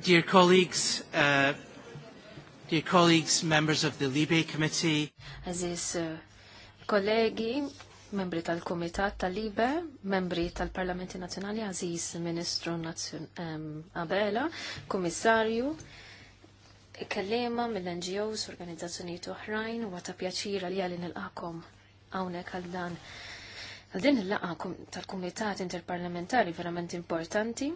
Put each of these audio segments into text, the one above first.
Dear colleagues, uh, dear colleagues, members of the Libe Committee. Aziz uh, kollegi, membri tal-Komitat tal-Libe, membri tal-Parlamenti Nazjonali, Aziz Ministru Nazion Abela, Komissarju, kellima mill-NGOs, organizzazzjonijiet oħrajn, u għata pjaċira li għalin il-qakom għawnek għal dan. Għal din il-laqa tal-Komitat Interparlamentari verament importanti,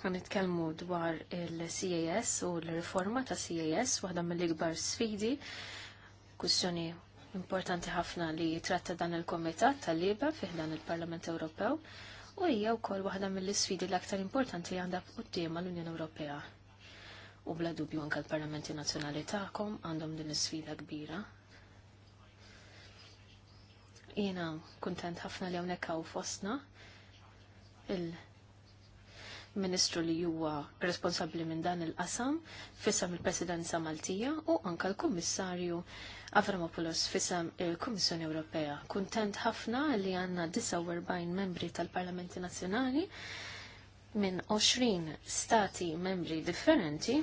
Għan nitkellmu dwar il-CAS u l-riforma ta' CAS, waħda mill-ikbar sfidi, kussjoni importanti ħafna li tratta dan il-Komitat tal-Liba fih dan il-Parlament Ewropew u hija wkoll waħda mill-isfidi l-aktar importanti li għandha quddiem l-Unjoni Ewropea. U bla dubju anke l-Parlamenti Nazzjonali tagħkom għandhom din is-sfida kbira. Jiena kuntent ħafna li hawnhekk hawn fostna il- ministru li huwa responsabbli minn dan il-qasam, fissam il-Presidenza Maltija u anka l-Kummissarju Avramopoulos fissam il-Kummissjoni Ewropea. Kuntent ħafna li għanna 49 membri tal-Parlamenti Nazzjonali minn 20 stati membri differenti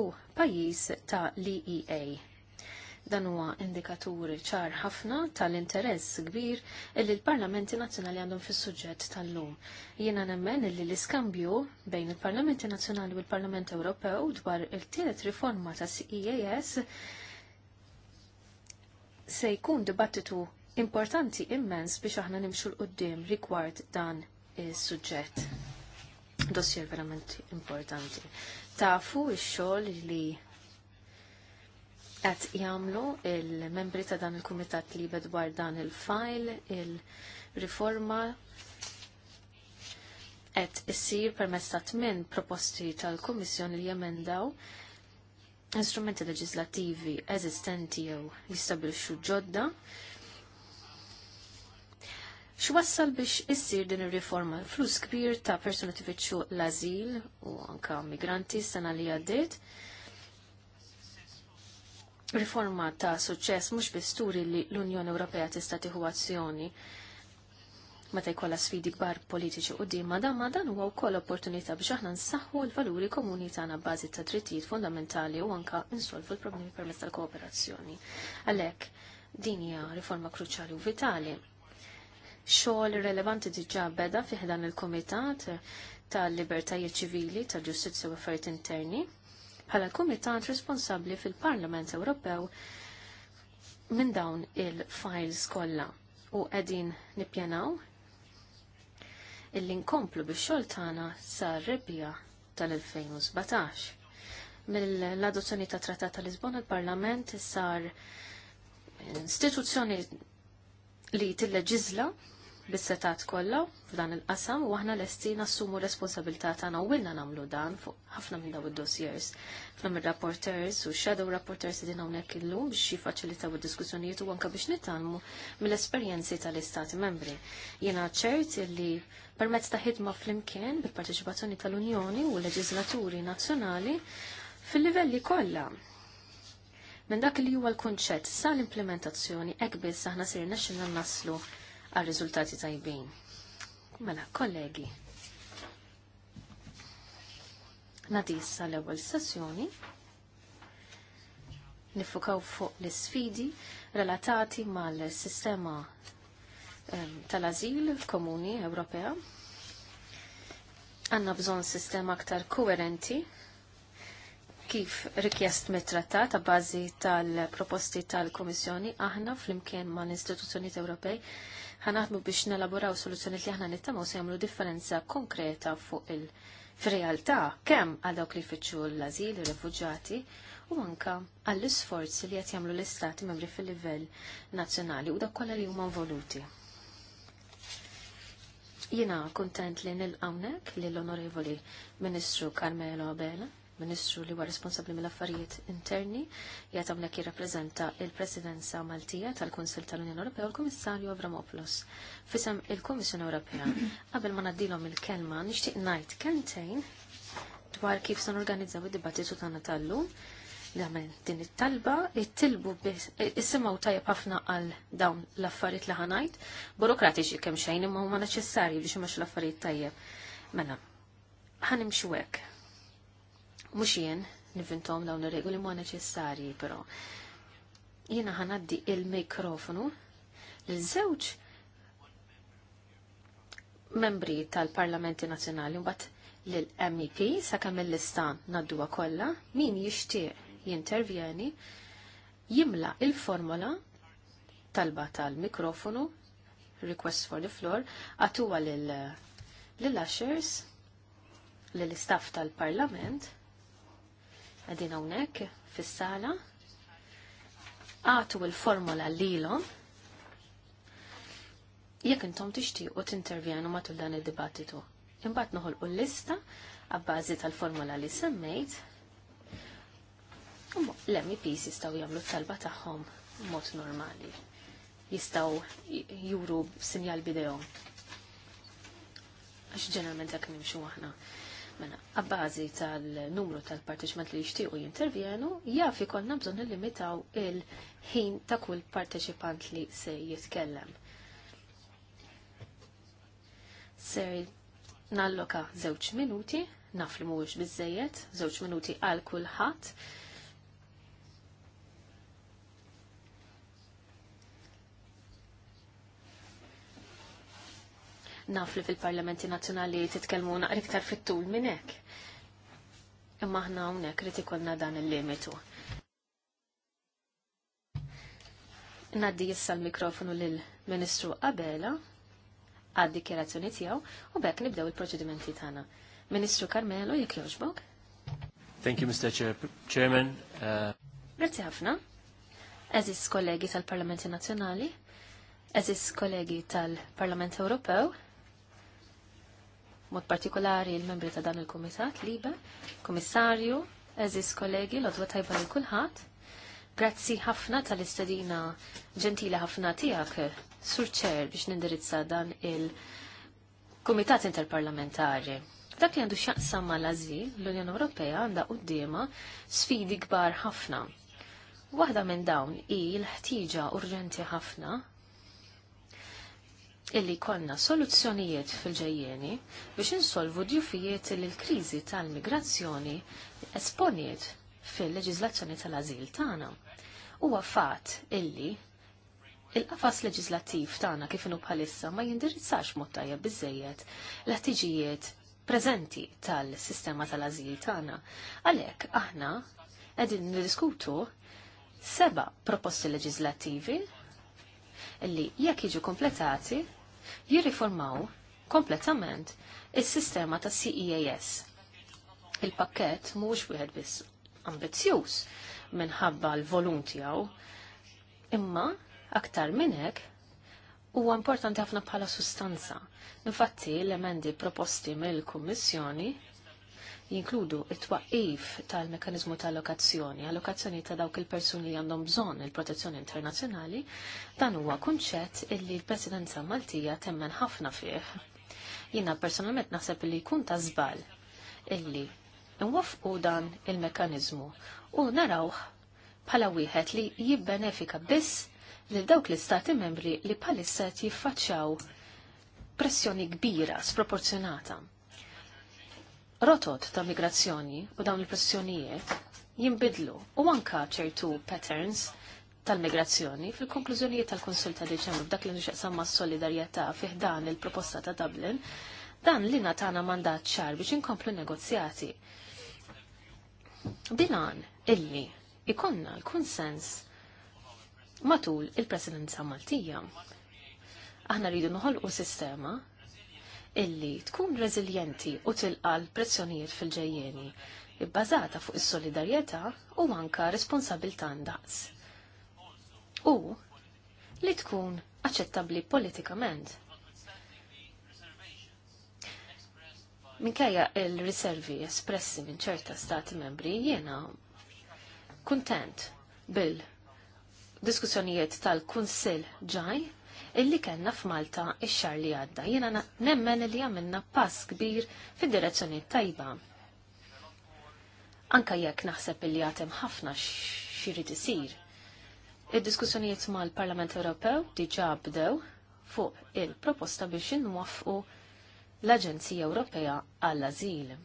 u pajjiż ta' l-EEA Dan huwa indikaturi ċar ħafna tal-interess kbir illi l-Parlamenti Nazzjonali għandhom fis-suġġett tal-lum. Jiena nemmen illi l-iskambju bejn il-Parlamenti Nazzjonali u l-Parlament Ewropew dwar il-tielet riforma ta' CEAS e se jkun dibattitu importanti immens biex aħna nimxu l-qoddim rigward dan is-suġġett. Dossier verament importanti tafu x-xogħol li qed jagħmlu il-membri ta' dan il-kumitat li dwar dan il-file, il-riforma qed issir permezz ta' tmien proposti tal-Kummissjoni li jemendaw instrumenti leġislattivi eżistenti jew jistabilxu ġodda X'wassal biex issir din ir-riforma? Flus kbir ta' persuni tifittxu l-azil u anka migranti s-sena li għaddiet, riforma ta' suċċess mhux bisturi li l-Unjoni Ewropea tista' tieħu azzjoni meta jkollha sfidi kbar politiċi qudiema dan ma dan huwa wkoll opportunità biex aħna nsaħħu l-valuri komuni tagħna bbażi ta' drittijiet fundamentali u anka insolvu l-problemi permezz tal-kooperazzjoni. Għalhekk din hija riforma kruċjali u vitali. Xogħol rilevanti diġà beda fih dan il-Kumitat tal-Libertajiet Ċivili tal-Ġustizzja u Affarijiet Interni bħala kumitat responsabbli fil-Parlament Ewropew minn dawn il-files kollha u qegħdin nippjanaw illi nkomplu bix xogħol tagħna sa rebbija tal-2017. Mill-adozzjoni ta' Trattat ta' Lisbona il-Parlament sar istituzzjoni li tilleġizla bis-setat kollha f'dan il-qasam u aħna lesti nassumu responsabilità tagħna u wilna nagħmlu dan fuq ħafna minn dawn id-dossiers. Ħafna mir-rapporters u shadow rapporters din hawnhekk illum biex jiffaċilitaw id-diskussjonijiet u anke biex nitgħalmu mill-esperjenzi tal-Istati membri. Jiena ċert li permezz ta' ħidma flimkien bil-parteċipazzjoni tal-Unjoni u l-Leġislaturi nazzjonali fil-livelli kollha minn dak li huwa l-kunċett sa l-implementazzjoni hekk biss aħna sirna xinna naslu għal riżultati tajbin. Mela, kollegi, nadis l ewwel sessjoni nifukaw fuq l isfidi relatati mal-sistema ehm, tal-azil komuni Ewropea. Għanna bżon sistema aktar koerenti kif rikjest mit-trattat ta' bażi tal-proposti tal-Komissjoni aħna flimkien ma' l-istituzzjonijiet Ewropej ħanaħdmu biex nelaboraw soluzzjoniet li aħna nittamaw se jagħmlu differenza konkreta fuq il realtà kemm għal dawk li jfittxu l azil ir-refuġjati u anka għall-isforzi li qed jagħmlu l-istati membri fil-livell nazzjonali u dak kollha li huma involuti. Jiena kuntent li nilqawnek lill onorevoli Ministru Carmelo Abela Ministru li huwa responsabbli mill-affarijiet interni jgħat hawnhekk jirrappreżenta il-Presidenza Maltija tal-Kunsill tal-Unjoni Ewropea u l-Kummissarju Avramopoulos. Fisem il-Kummissjoni Ewropea qabel ma ngħaddilhom il-kelma nixtieq ngħid kentejn dwar kif se norganizzaw id-dibattitu tagħna tal-lum l għamen din it-talba, it-tilbu isimaw tajab ħafna għal dawn l-affarijiet li ħanajt, burokratiċi kemm xejn imma huma neċessarji biex imax l-affarijiet tajjeb. Mela, ħanimxu hekk. Mhux jien nivintom dawn ir-regoli ma neċessarji però. Jiena ħanaddi il-mikrofonu lil żewġ membri tal-Parlamenti Nazzjonali mbagħad lill MEP sakemm il-lista ngħadduha kollha min jixtieq jintervjeni jimla il-formola talba tal-mikrofonu request for the floor għatuwa lil lil ushers lil istaff tal-Parlament għadina hawnhekk fis-sala għatu il-formola lilhom jekk intom tixtiequ tintervjenu matul dan id-dibattitu. Imbagħad noħolqu l-lista għabbażi tal-formola li semmejt. L-MEPs jistgħu jagħmlu t-talba tagħhom mod normali. Jistgħu juru sinjal bidejhom. Għax ġeneralment hekk nimxu għahna Mena, għabbażi tal-numru tal partiċment li jixtiequ jintervjenu, jaf ikollna bżonn limitaw il-ħin ta' kull parteċipant li se jitkellem. Se nalloka żewġ minuti, naf li mhuwiex biżejjed, żewġ minuti għal kulħadd naf li fil-parlamenti nazzjonali titkelmu naqra iktar fit-tul minn hekk. Imma aħna hawnhekk rid ikollna dan il-limitu. Naddi jissa l-mikrofonu lill-Ministru Abela għad dikjerazzjoni tiegħu u bekk nibdew il-proċedimenti tagħna. Ministru Carmelo, jekk jogħġbok. Thank you, Mr. Chair Chairman. Uh... ħafna. Eżis kollegi tal-Parlamenti Nazzjonali, eżis kollegi tal-Parlament Ewropew, mod partikolari il-membri ta' dan il-Kumitat Libe, Komissarju, eżis kollegi, l-odwa tajba li kulħadd. Grazzi ħafna tal-istadina ġentila ħafna tiegħek surċer biex nindirizza dan il-Kumitat Interparlamentari. Dak li għandu xaqsam ma l l-Unjoni Ewropea għandha qudiema sfidi kbar ħafna. Waħda minn dawn hi l ħtieġa urġenti ħafna illi konna soluzzjonijiet fil-ġejjeni biex insolvu djufijiet li l-kriżi tal-migrazzjoni esponiet fil-leġizlazzjoni tal-azil tagħna. Huwa fatt illi il-qafas leġislattiv tagħna kif inhu bħalissa ma jindirizzax mod tajjeb biżejjed l-ħtiġijiet preżenti tal-sistema tal-ażil tagħna. Għalhekk aħna qegħdin nidiskutu seba' proposti leġislattivi illi jekk jiġu kompletati jirriformaw kompletament il-sistema ta' CEAS. Il-pakket mhux wieħed biss ambizzjuż minħabba l-volum tiegħu, imma aktar minn hekk huwa importanti ħafna bħala sustanza. Infatti l-emendi proposti mill-Kummissjoni jinkludu it-twaqif tal-mekanizmu ta' allokazzjoni, allokazzjoni ta' dawk il-persuni li għandhom bżonn il-protezzjoni internazzjonali, dan huwa kunċett illi l-Presidenza Maltija temmen ħafna fih. Jina personalment naħseb li jkun ta' żball illi nwafqu dan il-mekanizmu u narawh bħala wieħed li jibbenefika biss lil dawk l-istati membri li bħalissa jiffaċċaw pressjoni kbira, sproporzjonata rotot ta' migrazzjoni u dawn il-pressjonijiet jimbidlu u manka ċertu patterns tal-migrazzjoni fil-konklużjonijiet tal konsult ta' Deċembru f'dak li nixaqsam ma' solidarjetà fih dan il-proposta ta' Dublin, dan li natana mandat ċar biex inkomplu negozjati. Bilan illi ikonna l-konsens matul il-presidenza Maltija. Aħna rridu noħolqu sistema illi tkun rezilienti u tilqa l-pressjonijiet fil-ġejjeni, bbażata fuq is-solidarjetà u anka responsabilità ndaqs. U li tkun aċċettabbli politikament. Minkejja il-riservi espressi minn ċerta stati membri jiena kuntent bil-diskussjonijiet tal-Kunsill ġaj illi kellna f'Malta ix-xar li għadda. Jiena nemmen li għamilna pass kbir fid-direzzjoni tajba. Anka jekk naħseb illi għatem ħafna xirrid isir. Id-diskussjonijiet mal-Parlament Ewropew diġà bdew fuq il-proposta biex inwaffqu l-Aġenzija Ewropea għall-Azil.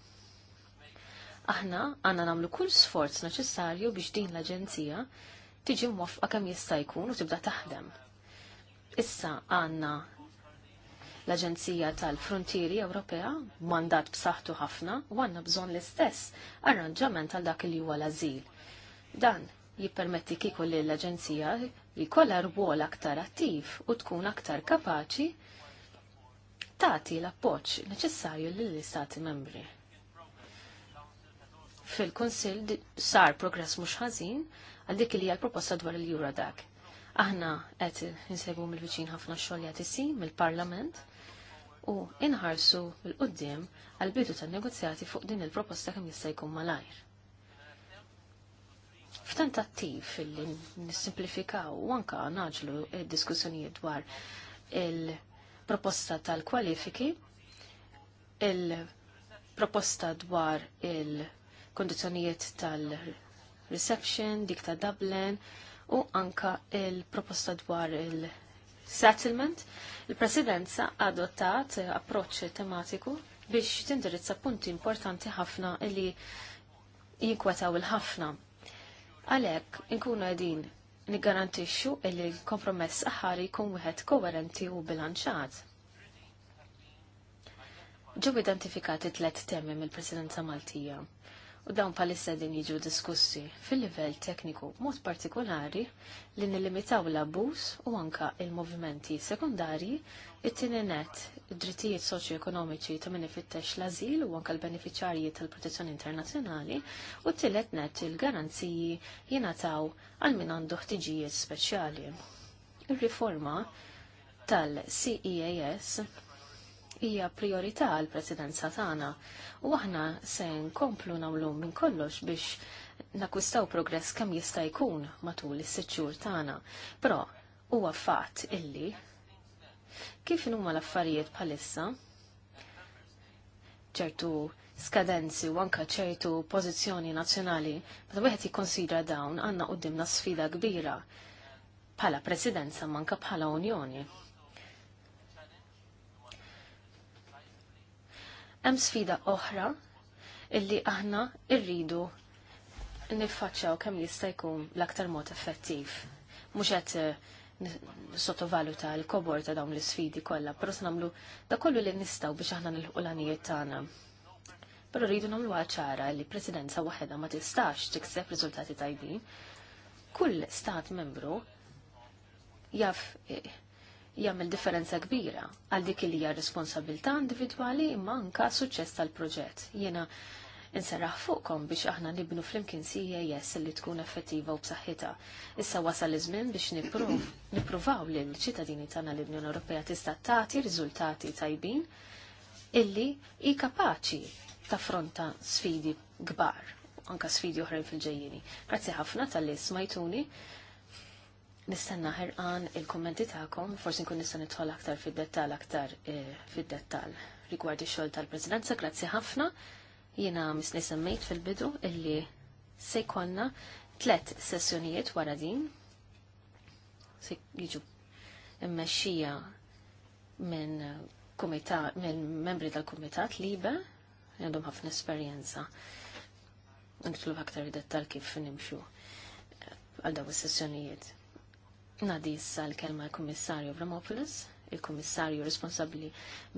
Aħna għanna namlu kull sforz neċessarju biex din l-Aġenzija tiġi mwafqa kemm jista' jkun u tibda taħdem. Issa għanna l-Aġenzija tal-Frontieri Ewropea, mandat b'saħħtu ħafna, u għanna bżon l-istess arranġament għal dak li huwa l-azil. Dan jippermetti kieku li l-Aġenzija li rwol aktar attiv u tkun aktar kapaċi tagħti l-appoġġ neċessarju lill-Istati membri. Fil-Kunsill sar progress mhux ħażin għal dik li hija l-proposta dwar il-Eurodac Aħna qed insegwu mill-viċin ħafna xogħol li mill-Parlament u inħarsu l quddiem għal bidu tan-negozjati fuq din il-proposta kemm jista' jkun malajr. F'tentattiv li nissimplifikaw u anka naġlu diskussjonijiet dwar il-proposta tal-kwalifiki, il-proposta dwar il-kondizjonijiet tal-reception, dik ta' Dublin, u anka il-proposta dwar il-settlement. Il-presidenza adottat eh, approċċ tematiku biex tindirizza punti importanti ħafna li jinkwetaw il-ħafna. Għalek, inkunu għedin nigarantixxu li l-kompromess aħari jkun wieħed koherenti u bilanċat. Ġew identifikati tliet temi mill-Presidenza Maltija u dawn palissa din jiġu diskussi fil-livell tekniku mod partikolari li nilimitaw l-abbuż u anka il-movimenti sekundarji it-tieni net id-drittijiet soċjoekonomiċi ta' min ifittex l-azil u anka l-beneficjarji tal-protezzjoni internazzjonali u t tillet net il-garanziji jingħataw għal min għandu ħtiġijiet speċjali. Ir-riforma tal-CEAS hija priorità għal presidenza tagħna u aħna se nkomplu nagħmlu minn kollox biex nakwistaw progress kemm jista' jkun matul is-sitt xhur tagħna. Però huwa fatt illi kif huma l-affarijiet bħalissa ċertu skadenzi u anka ċertu pożizzjoni nazzjonali, meta wieħed jikkonsidra dawn għandna quddiemna sfida kbira bħala presidenza manka bħala unjoni. Hemm sfida oħra illi aħna irridu niffaċċaw kemm jista' jkun l-aktar mod effettiv. Mhux qed eh, sottovaluta l-kobor ta' dawn l-isfidi kollha, però se nagħmlu da kollu li nistgħu biex aħna nilħu l-għanijiet tagħna. Però rridu nagħmlu ċara li presidenza waħda ma tistax tikseb riżultati tajbin. Kull stat membru jaf eh, jagħmel differenza kbira għal dik li hija responsabilità individwali imma anka suċċess tal-proġett. Jiena nserraħ fuqkom biex aħna nibnu flimkien CAS li tkun effettiva u b'saħħitha. Issa wasal iż-żmien biex nippruv nippruvaw li l-ċittadini tagħna l-Unjoni Ewropea tista' tagħti riżultati tajbin illi hi kapaċi taffronta sfidi kbar anka sfidi oħrajn fil-ġejjini. Grazzi ħafna tal-li smajtuni nistenna ħerqan il-kommenti tagħkom, forsi nkun nista' nidħol aktar fid-dettall aktar eh, fid-dettall rigward ix-xogħol tal-Presidenza, grazzi ħafna. Jiena misni semmejt fil-bidu illi se jkollna tlet sessjonijiet wara din se jiġu mmexxija minn minn membri tal-kumitat libe għandhom ħafna esperjenza. Nitlu aktar dettal kif nimxu għal dawn is-sessjonijiet Nadis l-kelma l-Kummissarju Vramopoulos, il-Kummissarju responsabli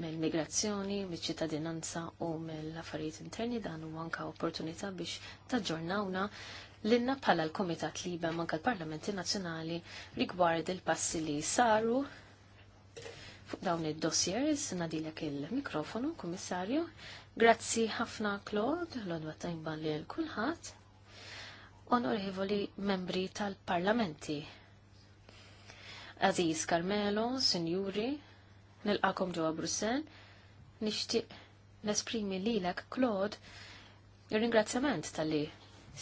mill-migrazzjoni, mill-ċittadinanza u mill-affarijiet interni dan u anka opportunità biex taġġornawna l-inna bħala l-Komitat Liba manka l-Parlamenti Nazzjonali rigward il-passi li saru fuq dawn id-dossiers, nadilek il-mikrofonu, kummissarju. Grazzi ħafna, Claude, l-odwa tajban li l-kulħat. Onorevoli membri tal-parlamenti, Aziz Carmelo, Sinjuri, nilqakom ġewwa Brussell, nixtieq nesprimi lilek Claude ir-ringrazzjament tal-li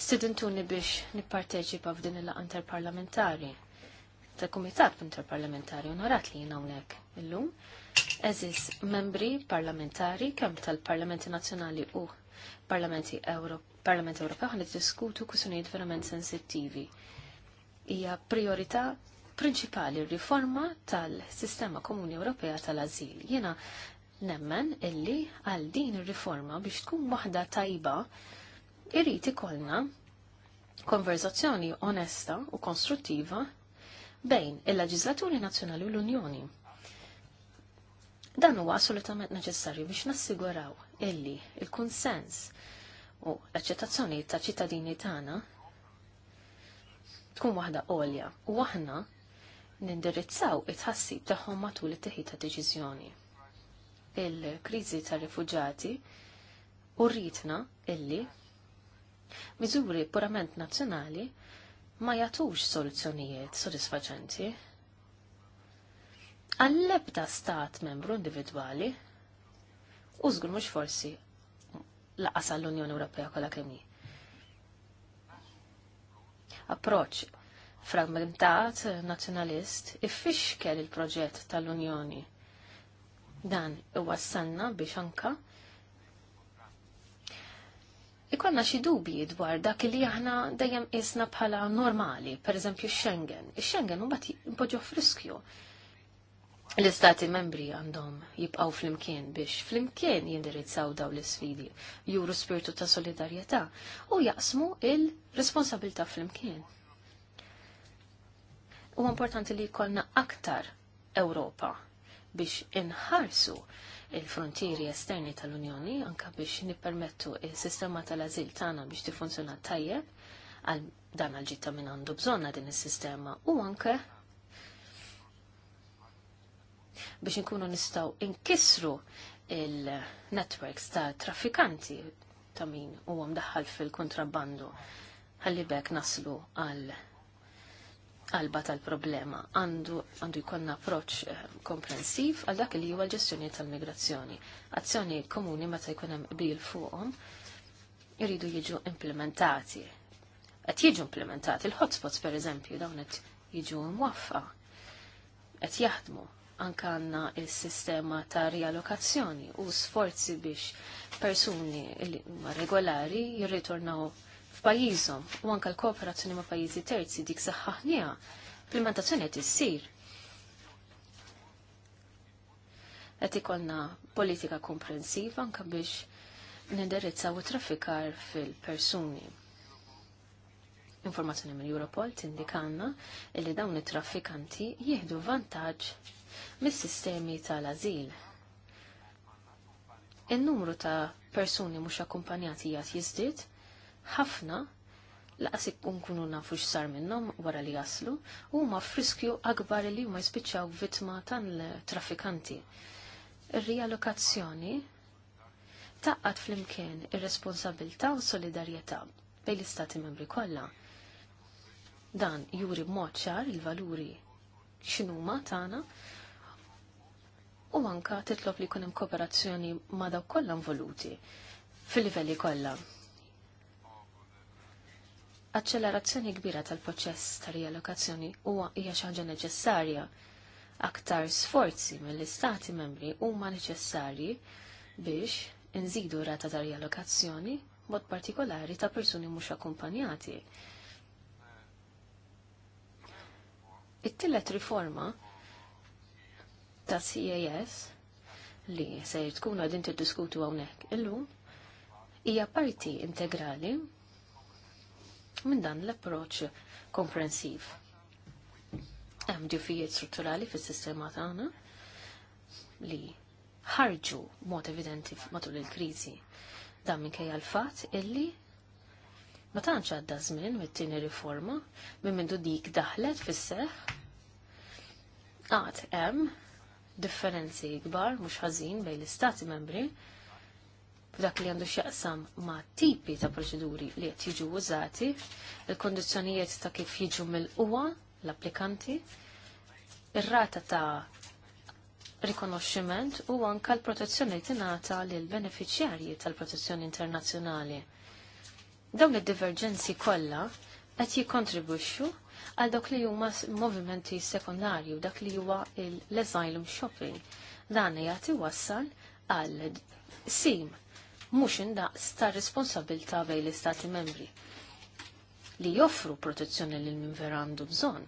studentuni biex nipparteċipa f'din il-laqgħa interparlamentari ta' kumitat interparlamentari onorat li jien hawnhekk illum. Eżis membri parlamentari kemm tal-Parlamenti Nazzjonali u Parlamenti Ewropew Parlament Ewropew ħan diskutu kusunijiet verament sensittivi. Hija priorità prinċipali riforma tal-Sistema Komuni Ewropea tal-Azil. Jena nemmen illi għal din ir-riforma biex tkun waħda tajba irrid ikollna konverzazzjoni onesta u konstruttiva bejn il-Leġislaturi Nazzjonali u l-Unjoni. Dan huwa assolutament neċessarju biex nassiguraw illi il-kunsens u l-aċċettazzjoni ta' ċittadini tagħna tkun waħda għolja u aħna nindirizzaw it-ħassib tagħhom matul it-teħid ta' deċiżjoni. Il-kriżi tar-rifuġati u rritna illi miżuri purament nazzjonali ma jagħtux soluzzjonijiet sodisfaċenti għall-ebda stat membru individwali u żgur mhux forsi laqas għall-Unjoni Ewropea kollha kemm approċ fragmentat eh, nazzjonalist iffixkel il-proġett tal-Unjoni. Dan iwassalna biex anka Ikonna xi dubji dwar dak li aħna dejjem isna bħala normali, pereżempju Schengen. Ix-Schengen mbagħad impoġġoh friskju. L-istati membri għandhom jibqaw flimkien biex flimkien jindirizzaw daw l-sfidi, juru spiritu ta' solidarjetà u jaqsmu il-responsabilta flimkien. U importanti li jkollna aktar Ewropa biex inħarsu il-frontieri esterni tal-Unjoni, anka biex nippermettu il-sistema tal-azil tagħna biex tifunzjona tajjeb għal dan għal ġitta minn għandu bżonna din is-sistema u anke biex nkunu nistaw inkisru il-networks ta' traffikanti ta' min u daħħal fil-kontrabbandu ħalli bekk naslu għal qalba tal-problema għandu għandu jkollna approċ eh, komprensiv għal dak li huwa l-ġestjoni tal-migrazzjoni. Azzjoni komuni meta jkun hemm qbil fuqhom jridu jiġu implementati. Qed jiġu implementati il-hotspots pereżempju dawn qed jiġu mwaffa. Qed jaħdmu anka għandna il-sistema ta' rialokazzjoni u sforzi biex persuni regolari jirritornaw f'pajjiżhom u anke l-kooperazzjoni ma' pajjiżi terzi dik saħħaħniha implementazzjoni qed issir. Qed ikollna politika komprensiva anke biex nindirizzaw u traffikar fil-persuni. Informazzjoni minn Europol tindikanna li dawn it-traffikanti jieħdu vantaġġ mis-sistemi tal-azil. In-numru ta' persuni mhux akkumpanjati jgħat jiżdied ħafna laqas kunu nafu x'sar minnhom wara li jaslu huma friskju akbar li huma jispiċċaw vittma tal-traffikanti. Ir-rialokazzjoni taqqat flimkien ir-responsabilità u solidarjetà bejn l-istati membri kollha. Dan juri b'mod ċar il-valuri x'inhuma tagħna u anka titlob li jkun hemm kooperazzjoni ma' dawk kollha involuti fil-livelli kollha aċċelerazzjoni kbira tal-proċess ta' riallokazzjoni huwa hija xi ħaġa neċessarja. Aktar sforzi mill-istati membri huma neċessarji biex inżidu rata ta' riallokazzjoni mod partikolari ta' persuni mhux akkumpanjati. It-tillet riforma ta' CAS li se tkun għadin tiddiskutu hawnhekk illum hija parti integrali minn dan l-approċ komprensiv. Hemm ġifijiet strutturali fis-sistema tagħna li ħarġu mod evidenti matul il-kriżi dan minkejja l-fatt illi ma tantx għadda żmien mit-tieni riforma minn mindu dik daħlet fis-seħħ għad hemm differenzi kbar mhux ħażin bejn l-istati membri f'dak li għandu x'jaqsam ma' tipi ta' proċeduri li qed jiġu użati, il-kondizzjonijiet ta' kif jiġu mill uwa l-applikanti, ir-rata ta' rikonoxximent u anka l-protezzjoni tingħata lil beneficjarji tal-protezzjoni internazzjonali. Dawn id-diverġenzi kollha qed jikkontribwixxu għal dak li huma movimenti sekundarju dak li huwa l-asylum shopping. Dan jagħti wassal għal sim mhux indaqs ta' responsabilità bejn l-Istati membri li joffru protezzjoni lil min vera għandu bżonn.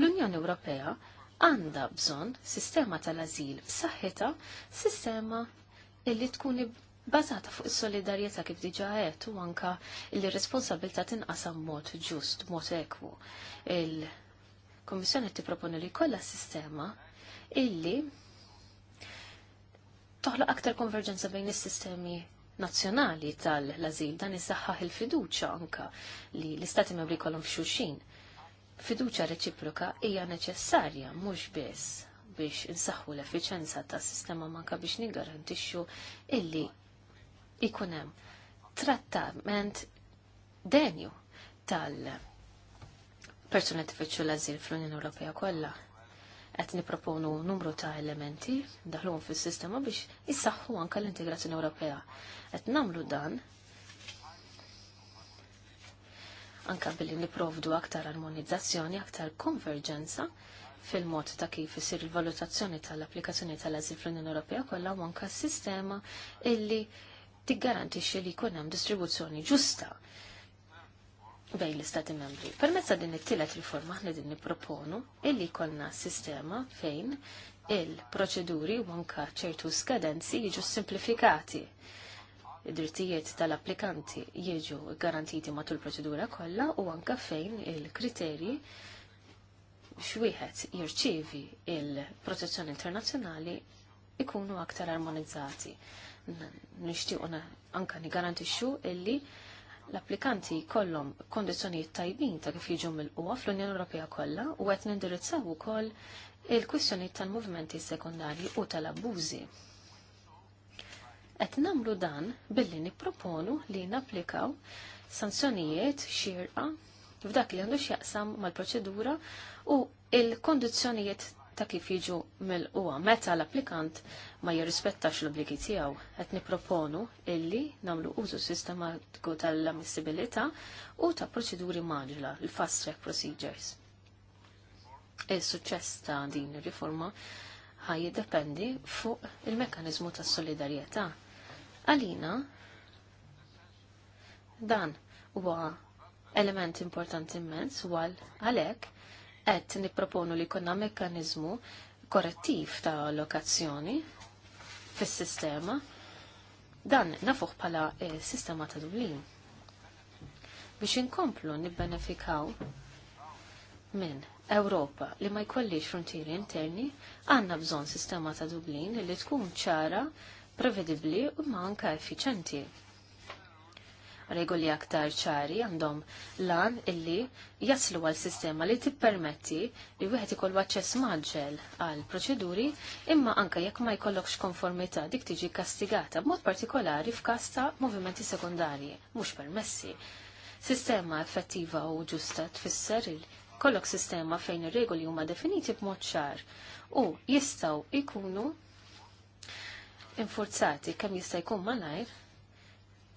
L-Unjoni Ewropea għandha bżonn sistema tal-azil b'saħħitha, sistema illi tkun Bazata fuq is-solidarjetà kif diġà għedt u anka r responsabilità tinqasam mod ġust, mod ekwu. Il-Kommissjoni tipproponi li kollha sistema illi toħla aktar konverġenza bejn is-sistemi nazzjonali tal lazil dan isaħħaħ il-fiduċa anka li l-istati membri kolom fxuxin. Fiduċa reċiproka hija neċessarja mhux biss biex insaħħu l-effiċenza tas-sistema manka biex nigarantixxu illi ikun hemm trattament denju tal persuna tifittxu l-azil fl-Unjoni Ewropea kollha qed niproponu numru ta' elementi daħluhom fis-sistema biex jissaħħu anke l-integrazzjoni Ewropea. Qed nagħmlu dan anka billi niprovdu aktar armonizzazzjoni, aktar konverġenza fil-mod ta' kif isir il-valutazzjoni tal-applikazzjoni tal-azil fl-Unjoni Ewropea kollha u anke sistema illi tiggarantixxi li jkun hemm distribuzzjoni ġusta bejn l-istati membri. Permezza din it-tielet riforma ħna din nipproponu illi jkollna sistema fejn il-proċeduri u anka ċertu skadenzi jiġu simplifikati. Id-drittijiet tal-applikanti jiġu garantiti matul proċedura kollha u anka fejn il-kriterji xwieħed jirċievi il-protezzjoni internazzjonali ikunu aktar armonizzati. Nixtiequ anka nigarantixxu illi l-applikanti kollom kondizzjonijiet tajbin ta' kif jiġu mill-qwa fl-Unjoni Ewropea kollha u qed nindirizzaw ukoll il-kwistjonijiet tal-movimenti sekundarji u tal-abbużi. Qed nagħmlu dan billi nipproponu li napplikaw sanzjonijiet xirqa f'dak li għandu x'jaqsam mal-proċedura u il kondizjonijiet ta' kif jiġu mill uwa meta l-applikant ma jirrispettax l-obbligi tiegħu. Qed nipproponu illi nagħmlu użu sistematiku tal-ammissibilità u ta' proċeduri maġla, il-fast track procedures. Is-suċċess ta' din ir-riforma ħaj jiddependi fuq il-mekkaniżmu tas solidarjetà. Għalina dan huwa element importanti immens għal għalhekk qed nipproponu li jkollna mekkaniżmu korrettiv ta' allokazzjoni fis-sistema dan nafuh bħala eh, sistema ta' Dublin. Biex inkomplu nibbenefikaw minn Ewropa li ma jkollix frontieri interni, għanna bżon sistema ta' Dublin li tkun ċara, prevedibbli u ma anka effiċenti regoli aktar ċari għandhom lan illi jaslu għal sistema li tippermetti li wieħed ikollu aċċess maġġel għal proċeduri imma anka jekk ma jkollokx konformità dik tiġi kastigata b'mod partikolari f'każ ta' movimenti sekundarji mhux permessi. Sistema effettiva u ġusta tfisser il kollok sistema fejn ir-regoli huma definiti b'mod ċar u jistgħu jkunu infurzati kemm jista' jkun malajr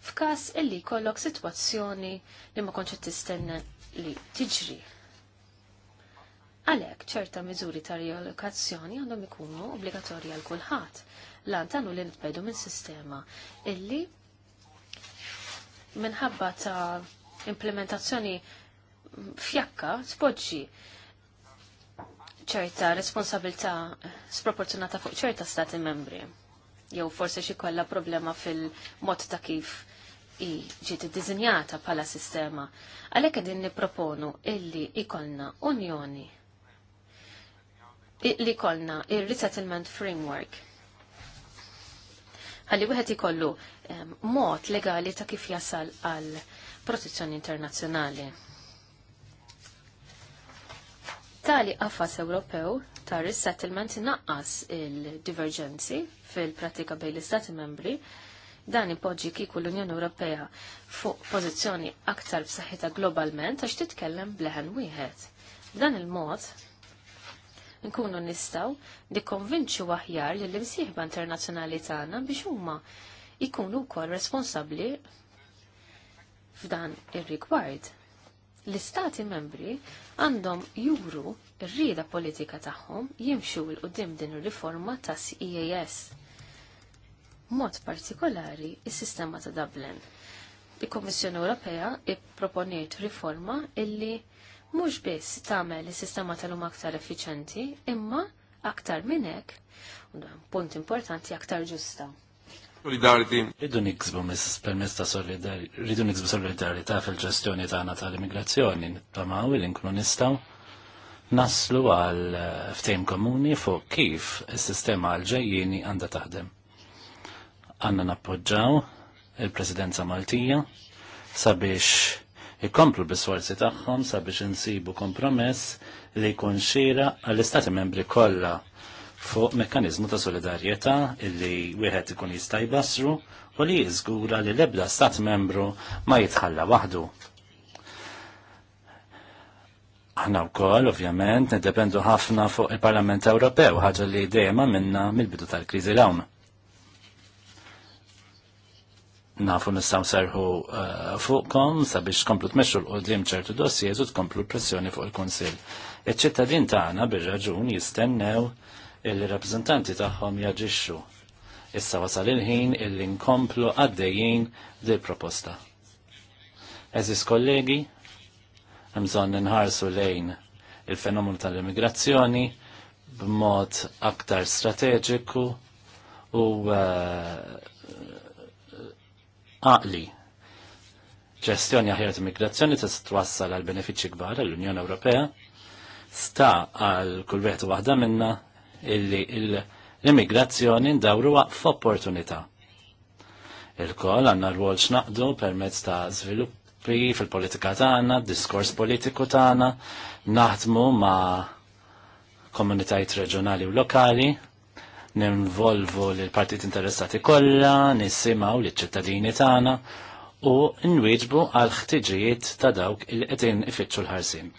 f'każ illi jkollok sitwazzjoni li ma konċet tistenna li tiġri. Għalhekk ċerta miżuri ta' riallokazzjoni għandhom ikunu obbligatorji għal kulħadd lan tagħmlu li nitbedu minn sistema illi minħabba ta' implementazzjoni fjakka tpoġġi ċerta responsabilità sproporzjonata fuq ċerta stati membri. Jew forse xi kollha problema fil-mod ta' kif i ġiet iddiżinjata bħala sistema għalhekk qegħdin nipproponu illi ikolna unjoni li kolna il-resettlement framework. Għalli wieħed ikollu mod legali ta' kif jasal għal protezzjoni internazzjonali. Tali qafas Ewropew ta' resettlement naqqas il-divergenzi fil-pratika bejn l-Istati membri Dan ipoġġi kieku l-Unjoni Ewropea fuq pożizzjoni aktar b'saħħitha globalment għax titkellem bleħen wieħed. Dan il-mod, nkunu nistaw nikkonvinċu aħjar li l-imsieħba internazzjonali tagħna biex huma jkunu wkoll responsabbli f'dan ir-rigward. L-istati membri għandhom juru r-rieda politika tagħhom jimxu l qudiem din ir-riforma tas eas mod partikolari is-sistema ta' Dublin. Il-Kommissjoni Ewropea i-proponiet riforma illi mhux biss tagħmel is-sistema tal-hum aktar effiċenti, imma aktar minn hekk, punt importanti aktar ġusta. Solidarity. Ridu niksbu permess ta' solidarity, ridu niksbu solidarity fil-ġestjoni tagħna tal-immigrazzjoni, tamaw li inkunu nistgħu naslu għal eh, ftejm komuni fuq kif is-sistema għal ġejjini għandha taħdem għanna nappoġġaw il-Presidenza Maltija sabiex ikomplu bis-sforzi tagħhom sabiex insibu kompromess li jkun xira għall-Istati membri kollha fuq mekkaniżmu ta' solidarjetà illi wieħed ikun jista' jbassru u li jiżgura li l-ebda stat membru ma jitħalla waħdu. Aħna wkoll ovvjament niddependu ħafna fuq il-Parlament Ewropew ħaġa li dejjem minna mill-bidu tal-kriżi l-hawn nafu nistaw serħu eh, fuqkom sabiex komplu tmexxu l-qoddim ċertu dossiers u tkomplu pressjoni fuq il-Kunsill. Iċ-ċittadin tagħna bil raġun jistennew il-rappreżentanti tagħhom jaġixxu. Issa wasal il-ħin illi nkomplu għaddejjin di proposta. Eżis kollegi, bżonn nħarsu lejn il-fenomenu tal-immigrazzjoni b'mod aktar strateġiku u uh, għaqli. Ġestjoni aħjar immigrazzjoni tista' twassal għal benefiċċji kbar għall-Unjoni Ewropea sta għal kull wieħed waħda minna illi l-immigrazzjoni ndawru opportunità. Il-kol għanna rwol x'naqdu permezz ta' żviluppi fil-politika tagħna, diskors politiku tagħna, naħdmu ma' komunitajiet reġjonali u lokali, ninvolvu l-partit interessati kollha, nisimgħu liċ-ċittadini tagħna u nwieġbu għal ħtiġijiet ta' dawk il qed ifittxu l-ħarsin.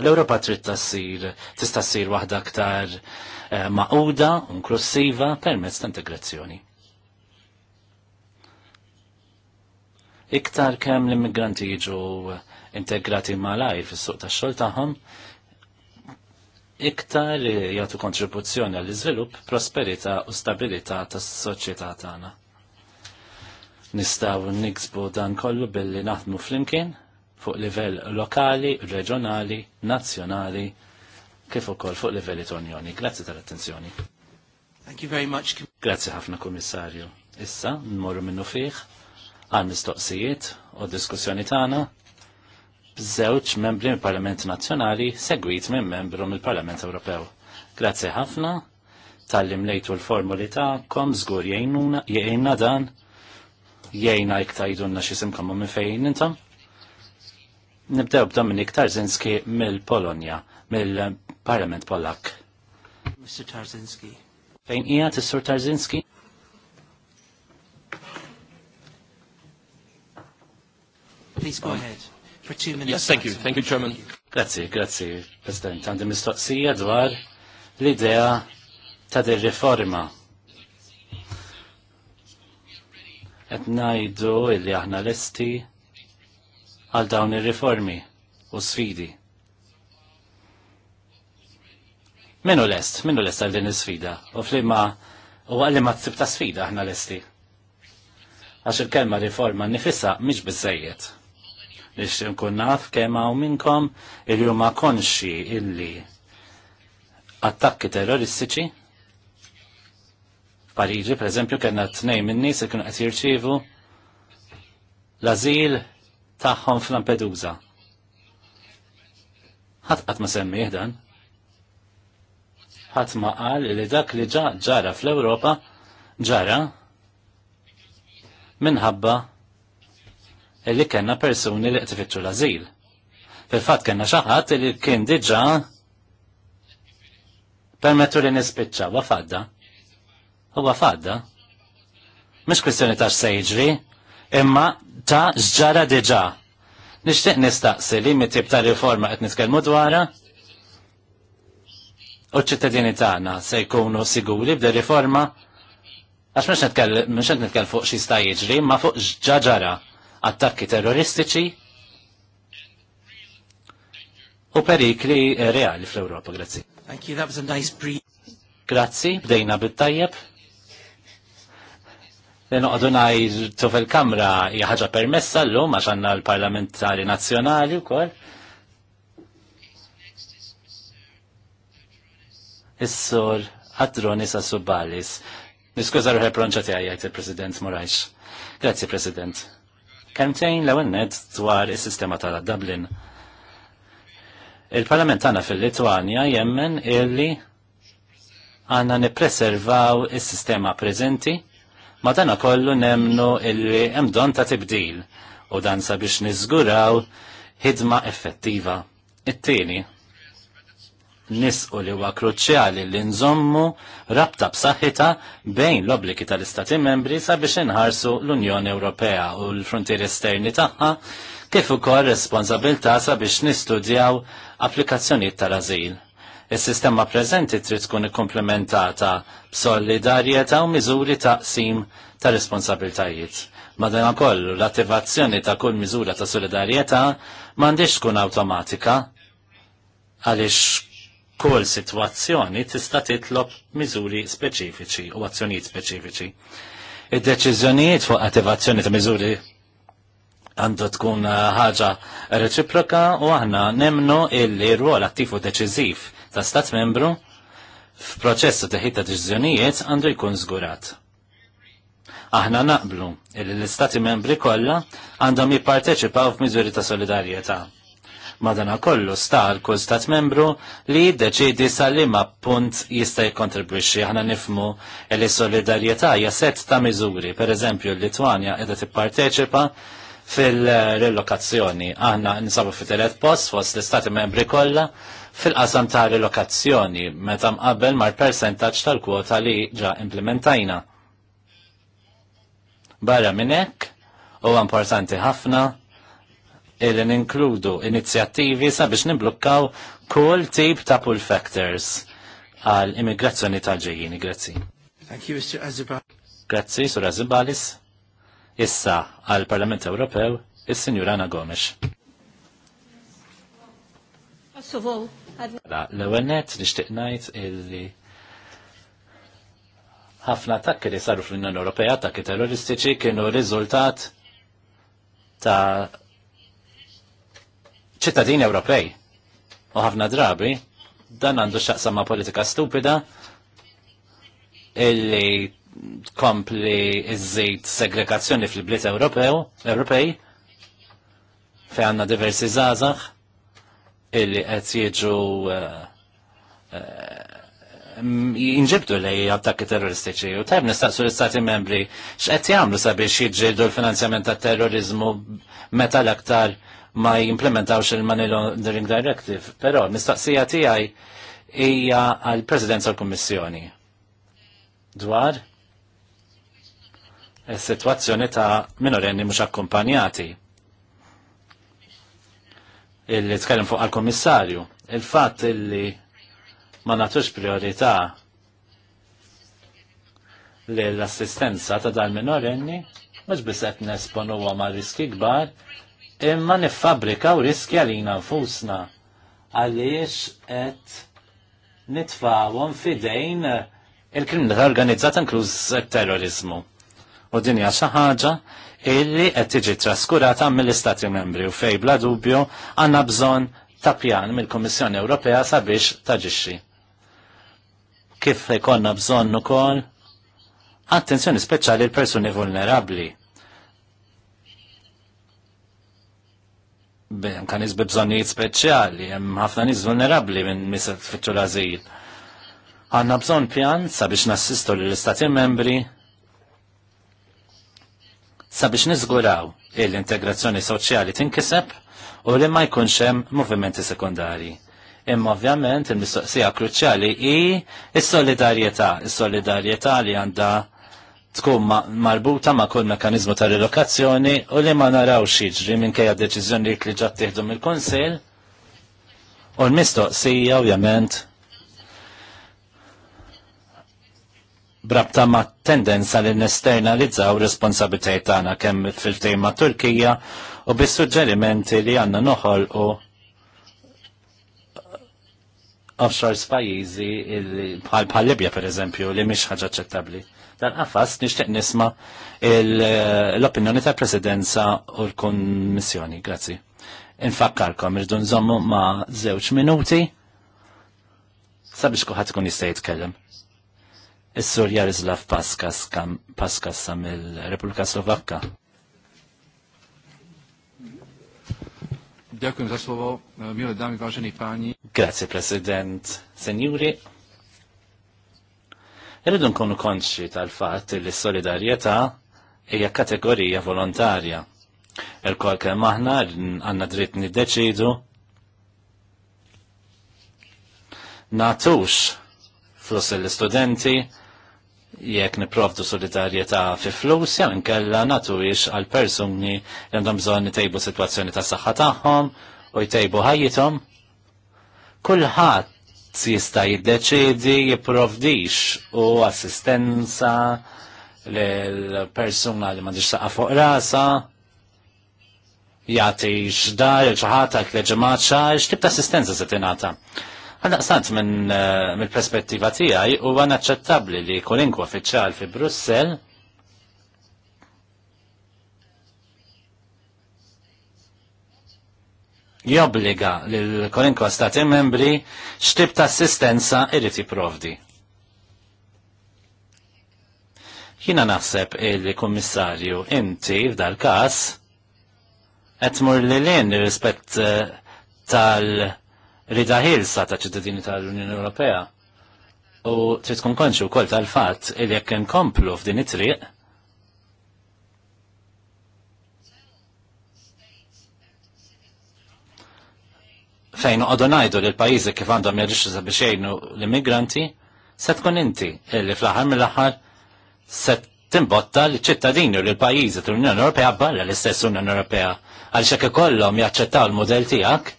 L-Ewropa trid tassir tista' ssir waħda aktar eh, maquda, inklusiva permezz ta' integrazzjoni. Iktar kemm l-immigranti jiġu integrati malaj fis-suq tax-xogħol tagħhom, iktar jagħtu kontribuzzjoni għall iżvilupp prosperità u stabilità tas-soċjetà tagħna. Nistgħu niksbu dan kollu billi naħdmu flimkien fuq livell lokali, reġjonali, nazzjonali, kif ukoll fuq livelli unjoni. Grazzi tal-attenzjoni. Thank you very much. Grazzi ħafna kummissarju. Issa nmorru minnu fih għal mistoqsijiet u diskussjoni tagħna b'żewġ membri mill-Parlament Nazzjonali segwit minn membru mill-Parlament Ewropew. Grazzi ħafna tal-lim lejtu l-formuli kom żgur jgħinna dan jgħinna iktar jidunna xisimkom minn fejn intom. Nibdew b'Dominik Tarzinski mill-Polonja, mill-Parlament Polak. Mr. Tarzinski. Fejn ija tis-Sur Tarzinski? Please go oh. ahead for two minutes. Yes, thank you. Thank you, Chairman. Grazie, grazie, President. Għandi mistoqsija dwar l-idea ta' de riforma. Et najdu illi aħna lesti għal dawn ir-riformi u sfidi. Minu l-est, minu l-est għal din sfida u flimma u għalli ma t-sib ta' sfida aħna l-esti. Għax il-kelma riforma nifissa miġ bizzejiet biex nkun naf kemm hawn minnkom illi huma konxi illi attakki terroristiċi Pariġi, per eżempju, kena t-nej minni se kena qed jirċievu l-azil tagħhom f'Lampedusa. Ħadd qatt ma semmih dan. Ħadd ma qal li dak li ġara fl-Ewropa ġara minħabba li kena persuni li qed l-azil. Fil-fatt kena xaħat li kien diġa permettu li nispicċa, wa fadda. Huwa fadda. Mux kwistjoni ta' sejġri, imma ta' ġara diġa. Nixtieq nistaqsi li mi tib ta' riforma qed nitkellmu dwarha u ċittadini tagħna se jkunu siguri b'de riforma għax mhux qed nitkellem fuq xi sta jiġri, ma fuq ġaġara attakki terroristiċi u perikli eh, reali fl-Europa. Grazzi. Thank you, that was a nice brief. Grazzi, bdejna bit-tajjeb. Eh, Noqdu najtu fil-kamra jħagġa permessa l-lum għax għanna l-parlamentari nazjonali u koll. Is-sur Adronis Asubalis. Niskuza ruħe pronċa tiegħi jgħid il-President Murajx. Grazzi, President kentejn l ned dwar is-sistema tal-Dublin. Il-Parlament għana fil-Litwanja jemmen illi għanna nipreservaw is-sistema preżenti ma dana kollu nemnu illi emdon ta' tibdil u dan sabiex nizguraw hidma effettiva. It-tieni, nisqu li huwa kruċjali li nżommu rabta b'saħħitha bejn l-obbligi tal-Istati membri sabiex inħarsu l-Unjoni Ewropea u l-frontieri esterni tagħha kif ukoll responsabilità sabiex nistudjaw applikazzjonijiet tal-ażil. Is-sistema preżenti trid tkun ikkomplementata b'solidarjetà u miżuri ta' ta' responsabiltajiet. Madankollu l-attivazzjoni ta' kull miżura ta' solidarjetà m'għandix tkun awtomatika għaliex kull sitwazzjoni tista' titlob miżuri speċifiċi u azzjonijiet speċifiċi. Id-deċiżjonijiet fuq attivazzjoni ta' miżuri għandu tkun eh, ħaġa reċiproka u aħna nemnu il-rwol attiv u deċiżiv ta' stat membru f'proċessu teħid ta' deċiżjonijiet għandu jkun żgurat. Aħna naqblu illi l-istati membri kollha għandhom jipparteċipaw f'miżuri ta' solidarjetà Madana kollu star kull stat membru li deċidi sal-lima punt jista' jikkontribwixxi aħna nifmu li solidarjetà hija set ta' miżuri. Pereżempju l litwania qiegħda tipparteċipa fil-relokazzjoni. Aħna nisabu fit telet post fost l-istati membri kollha fil-qasam ta' relokazzjoni meta mqabel mar percentaċ tal-kwota li ġa implementajna. Barra minn hekk huwa importanti ħafna illi ninkludu inizjattivi sabiex nimblukkaw kull tip ta' pull factors għal immigrazzjoni tal-ġejjini. Grazzi. Thank you, Mr. Azibal. Grazzi, Sur Azibalis. Issa għal Parlament Ewropew, is-Sinjura Ana Gomes. L-ewwel nett nixtieq illi ħafna attakki li saru fl-Unjoni Ewropea, attakki terroristiċi, kienu riżultat ta' ċittadini Ewropej. U ħafna drabi, dan għandu xaqsam ma' politika stupida illi kompli iżżid segregazzjoni fil-bliet Ewropew, Ewropej, fej għanna diversi zazax illi qed jiġu eh, eh, mm, jinġibdu li attakki terroristiċi u tajb nistaqsu l-istati membri x'qed jagħmlu sabiex jiġġieldu l-finanzjament tat-terrorizmu meta l-aktar ma jimplementawx il-Money Laundering Directive, però mistaqsija tiegħi hija għal Presidenza tal kummissjoni Dwar is-sitwazzjoni ta' minorenni mhux akkumpanjati. Illi tkellem fuq għal-Kummissarju, il-fatt illi ma nagħtux priorità li l-assistenza ta' dal minorenni mux bisset nesponu għama riski gbar, imma u riski għalina nfusna għaliex qed nitfawon fidejn il-kriminalità organizzata inkluż terrorizmu. U din hija xi ħaġa illi qed tiġi traskurata mill-Istati Membri u fej bla dubju għandna bżonn ta' pjan mill-Kummissjoni Ewropea sabiex taġixxi. Kif ikonna bżonn ukoll attenzjoni speċjali l-persuni vulnerabbli anka nies bi bżonnijiet speċjali, hemm ħafna nies vulnerabbli minn misa fitxu l-azil. Għanna bżonn pjan sabiex nassistu lill istati membri sabiex niżguraw l-integrazzjoni soċjali tinkiseb u li ma jkunx hemm movimenti sekundari. Imma ovvjament il-mistoqsija kruċjali hi s-solidarjetà, is-solidarjetà li għandha tkun marbuta ma' kull mekanizmu ta' relokazzjoni u li ma' narawx jiġri kajja deċizjoni li ġat tiħdu mill-Kunsill u l-mistoqsija ovvjament brabta ma' tendenza li nesternalizzaw responsabilitajt tagħna kemm fil-ftejn ma' Turkija u bis-suġġerimenti li għandna noħol u offshore pajjiżi bħal Libja Libja pereżempju li mhix ħaġa ċettabli. Dan qafas nixtieq nisma l-opinjoni tal-Presidenza u l-Kummissjoni. Grazzi. Infakkarkom irdu nżommu ma' żewġ minuti sabiex kuħadd kun jista' jitkellem. Is-Sur Jarislav Paskas kam Paskas sa mill-Repubblika Slovakka. Dziękuję za słowo, miłe damy, ważeni pani. Grazie, prezydent. Seniori, Irridu nkunu konxi tal-fatt li s-solidarjetà hija kategorija volontarja. Il-kol kem aħna għandna dritt niddeċidu natux flus l-istudenti jekk niprovdu solidarjetà fi flus jew inkella natux għal persuni li għandhom bżonn nitejbu sitwazzjoni tas saħħa tagħhom u jtejbu ħajjithom. Kulħadd jista' jiddeċiedi jipprovdix u assistenza l persuna li m'għandix saqa fuq rasa jagħti x'dar il ċaħatak li ġemat x'tib ta' assistenza se tingħata. Għal-naqstant minn eh, mill-perspettiva tiegħi huwa naċċettabbli li kolinku uffiċjal fi Brussell jobbliga lil kolinkwa stati membri x'tib ta' assistenza irrit jipprovdi. Jina naħseb il-Kummissarju inti f'dal-każ qed tmur in rispett eh, tal-rida ħilsa ta' ċittadini tal-Unjoni Ewropea. U trid tkun konxu tal-fatt il jekk inkomplu f'din it-triq, fejn għadu najdu li l-pajizi kif għandhom jirriċu sabiex jgħinu l-immigranti, se tkun inti li fl-aħħar mill-aħħar se timbotta l-ċittadini u l-pajizi tal-Unjoni Ewropea barra l-istess Unjoni Ewropea għal xek ikollhom jaċċettaw l modell tiegħek,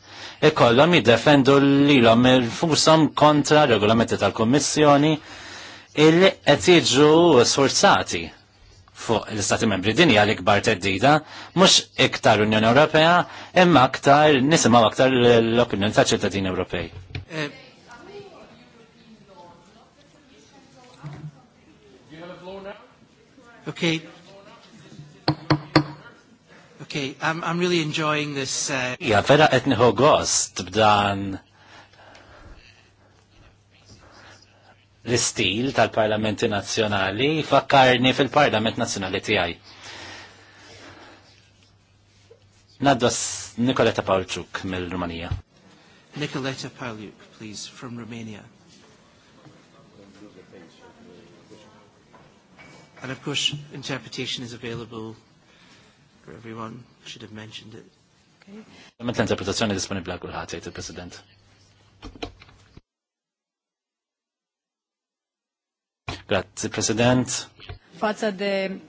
ikollhom jiddefendu lilhom il-fushom kontra regolamenti tal-Kummissjoni illi qed jiġu sforzati fuq l-Istati Membri. dinja li kbar teddida, mux iktar Unjoni Ewropea, imma aktar nisimaw aktar l-opinjoni ta' ċittadini Ewropej. Eh, okay. Okay, I'm, I'm really enjoying this. Uh... Ja, vera etniħu gost b'dan l-istil tal-Parlamenti nazjonali fakkarni fil-Parlament nazjonali tijaj. Naddos Nicoletta Pawlczuk mill-Rumanija. Nicoletta Pawlczuk, please, from Romania. And of course, interpretation is available for everyone. Should have mentioned it. Okay. Met l-interpretazzjoni disponibla kulħadd jgħid il-President. Grazzi, President. Fazza de...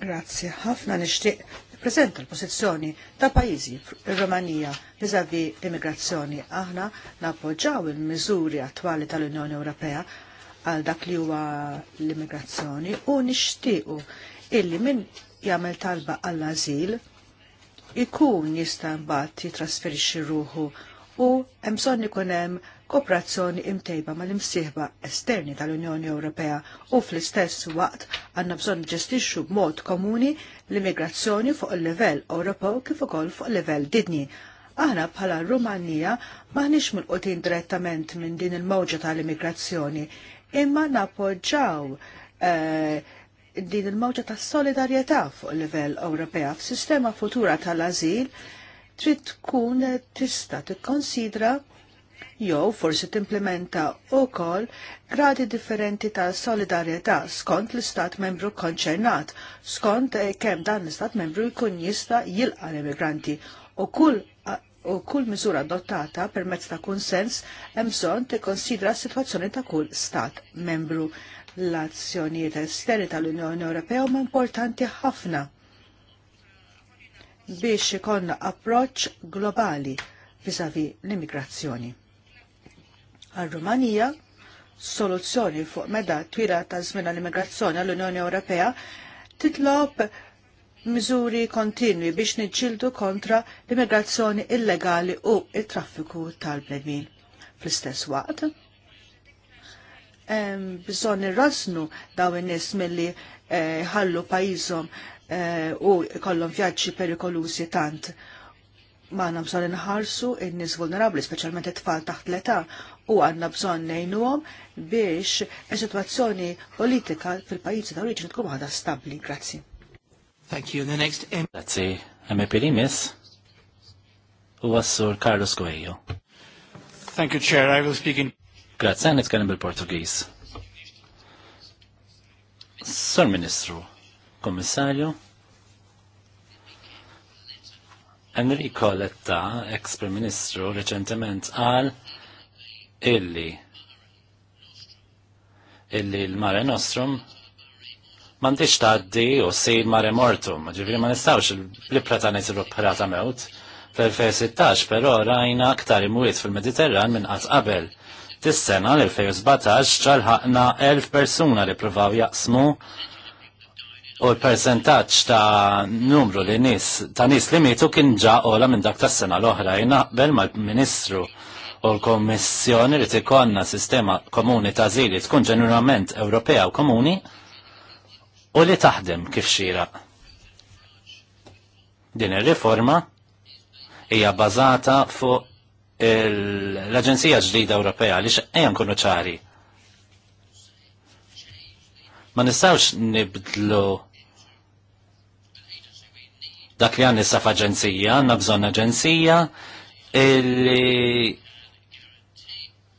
Grazie. Hafna nishtiq prezenta l-posizjoni ta' pajizi il-Romanija immigrazzjoni. Aħna nappoġġaw il-miżuri attwali tal-Unjoni Ewropea għal dak li huwa l-immigrazzjoni u nixtiequ illi min jagħmel talba għall-azil ikun jista' mbagħad jitrasferixxi ruħu u hemm bżonn ikun hemm kooperazzjoni imtejba mal-imsieħba esterni tal-Unjoni Ewropea u fl-istess waqt għandna bżonn ġestixxu b'mod komuni l-immigrazzjoni fuq il-livell Ewropew kif ukoll fuq il-livell dinji aħna bħala Rumanija maħniex mulqutin direttament minn din il-mowġa tal-immigrazzjoni, imma napoġġaw eh, din il-mowġa ta' solidarjetà fuq il livell Ewropea f'sistema futura tal-azil trid tkun tista' tikkonsidra jew forsi timplementa wkoll gradi differenti ta' solidarjetà skont l-istat membru konċernat, skont eh, kemm dan l-istat membru jkun jista' jilqa' l emigranti u kull u kull miżura adottata permezz ta' kunsens hemm bżonn tikkonsidra s-sitwazzjoni ta' kull stat membru. L-azzjonijiet esterni tal-Unjoni Ewropea huma importanti ħafna biex ikonna approċċ globali vis-à-vis l-immigrazzjoni għal-Rumanija soluzzjoni fuq meda twira ta' żmien għall-immigrazzjoni għall-Unjoni Ewropea titlob miżuri kontinwi biex niġġieldu kontra l-immigrazzjoni illegali u il traffiku tal-bnedmin. Fl-istess waqt, bżonn irrasnu daw in-nies milli eh, ħallu e, pajjiżhom e, u kollhom vjaġġi perikolusi tant. Ma bżonn inħarsu in-nies vulnerabli, speċjalment it-tfal taħt l-età, u għanna bżon nejnuhom biex situazzjoni politika fil-pajjiżi ta' oriġini tkun waħda stabbli. Grazzi. Thank you. The next M Grazzi. MP e Limis u għassur Carlos Coelho. Thank you, Chair. I will speak in... Grazzi, għan nitkellem bil-Portugis. Sor Ministru, Komissarju, Enrico Letta, ex prem Ministru, reċentement għal illi illi l-Mare Nostrum mandiċ taddi u si Mare Mortum, ġifiri ma nistawx l-libra ta' nisiru bħrata mewt. Fl-2016 però rajna aktar imwiet fil-Mediterran minn qatt qabel. Tis-sena l-2017 ċalħaqna 1000 persuna li provaw jaqsmu u l-percentaċ ta' numru li nis, ta' nis li mitu kien ġa ola minn dak tas sena l-oħra bel mal-Ministru u l-Kommissjoni li tikonna sistema komuni ta' zili tkun ġenerament Ewropea u komuni u li taħdem kif xira. Din ir-riforma hija bazata fuq l-Aġenzija ġdida Ewropea li xejn kunu ċari. Ma nistawx nibdlu dak li għan issa f'aġenzija, nabżon aġenzija illi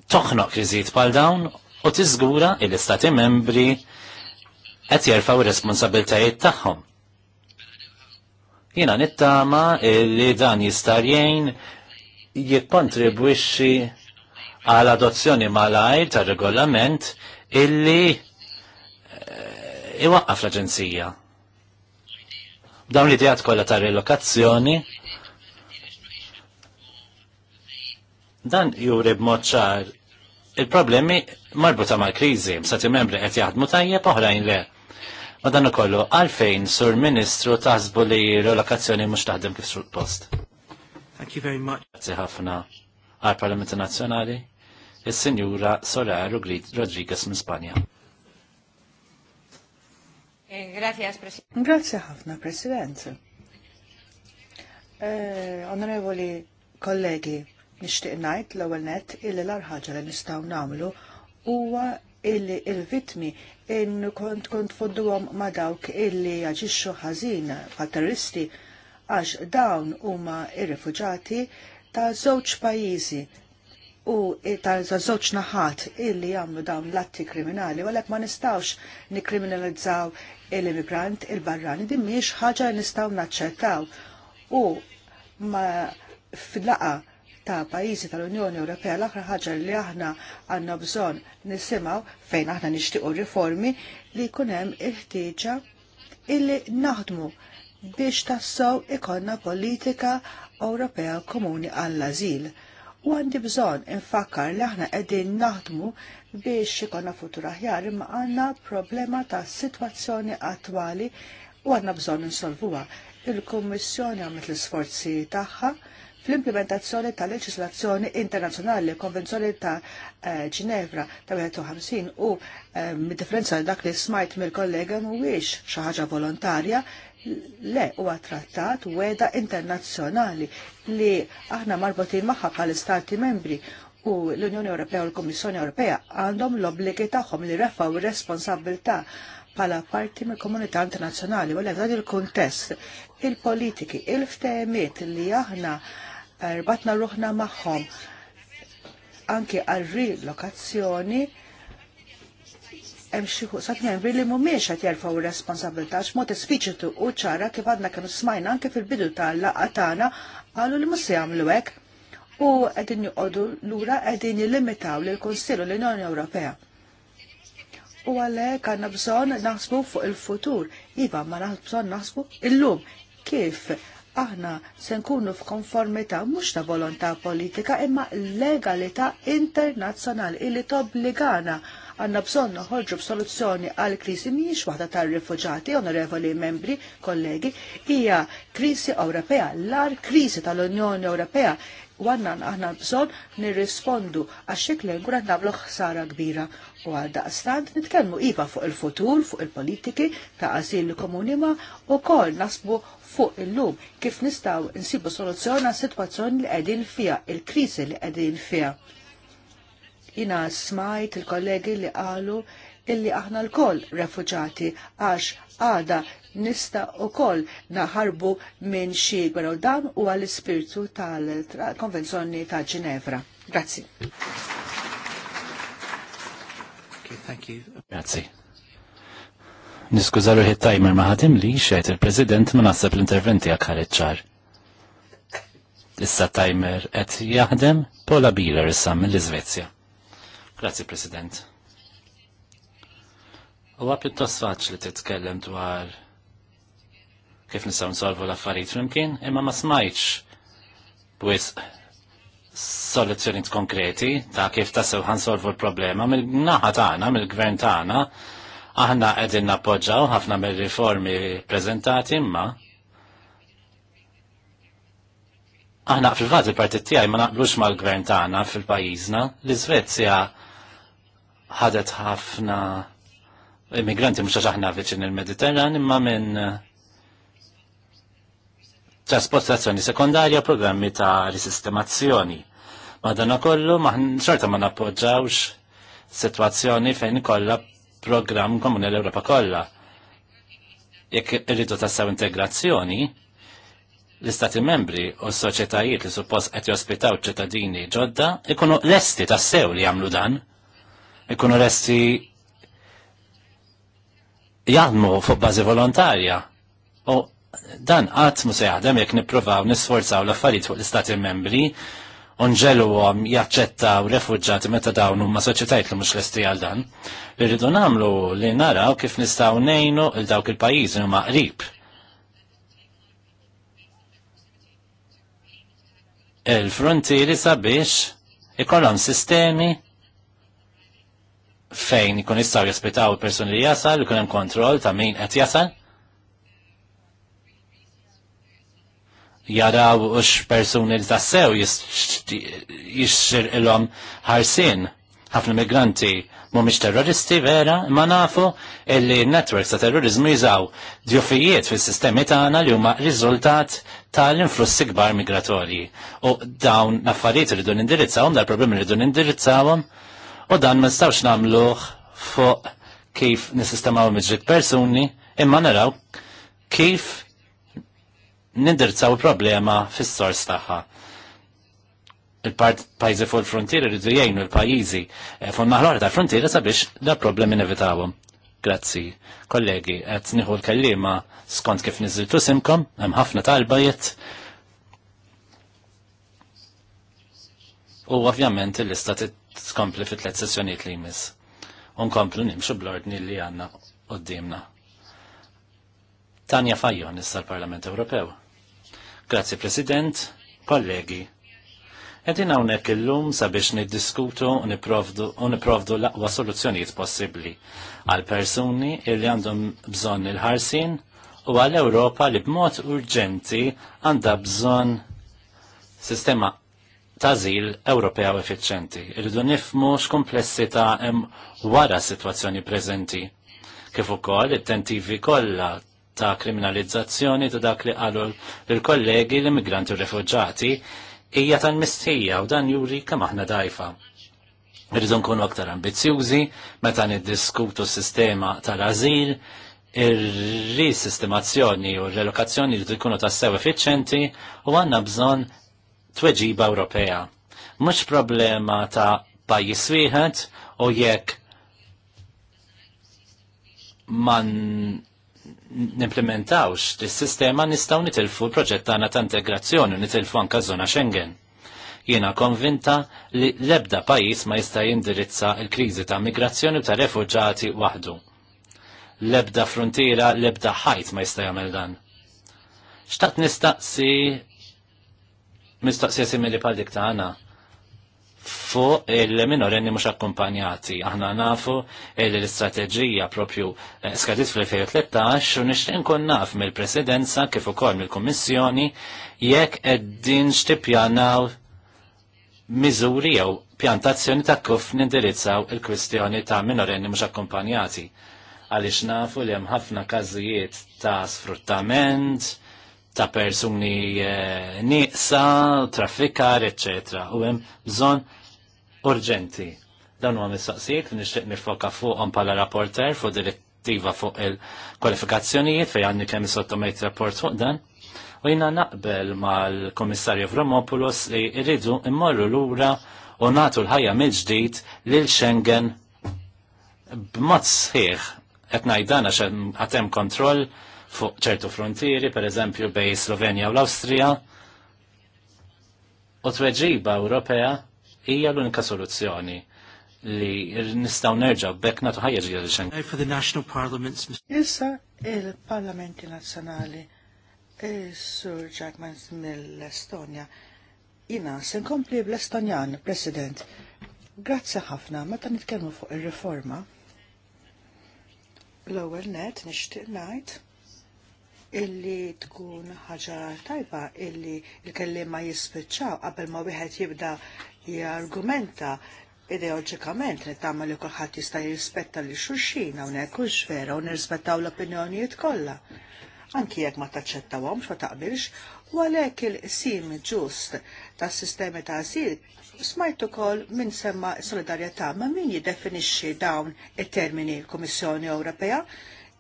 Toħnok kriżijiet bħal dawn u tiżgura il-istati membri qed jerfgħu responsabiltajiet tagħhom. Jiena nittama li dan jista' jgħin jikkontribwixxi għal adozzjoni malajr ta' regolament illi eh, iwaqqaf l-Aġenzija. Dawn l-idejat kollha ta' relokazzjoni dan juri b'mod ċar il-problemi marbuta mal kriżi ti membri qed jaħdmu tajjeb oħrajn le. Ma dan kollu, għalfejn sur Ministru taħsbu li relokazzjoni mhux taħdem kif post. Thank you very much. Grazzi ħafna għal Parlamenti Nazzjonali, il sinjura Solar Rodriguez minn Spanja. Eh, Grazie ħafna, President. Eh, onorevoli kollegi, Nixtieq ngħid l-ewwel nett illi l-arħaġa li nistgħu nagħmlu huwa illi il-vitmi in kont kont fodduhom ma' dawk illi jaġixxu ħażin bħal terroristi għax dawn huma ir-rifuġati ta' żewġ pajjiżi u ta' żewġ naħat illi jagħmlu dawn l-atti kriminali għalhekk ma nistgħux nikkriminalizzaw l-immigrant il-barrani din mhijiex ħaġa nistgħu naċċettaw u ma fil-laqa ta' pajjiżi tal-Unjoni Ewropea l-aħħar ħaġa li aħna għandna bżonn nisimgħu fejn aħna nixtiequ riformi li jkun hemm il-ħtieġa illi naħdmu biex tassew ikonna politika Ewropea komuni għall-azil. U għandi bżon infakkar li aħna qegħdin naħdmu biex ikonna futur aħjar imma għandna problema ta' situazzjoni attwali u għandna bżon insolvuha. Il-Kummissjoni għamlet l-isforzi tagħha fl-implementazzjoni ta' leġislazzjoni internazzjonali, konvenzjoni ta' eh, Ginevra ta' 1950 u mid-differenza eh, dak li smajt mill-kollega mhuwiex xi ħaġa volontarja, le huwa trattat weda internazzjonali li aħna marbotin magħha bħal-istati membri u l-Unjoni Ewropea u l-Kommissjoni Ewropea għandhom l-obbligi tagħhom li refgħu ir-responsabilità bħala parti mill komunità internazzjonali u l-għadad il-kontest, il-politiki, il-ftehmiet li aħna rbatna er, ruħna magħhom anke għal rilokazzjoni hemm xi ħuqsat li mhumiex qed jerfgħu responsabilità x'mod isfiċitu u ċara kif għadna kienu smajna anke fil-bidu tal-laqgħa tagħna qalu li mhux se jagħmlu hekk u qegħdin joqogħdu lura qegħdin jillimitaw lil Kunsillu l-Unjoni Ewropea. U għalhekk għandna bżonn naħsbu fuq il-futur, iva ma naħsbu naħsbu illum kif aħna se nkunu f'konformità mhux ta' volontà politika imma legalità internazzjonali illi tobbligana għanna bżonn noħorġu b'soluzzjoni għal krisi mhijiex waħda tar-rifuġati, onorevoli membri, kollegi, hija krisi Ewropea, l-ar krisi tal-Unjoni Ewropea u għanna aħna bżonn nirrispondu għax xiklen kuna nagħmlu ħsara kbira. U għal daqstant nitkellmu iva fuq il-futur, fuq il-politiki ta' asil komuni ma u kol nasbu fuq illum kif nistaw nsibu soluzzjoni għas situazzjoni li qegħdin fija, il-kriżi li qegħdin fija. Jina smajt il-kollegi li qalu illi aħna l-koll refuġati għax għada nista u koll naħarbu minn xie gwerra dan u għal spirtu tal-konvenzjoni ta' Ginevra. Grazzi. Okay, thank you. Grazie. Niskuża ruħi timer ma ħatim li xejt il-President ma naħseb l-interventi għak iċċar. Issa timer qed jaħdem Pola Bieler issa mill-Iżvezja. Grazzi President. Huwa pjuttost faċli titkellem dwar kif nistgħu nsolvu l-affarijiet flimkien, imma ma smajtx wisq soluzzjoniet konkreti ta' kif tassew ħansolvu l-problema mill-naħa tagħna, mill-gvern tagħna, Aħna qegħdin nappoġġaw ħafna mir-riformi preżentati imma aħna fil-fatt il-partit tiegħi ma naqblux mal-gvern tagħna fil-pajjiżna l-Iżvezja ħadet ħafna immigranti mhux għax aħna viċin il-Mediterran imma minn trasportazzjoni sekondarja programmi ta' risistemazzjoni. Madonna kollu, ma xorta ma nappoġġawx situazzjoni fejn kollha programm komuni l europa kollha. Jekk irridu tassaw integrazzjoni, l-Istati membri u s-soċjetajiet li suppost qed jospitaw ċittadini ġodda ikunu lesti tassew li jagħmlu dan. Ikunu lesti jaħdmu fuq bażi volontarja. U dan qatt mu se jaħdem jekk nippruvaw nisforzaw l-affarijiet fuq l-Istati membri jaċċetta jaċċettaw refugġati meta dawn huma soċetajt li mhux lesti għal dan. Li rridu nagħmlu li naraw kif nistgħu ngħinu il dawk il-pajjiżi huma qrib. Il-frontieri sabiex ikollhom sistemi fejn ikun jistgħu jaspetaw il-persuni li jasal, ikun hemm kontroll ta' min qed jasal jaraw ux persuni li tassew jixxir ilom ħarsin ħafna migranti miex terroristi vera, ma nafu illi networks ta' terrorizmu jizaw djufijiet fis sistemi tagħna li huma riżultat tal-influssi kbar migratorji. U dawn affarijiet dun nindirizzawhom, dal problemi rridu nindirizzawhom, u dan ma nistgħux nagħmluh fuq kif nisistemaw miġrid persuni, imma naraw kif nindirizzaw il-problema fis-sors tagħha il-pajzi fuq il-frontiera rridu jgħinu il-pajjiżi eh, fuq naħlar ta' frontiera sabiex da' problemi nevitawhom. Grazzi. Kollegi, qed nieħu l-kellima skont kif niżiltu simkom, hemm ħafna jett. U ovvjament il-lista tkompli fit tliet sessjonijiet li jmiss. Unkomplu nimxu bl-ordni li għandna qudiemna. Tanja Fajjon issa l-Parlament Ewropew. Grazzi President, kollegi. Edin hawnhekk illum sabiex niddiskutu u niprovdu l-aqwa soluzzjonijiet possibbli għal persuni li għandhom bżonn il-ħarsin u għal Ewropa li b'mod urġenti għandha bżonn sistema tażil Ewropea u effiċenti. Irridu nifmu x'komplessità hemm wara s-sitwazzjoni preżenti kif ukoll it-tentivi kollha ta' kriminalizzazzjoni ta' dak li għallu l-kollegi l-immigranti u refugġati hija tal-mistija u dan juri kemm aħna dajfa. Rridu nkunu aktar ambizzjużi meta niddiskutu s-sistema tal-azil, ir-risistemazzjoni u r-relokazzjoni li ta' tassew effiċenti u għandna bżonn tweġiba Ewropea. Mhux problema ta' pajjiż wieħed u jekk man nimplementawx dis-sistema nistgħu nitilfu l-proġett tagħna ta' integrazzjoni nitilfu anke żona Schengen. Jiena konvinta li l-ebda pajjiż ma jista' jindirizza l-kriżi ta' migrazzjoni u ta' refuġati waħdu. L-ebda frontiera, l-ebda ħajt ma jista' jagħmel dan. Xtaqt nistaqsi mistaqsija simili bħal dik ta' għana fuq il-minorenni mhux akkumpanjati. Aħna nafu l-istrateġija propju eh, skadit fl-2013 u nixtieq kun naf mill-Presidenza kif ukoll mill-Kummissjoni jekk eddin xtippjanaw miżuri jew pjantazzjoni ta' kuf nindirizzaw il-kwistjoni ta' minorenni mhux akkumpanjati. Għaliex nafu li hemm ħafna każijiet ta' sfruttament, ta' persuni eh, nieqsa, traffikar, etc. U hemm bżonn urġenti. Dan huwa mistaqsijiet li nixtieq nifoka fuqhom bħala rapporter fuq direttiva fuq il-kwalifikazzjonijiet fejn għandni kemm sottomejt rapport fuq dan. U jina naqbel mal-Komissarju Vromopoulos li irridu immorru lura u natu l-ħajja mill-ġdid lil Schengen b'mod sħiħ qed ngħidana għatem kontroll fuq ċertu frontieri, per eżempju bej Slovenja u l-Awstrija, u tweġiba Ewropea hija l-unika soluzzjoni li nistaw nerġaw bekna tuħajja ġija li Issa il-Parlamenti Nazzjonali, Sur Jackman mill-Estonja, jina sen kompli bl-Estonjan, President, grazzi ħafna, meta nitkellmu fuq il-reforma, l-ewwel net nixtieq ngħid illi tkun ħaġa tajba illi il ma jispiċċaw qabel ma wieħed jibda jargumenta ideologikament li tagħmel li kulħadd jista' jirrispetta li xulxin hawnhekk hux vera u nirrispettaw l-opinjonijiet kollha. Anki jekk ma taċċettawhomx ma taqbilx, u għalhekk il-sim ġust tas-sistemi ta' asil smajt ukoll min semma solidarjetà ma min jiddefinixxi dawn it-termini l-Kummissjoni Ewropea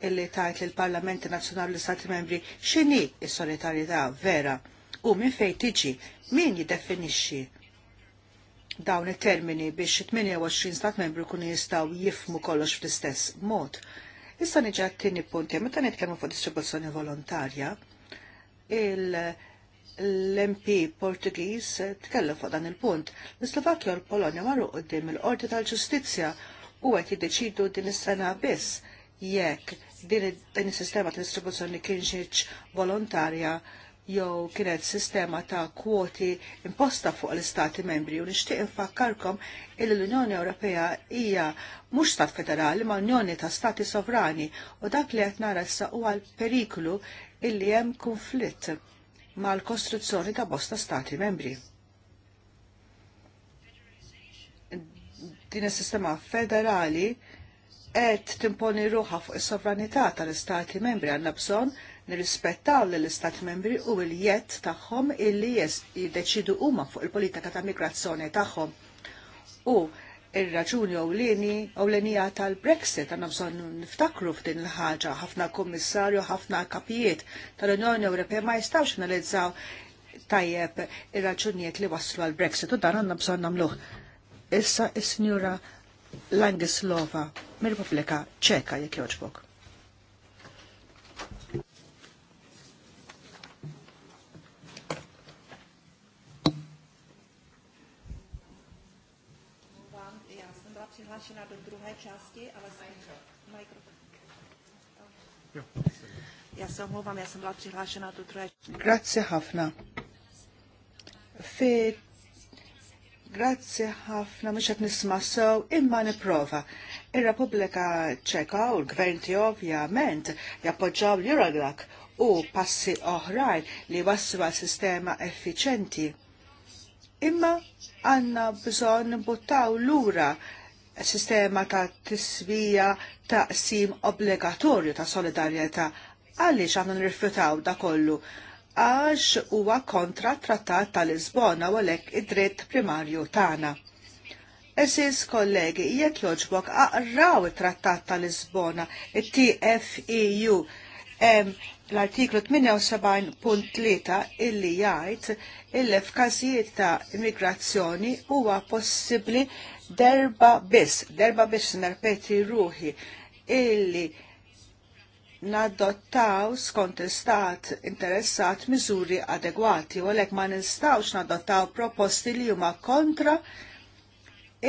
illi tajt li l-Parlamenti Nazzjonali l-Stati Membri xini is solidarietà vera u minn fejn tiġi min jiddefinixxi dawn it-termini biex 28 stat membru kun jistaw jifmu kollox fl-istess mod. Issa niġa t-tini punti, meta nitkellmu fuq distribuzzjoni volontarja, l-MP Portugiż tkellem fuq dan il-punt. L-Slovakkja u l-Polonja marru qudiem il-Qorti tal-Ġustizzja u qed jiddeċidu din is-sena biss jekk din is-sistema ta' distribuzzjoni kienx volontarja jew kienet sistema ta' kwoti imposta fuq l-Istati membri u nixtieq infakkarkom il l-Unjoni Ewropea hija mhux stat federali ma' Unjoni ta' Stati Sovrani u dak li qed nara issa huwa l-periklu illi hemm konflitt mal-kostruzzjoni ta' bosta Stati membri. Din is-sistema federali qed timponi ruħa fuq is-sovranità tal-Istati membri għandna bżonn nirrispettaw lill istati membri u l-jett tagħhom illi jiddeċidu huma fuq il-politika ta' migrazzjoni tagħhom. U il raġuni ewlieni ewlenija tal-Brexit għanna bżonn niftakru f'din il-ħaġa ħafna kommissarju ħafna kapijiet tal-Unjoni Ewropea ma jistgħux analizzaw tajjeb ir-raġunijiet li waslu għal-Brexit u dan għandna bżonn nagħmluh. Issa is-Sinjura is signora Langislova mir-Repubblika Ċeka jekk joġbok. přihlášena se omlouvám, já jsem byla přihlášena do druhé Grazie, Hafna. Fit Grazzi ħafna mux qed nisma' sew imma nipprova. Ir-Repubblika Ċeka u l-Gvern ovvjament jappoġġaw l-Eurodac u passi oħrajn li waslu għal sistema effiċenti. Imma għandna bżonn buttaw lura sistema ta' tiswija ta' sim obbligatorju ta' solidarjetà għaliex għandna nirfutaw da kollu għax huwa kontra trattat tal-Lisbona u għalhekk id-dritt primarju tagħna. Esis kollegi, jekk joġbok aqraw it-trattat tal-Lisbona, it-TFEU, l-artiklu 78.3 illi jgħid illi f'każijiet ta' immigrazzjoni huwa possibbli derba biss, derba biss nerpeti ruħi illi nadottaw skont il-stat interessat miżuri adegwati u għalhekk ma nistgħux nadottaw proposti li huma kontra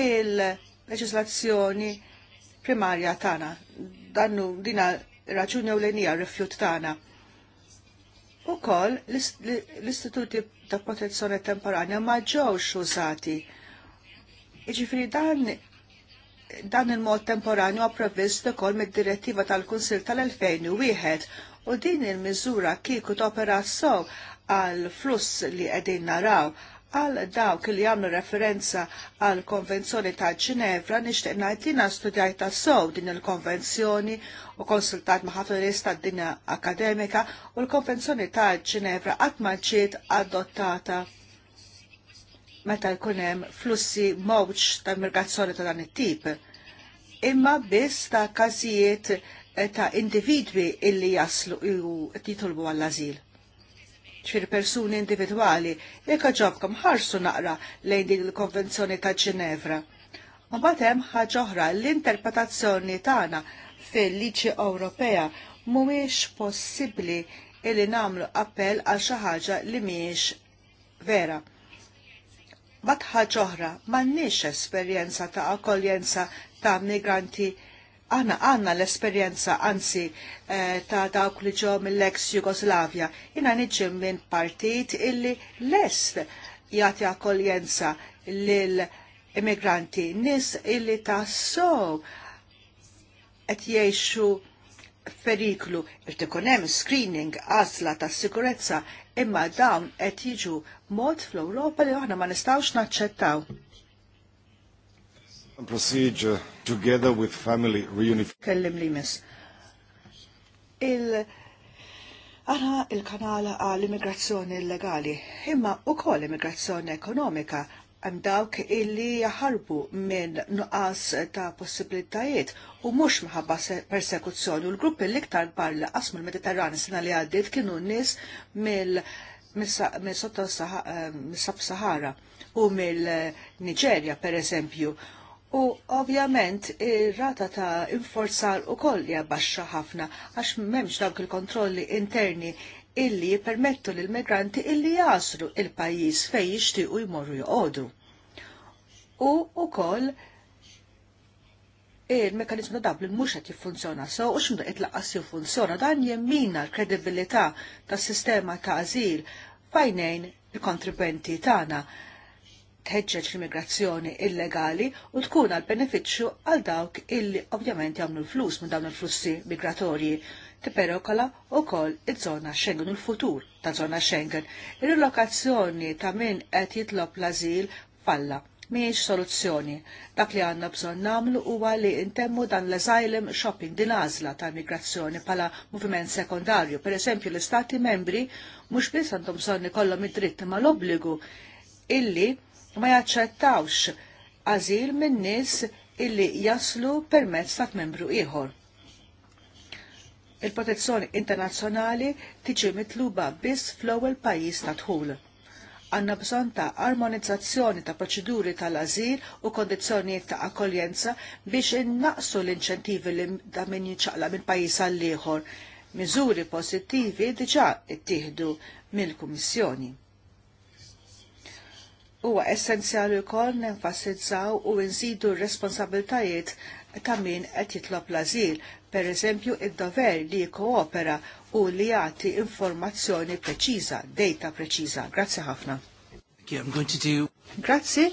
il-leġislazzjoni primarja tagħna. Dannu dina raġuni l-enija rifjut tagħna. kol, l-istituti ta' protezzjoni temporanja ma ġewx użati. Iġifri dan dan il-mod temporanju approvvist ukoll mid-direttiva tal-Kunsil tal-2001 u din il-miżura kieku topera s-sew għal fluss li qegħdin naraw għal dawk li għamlu referenza għal konvenzjoni ta' Ġinevra nixtieq ngħid li studjajt ta' sow din il-konvenzjoni u konsultat ma' ħatoris ta' dinja akademika u l-konvenzjoni ta' Ġinevra qatt ma ġiet adottata meta jkun hemm flussi mowġ ta' immigrazzjoni ta' dan it-tip, imma biss ta' każijiet eh, ta' individwi illi jaslu u titolbu għall-azil. ċir persuni individwali, jekk ġobkom ħarsu naqra lejn din il-Konvenzjoni ta' Ġinevra. Mbagħad hemm ħaġa oħra l-interpretazzjoni tagħna fil-liġi Ewropea mhuwiex possibbli illi nagħmlu appell għal xi ħaġa li mhijiex vera matħa ġohra mannix esperjenza ta' akkoljenza ta' migranti għana għanna l-esperienza għansi eh, ta' dawk li ġo mill-ex Jugoslavja. Jina nġim minn partit illi lest jati akkoljenza l-immigranti, nis illi ta' so et jiexu feriklu irid hemm screening għasla ta' sikurezza imma dawn qed jiġu mod fl-Ewropa li aħna ma nistgħux naċċettaw. Procedure together with family reunification. Kellim li miss. Il Aħna il-kanala għall immigrazzjoni illegali, imma u koll immigrazzjoni ekonomika hemm dawk illi jaħarbu minn nuqqas ta' possibilitajiet u mhux minħabba persekuzzjoni u l-gruppi l-iktar barra li qasmu l mediterrani sena li għaddiet kienu nies mill sotto eh, sahara u mill-Niġerja pereżempju. U ovvjament ir-rata ta' inforzar ukoll hija baxxa ħafna għax m'hemmx dawk il-kontrolli interni illi jipermettu l migranti illi jasru il-pajjiż fejn jixtiequ jmorru joqogħdu. U wkoll il-mekanizmu Dublin mhux qed jiffunzjona so u x'imda itlaqqas jiffunzjona dan jemmina l-kredibilità tas-sistema ta' ażil fajnejn il kontribenti tagħna tħeġġeġ l-immigrazzjoni illegali u tkun għal benefiċċju għal dawk illi ovvjament jagħmlu l-flus minn dawn il-flussi migratorji tiperokola wkoll il żona Schengen u l-futur ta' żona Schengen. Ir-relokazzjoni ta' min qed jitlob l-ażil falla miex soluzzjoni. Dak li għanna bżon namlu huwa li intemmu dan l-asylum shopping din għażla ta' migrazzjoni pala moviment sekundarju. Per esempio, l-Istati membri mhux biss għandhom bżonn ikollhom id-dritt ma l-obbligu illi ma jaċċettawx azil minn nies illi jaslu permezz ta' membru ieħor il-protezzjoni internazzjonali tiġi mitluba biss fl-ewwel pajjiż ta' dħul. Għanna bżonn ta' armonizzazzjoni ta' proċeduri tal-azil u kondizzjonijiet ta' akkoljenza biex innaqsu l-inċentivi li ta' min jinċaqla minn pajjiż għall ieħor. Miżuri pożittivi diġà ttieħdu mill-Kummissjoni. Huwa essenzjali wkoll nenfasizzaw u nżidu r-responsabiltajiet ta' min qed jitlob lażil, per eżempju id-dover li koopera u li jagħti informazzjoni preċiża, data preċiża. Grazzi ħafna. Grazzi,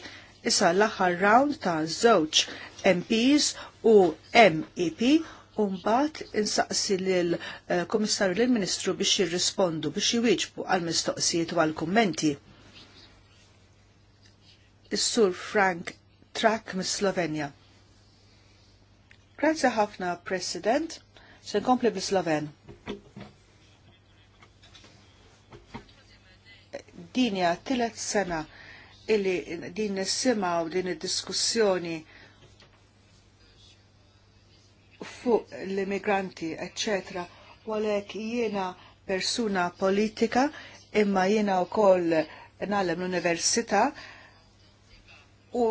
issa l-aħħar round ta' żewġ MPs u MEP Umbat insaqsi l-Komissarju eh, l-Ministru biex jirrispondu biex jwieġbu għal-mistoqsijiet u għal kummenti Is-Sur Frank Trak mis-Slovenja. Grazie ħafna, President. Se nkompli bl-Sloven. Dinja tilet sena illi din u din id-diskussjoni fuq l-immigranti, eccetera, Walek jiena persuna politika imma jiena u koll nalem l-università u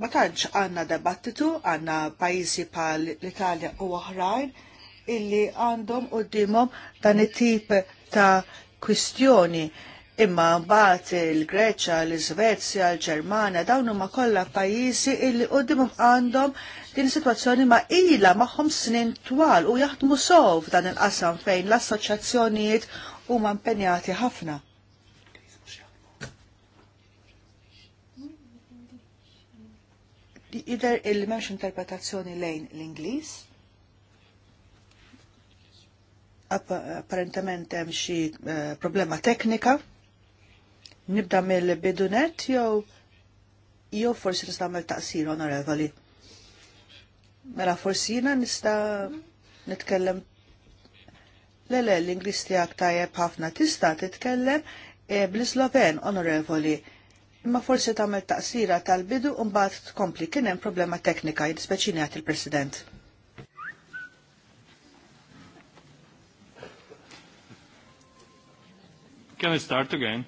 ma tantx għandna debattitu għandna pajjiżi bħal l-Italja u oħrajn illi għandhom qudiemhom dan it-tip ta' kwistjoni imma mbagħad il-Greċja, l-Iżvezja, l-Ġermanja dawn huma kollha pajjiżi illi qudiemhom għandhom din is-sitwazzjoni ma ilha magħhom snin twal u jaħdmu sow f'dan il-qasam fejn l-assoċjazzjonijiet huma impenjati ħafna jider il-memx interpretazzjoni lejn l-Inglis, apparentament hemm xi eh, problema teknika. Nibda mill-bidunet jew jew forsi nista' nagħmel taqsir onorevoli. Mela forsi jiena nista' nitkellem Le le l inglis tiegħek tajjeb ħafna tista' titkellem eh, bl-Sloven onorevoli imma forsi tagħmel taqsira tal-bidu u mbagħad tkompli kien hemm problema teknika jispeċini għat il-President. Can I start again?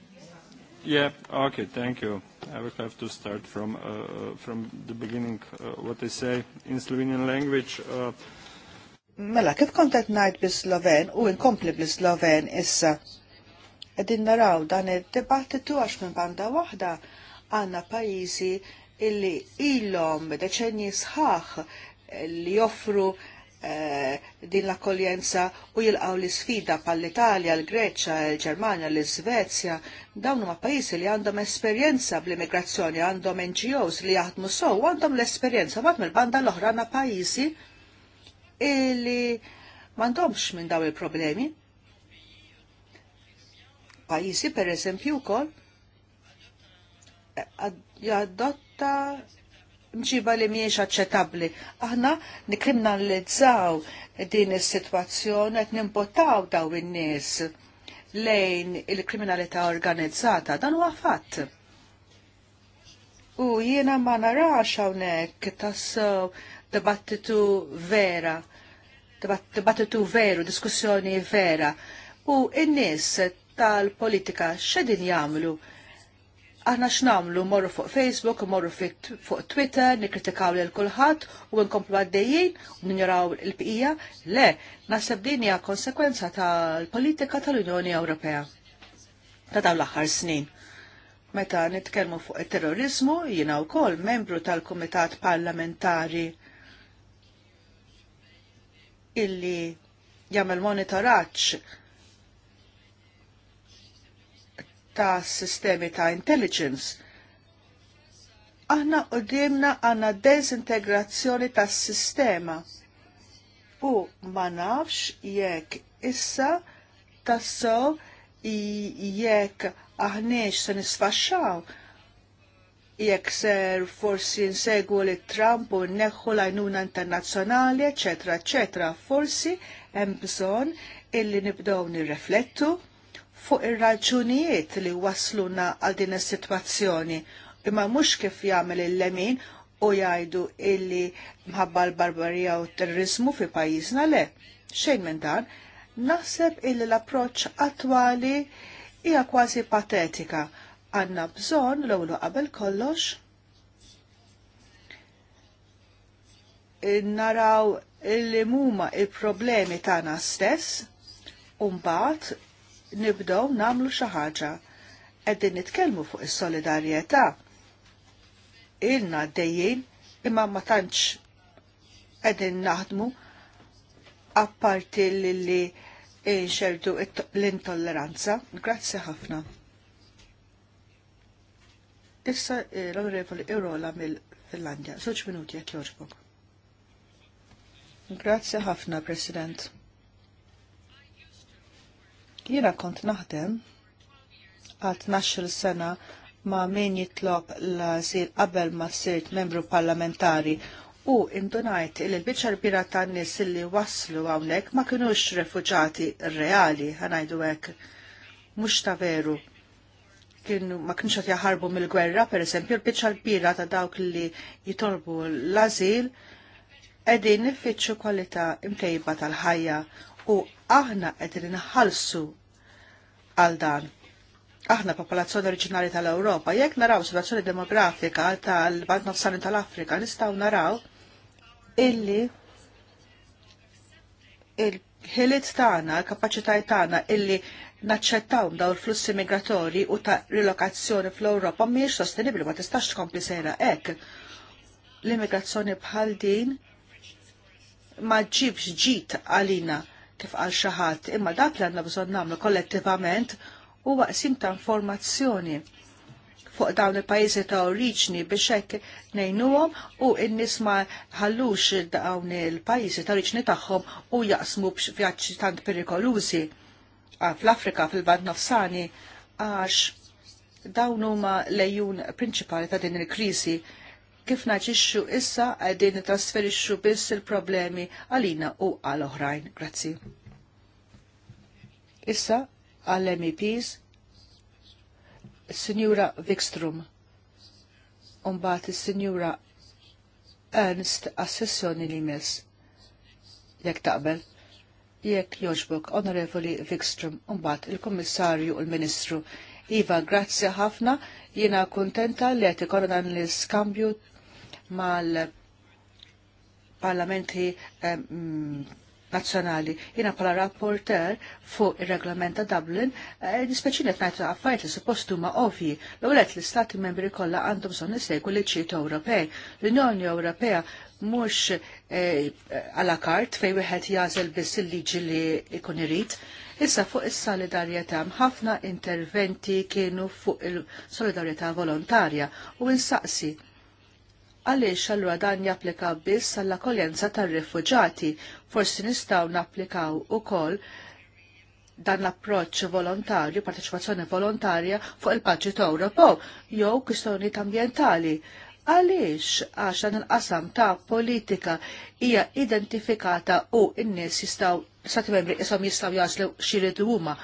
Yeah, okay, thank you. I will have to start from, uh, uh, from the beginning uh, what I say in Slovenian language. Uh... Mela, kif kontet najt bil-Sloven u inkompli bil-Sloven issa? Qegħdin naraw dan id-dibattitu għax minn banda waħda għandna pajjiżi illi ilhom deċenji sħaħ li joffru eh, din l-akkoljenza u jilqaw l sfida pal italja l-Greċa, l-Ġermanja, l-Svezja, dawn huma pajjiżi li għandhom esperjenza bl-immigrazzjoni, għandhom NGOs li jaħdmu sow, għandhom l-esperjenza mat mill-banda l-oħra għandna pajjiżi illi m'għandhomx minn daw il-problemi pajjiżi pereżempju wkoll eh, jadotta mġiba li miex aċċetabli. Aħna nikriminalizzaw din is-sitwazzjoni qed nimpotaw daw in-nies lejn il-kriminalità organizzata dan huwa fatt. U jiena ma narax hawnhekk tassew dibattitu vera, dibattitu veru, diskussjoni vera. U n-nies tal-politika xedin jamlu aħna x'namlu morru fuq Facebook, morru fuq Twitter, nikkritikaw lil kulħadd u nkomplu għaddejjin u ninjoraw il-bqija. Le, naħseb din hija konsekwenza tal-politika tal-Unjoni Ewropea ta' dawn l-aħħar snin. Meta nitkellmu fuq it-terrorizmu, jiena wkoll membru tal-Kumitat Parlamentari illi jagħmel monitoraġġ ta' sistemi ta' intelligence. Aħna qoddimna għanna dezintegrazzjoni ta' sistema u ma nafx jekk issa tassow jekk aħniex se nisfaxxaw jekk ser forsi nsegwu li Trump u neħu l-għajnuna internazzjonali, eccetera, eccetera, forsi hemm bżonn illi nibdew nirreflettu fuq ir-raġunijiet li wasluna għal din is-sitwazzjoni imma mhux kif jagħmel il-lemin u jgħidu illi mħabba l-barbarija u terrorizmu fi pajjiżna le. Xejn minn dan, naħseb illi l-approċċ attwali hija kważi patetika. Għanna bżonn l-ewlu qabel kollox naraw li limuma il-problemi tagħna stess u mbagħad nibdow namlu xi ħaġa. Qegħdin nitkellmu fuq is-solidarjetà. Ilna għaddejjin, imma ma tantx qegħdin naħdmu apparti li inxerdu l-intolleranza. Grazzi ħafna. Issa eh, l-Onorevoli Irola mill-Finlandja. Żewġ minuti jekk jogħġbok. Grazzi ħafna, President. Jiena kont naħdem għal 12 sena ma' min jitlob l sir qabel ma' sirt membru parlamentari u indunajt il l-bicċa kbira tan nies li waslu hawnhekk ma kinux refuġati reali għanajdu hekk mhux ta' veru. Kienu ma kienx qed jaħarbu mill-gwerra, pereżempju l-biċċa kbira ta' dawk li jitolbu l-azil qegħdin niffiċċu kwalità imtejba tal-ħajja u aħna qegħdin inħallsu għal dan. Aħna popolazzjoni oriġinali tal-Ewropa, jekk naraw situazzjoni demografika tal balt Nofsani tal-Afrika, nistgħu naraw illi il-ħiliet tagħna, l-kapaċitajiet tagħna illi naċċettaw daw il-flussi migratorji u ta' rilokazzjoni fl-Ewropa mhijiex sostenibbli ma tistax tkompli sejra hekk. L-immigrazzjoni bħal din ma ġibx ġit għalina kif għal xaħat, imma dak li għandna bżonn nagħmlu kollettivament u qsim ta' informazzjoni fuq dawn il-pajjiżi ta' oriġni biex hekk ngħinuhom u n-nies ma ħallux dawn il-pajjiżi ta' oriġni tagħhom u jaqsmu f'vjaġġi tant perikolużi fl-Afrika fil-Band Nofsani għax dawn huma lejjun prinċipali ta' din il-kriżi kif naġixxu issa għedin trasferixxu biss il-problemi għalina u għal oħrajn. Grazzi. Issa għall MEPs Signora Wikstrum unbat il-Signora Ernst għas-sessjoni li mis. Jek taqbel, jekk joġbuk, Onorevoli Wikstrum, unbat il-Kommissarju u l-Ministru. Iva, grazzi ħafna, jiena kontenta li għet ikorna l-skambju mal parlamenti eh, mm, nazzjonali. Jina pala rapporter fuq il-reglament ta' Dublin, nispeċinet eh, najt affarijiet li suppostu ma' ovji. L-għolet li stati membri kollha għandhom son segu li ċitu Ewropej. L-Unjoni Ewropea mhux għala eh, kart fej wieħed jażel biss il-liġi li ikun irid. Issa fuq is-solidarjetà ħafna interventi kienu fuq il-solidarjetà volontarja u insaqsi Għaliex allura dan japplika biss għall-akkoljenza tar-rifuġati, forsi nistgħu napplikaw ukoll dan l-approċċ volontarju, parteċipazzjoni volontarja fuq il-Baġit Ewropew jew kwistjonijiet ambjentali. Għaliex għax dan il-qasam ta' politika hija identifikata u n-nies jistgħu stati membri isom jistgħu jaslu xiridu huma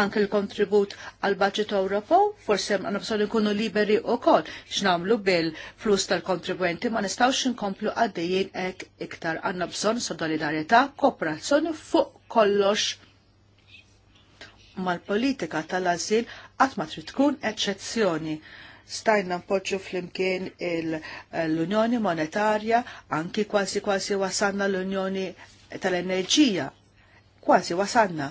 anke l-kontribut għal budget Ewropew, forsi għandna bżonn ikunu liberi wkoll x'namlu bil-flus tal-kontribwenti ma nistgħux inkomplu għaddejjin hekk iktar għandna bżonn solidarjetà, kooperazzjoni fuq kollox mal-politika tal-azil qatt ma trid tkun eċċezzjoni stajna npoġġu flimkien l-Unjoni Monetarja, anki kważi kważi wasanna l-Unjoni tal-Enerġija. Kważi wasanna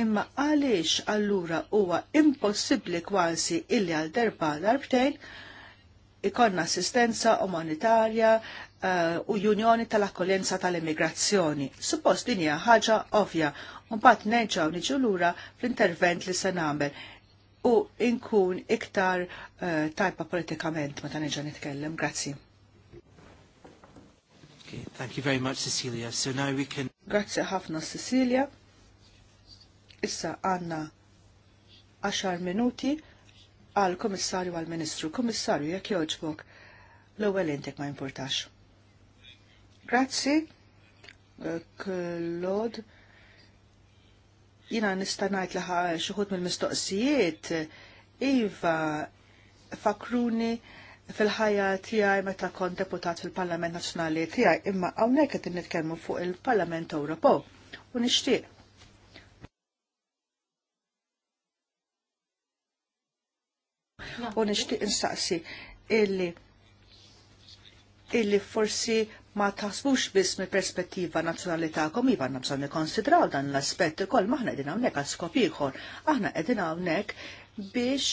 imma għaliex allura huwa impossibbli kważi illi għal darba darbtejn ikonna assistenza umanitarja eh, u unjoni tal-akkoljenza tal-immigrazzjoni. Suppost din hija ħaġa ovvja, mbagħad nerġgħu niġu lura fl-intervent li se nagħmel u inkun iktar eh, tajba politikament meta nerġa' nitkellem. Grazzi. thank you very much, Cecilia. So now we can... Grazie ħafna, Cecilia. Issa għanna 10 minuti għal komissarju għal ministru. Komissarju, jekk joġbok, l-ewwel intek ma importax. Grazzi, Klod, eh, Jina nista' laħa li xuħud mill-mistoqsijiet iva fakruni fil-ħajja tiegħi meta kont deputat fil-Parlament Nazzjonali tiegħi imma hawnhekk qed nitkelmu fuq il-Parlament Ewropew u nixtieq u nixtieq instaqsi illi illi forsi ma taħsbux biss mill perspettiva nazzjonali kom i vanna bżonn nikkonsidraw dan l-aspett ukoll maħna edin hawnhekk għal skop ieħor. Aħna qegħdin hawnhekk biex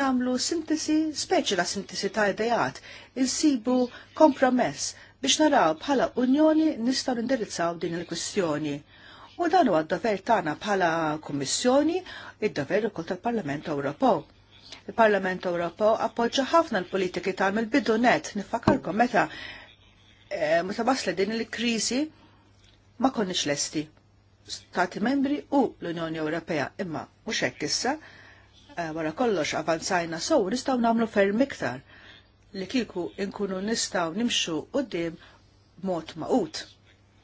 namlu sintesi, speċi la sintesi ta' idejat, insibu kompromess biex naraw bħala Unjoni nistgħu nindirizzaw din il-kwistjoni. U dan huwa d-dover tagħna bħala Kummissjoni, id-dover ukoll tal-Parlament Ewropew Il-Parlament Ewropew appoġġa ħafna l-politiki tagħmel bidu net nifakalkom meta e, meta wasla din il-kriżi ma konniex lesti. Stati membri u l-Unjoni Ewropea imma mhux hekk issa eh, wara kollox avanzajna sow nistgħu nagħmlu ferm iktar li kieku nkunu nistgħu nimxu qudiem mod maqut,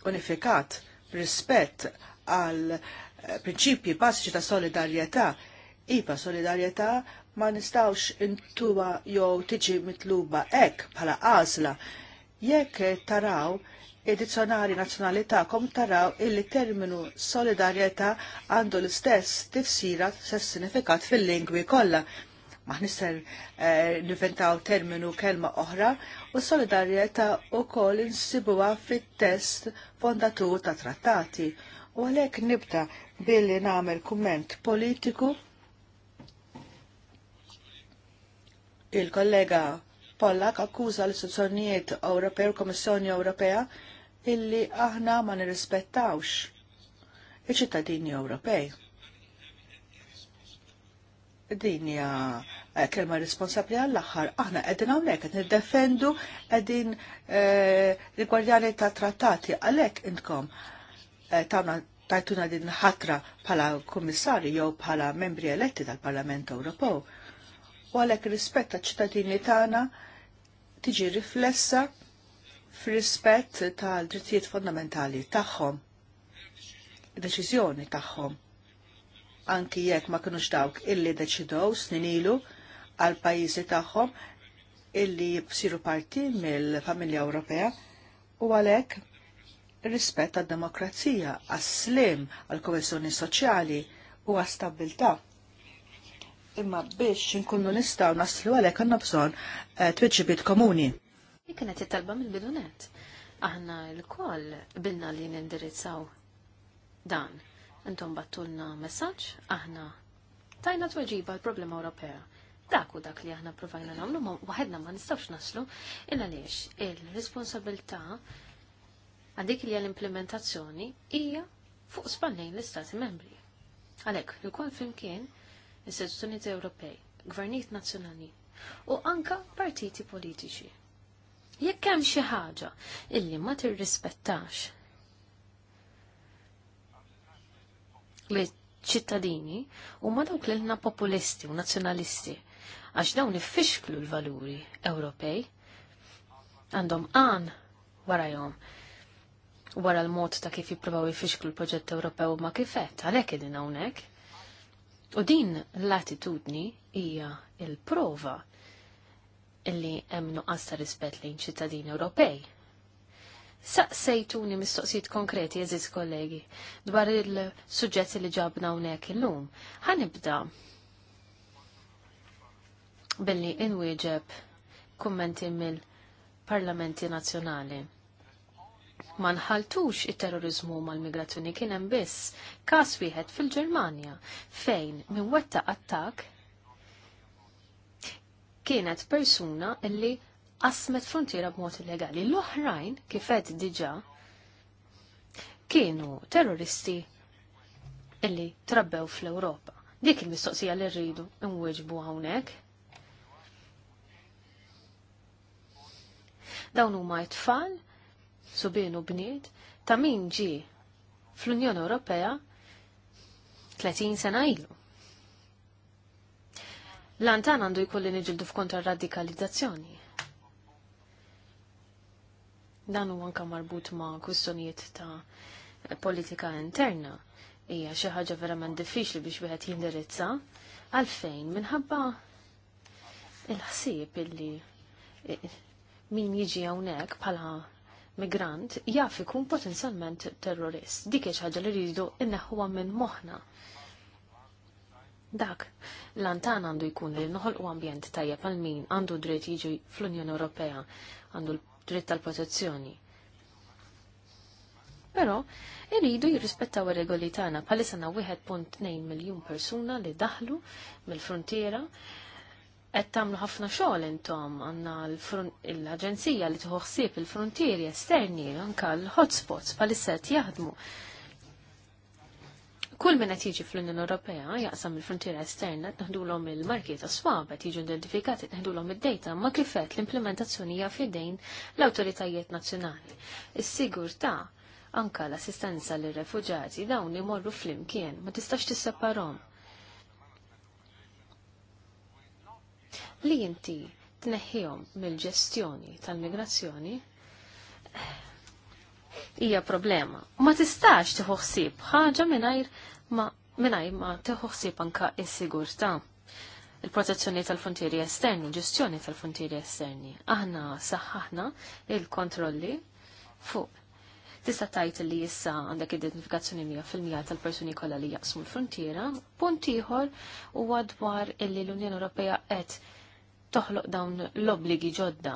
unifikat, rispett għal eh, prinċipji bażiċi ta' solidarjetà Iva solidarjetà ma nistawx intuwa jew tiġi mitluba ek bħala għażla jekk taraw id nazjonali ta'kom taraw illi terminu solidarjetà għandu l-istess tifsira stess sinifikat fil-lingwi kollha. Ma nisser eh, niventaw terminu kelma oħra u solidarjetà wkoll insibuha fit-test fondatur ta' trattati. U għalhekk nibta billi nagħmel kumment politiku il-kollega Pollak akkuża l-istituzzjonijiet Ewropej u Kommissjoni Ewropea illi aħna ma nirrispettawx iċ-ċittadini Ewropej. Din hija eh, kelma responsabbli għall-aħħar. Aħna qegħdin hawnhekk qed niddefendu qegħdin eh, rigwardjani ta' trattati għalhekk intkom eh, tagħna tajtuna din ħatra bħala kummissarju jew bħala membri eletti tal-Parlament Ewropew u għalhekk ta' ċittadini tagħna tiġi riflessa f'rispett rispett tal-drittijiet fondamentali tagħhom, deċiżjoni tagħhom. Anki jekk ma kinux dawk illi deċidow snin ilu għal pajjiżi tagħhom illi jibsiru parti mill-familja Ewropea u għalhekk rispett għad demokrazija għas-slim għal koesjoni soċjali u għas stabilta imma biex inkunu nistaw naslu għalek għanna bżon eh, tweġibiet komuni. Dik kienet it-talba mill-bidunet. Aħna l-koll bilna li nindirizzaw dan. Intom battulna messaġġ, aħna tajna tweġiba l-problema Ewropea. Dak u dak li aħna provajna nagħmlu ma waħedna ma nistgħux naslu illa għaliex il-responsabilità għandik li l-implementazzjoni hija fuq spallejn l-Istati membri. Għalhekk, l-kol flimkien kien istituzzjonijiet Ewropej, gvernijiet nazzjonali u anka partiti politiċi. Jekk hemm xi ħaġa illi ma tirrispettax li ċittadini u ma dawk l populisti u nazzjonalisti għax dawn iffixklu l-valuri Ewropej għandhom għan warajhom wara l-mod ta' kif jippruvaw ifixklu l-proġett Ewropew ma kifet, għalhekk qegħdin hawnhekk. U din l-attitudni hija il-prova illi hemm nuqqas ta' rispett lejn ċittadini Ewropej. Saqsejtuni mistoqsijiet konkreti eżiz kollegi dwar il-suġġetti li ġabna hawnhekk illum. Ħanibda billi inwieġeb kummenti mill-Parlamenti Nazzjonali ma nħaltux it-terrorizmu mal-migrazzjoni kien hemm biss każ wieħed fil-Ġermanja fejn minn wetta attak kienet persuna illi qasmet frontiera b'mod illegali. L-oħrajn kif diġa kienu terroristi illi trabbew fl-Ewropa. Dik il-mistoqsija li rridu nwieġbu hawnhekk. Dawn huma t tfal subienu u bniet ta' min ġi fl-Unjoni Ewropea 30 sena ilu. Lantan għandu jkolli niġildu f'kontra radikalizzazzjoni. Dan u anka marbut ma' kwistjonijiet ta' politika interna hija xi ħaġa verament diffiċli biex wieħed jindirizza għalfejn minħabba il-ħsieb illi min jiġi hawnhekk bħala migrant jaf ikun potenzjalment terrorist. Dik ħaġa li rridu inneħħuha minn moħħna. Dak, l-antan għandu jkun li u ambjent tajjeb għal min għandu dritt jiġu fl-Unjoni Ewropea, għandu dritt tal-protezzjoni. Pero, irridu jirrispettaw ir-regoli tagħna bħalissa wieħed punt 1.2 miljun persuna li daħlu mill-frontiera qed tagħmlu ħafna xogħol intom għandna l-aġenzija li tħoħsib il-frontieri esterni anke l-hotspots palissa qed jaħdmu. Kull minn qed jiġi fl-Unjoni Ewropea jaqsam il-frontiera esterna qed naħdulhom il-marki ta' swab qed jiġu identifikati naħdulhom id-dejta ma kifet l-implementazzjoni hija f'idejn l-awtoritajiet nazzjonali. Is-sigurtà anke l-assistenza lir refuġati dawn imorru flimkien ma tistax tisseparhom li inti tneħħihom mill-ġestjoni tal-migrazzjoni hija problema. Ma tistax tieħu ħsieb ħaġa mingħajr ma mingħajr ma tieħu ħsieb anke s-sigurtà. Il-protezzjoni tal-frontieri esterni, ġestjoni tal-frontieri esterni. Aħna saħħaħna il-kontrolli fuq Tista' tajt li issa għandek identifikazzjoni mija tal-persuni kollha li jaqsmu l-frontiera. Punt ieħor huwa dwar illi l-Unjoni Ewropea qed toħloq dawn l-obligi ġodda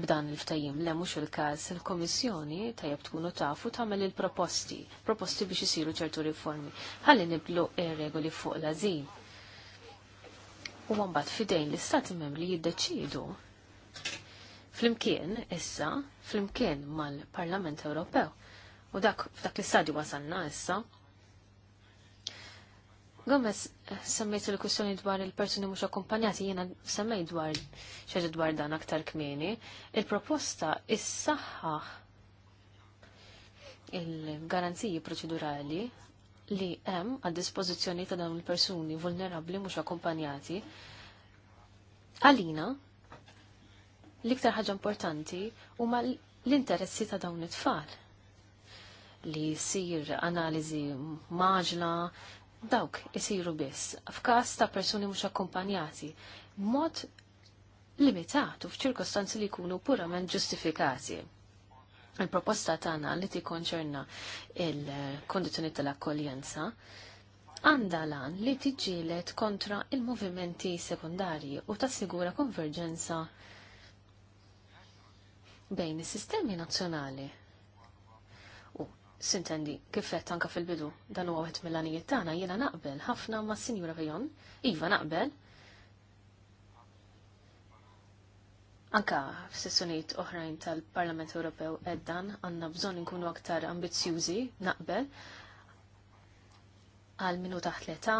b'dan il-ftajim le mhux il-każ il-Komissjoni tajjeb tkunu tafu tagħmel il-proposti, proposti biex isiru ċertu riformi. Ħalli niblu regoli fuq l-azil. U mbagħad fidejn l-istati membri jiddeċidu. Flimkien issa, flimkien mal-Parlament Ewropew. U dak f'dak l-istadju wasanna issa. Gomez semmejt il-kwistjoni dwar il-persuni mhux akkumpanjati jiena semmejt dwar xaġa dwar dan aktar kmieni. Il-proposta issaħħaħ il-garanziji proċedurali li hemm għad dispożizzjoni ta' dawn il-persuni vulnerabbli mhux akkumpanjati. Għalina, l-iktar ħaġa importanti huma l-interessi ta' dawn it-tfal li jisir analizi maġla dawk isiru biss f'każ ta' persuni mhux akkumpanjati mod limitatu f'ċirkostanzi li jkunu purament ġustifikati. Il-proposta tagħna li tikkonċerna il-kondizzjoni tal-akkoljenza għandha lan li tiġġieled kontra il-movimenti sekundarji u tassigura konverġenza bejn is-sistemi nazzjonali Sintendi, kifet anka fil-bidu, dan huwa wieħed mill-għanijiet tagħna jiena naqbel ħafna ma' Sinjura Vejon, iva naqbel. Anka f'sessjonijiet oħrajn tal-Parlament Ewropew Eddan għanna għandna bżonn inkunu aktar ambizzjużi, naqbel, għal minu taħt l-età,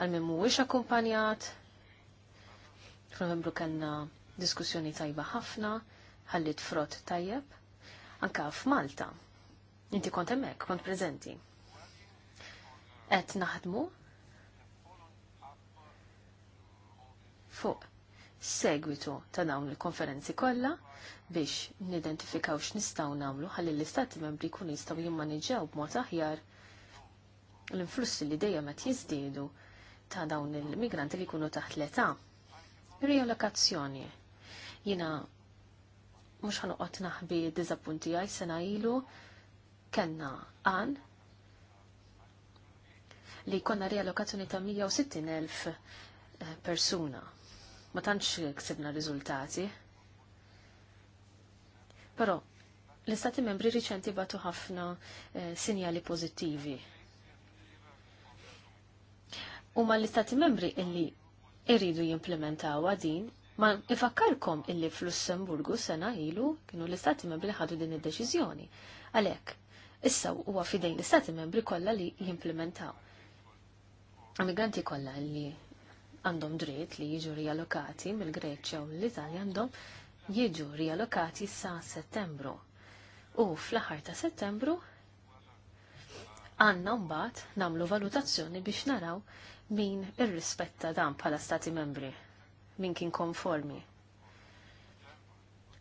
għal min mhuwiex akkumpanjat. F'Novembru kellna diskussjoni tajba ħafna, ħallit frott tajjeb, anka f'Malta Inti kont hemmhekk, kont preżenti. Qed naħdmu fuq segwitu ta' dawn il-konferenzi kollha biex nidentifikaw x'nistgħu nagħmlu ħalli l-istati membri jkunu jistgħu jimmaniġġew b'mod aħjar l-influssi li dejjem qed jiżdiedu ta' dawn il-migranti li jkunu taħt l-età. Riallokazzjoni. Jiena mhux ħanoqgħod naħbi diżappunti għaj sena ilu kellna għan li konna riallokazzjoni ta' 160.000 eh, persuna. Ma tantx ksibna riżultati. Però l-istati membri riċenti batu ħafna eh, sinjali pozittivi. U ma l-istati membri illi iridu jimplementaw din ma ifakkarkom illi fl-Lussemburgu sena ilu kienu l-istati membri ħadu din id-deċiżjoni. Għalhekk, issa huwa fidejn l-istati membri kollha li jimplementaw. Immigranti kollha li għandhom dritt li jiġu rialokati mill-Greċja u l-Italja għandhom jiġu rialokati sa settembru. U fl-aħħar ta' settembru għanna mbagħad namlu valutazzjoni biex naraw min irrispetta dan bħala stati membri, min kien konformi.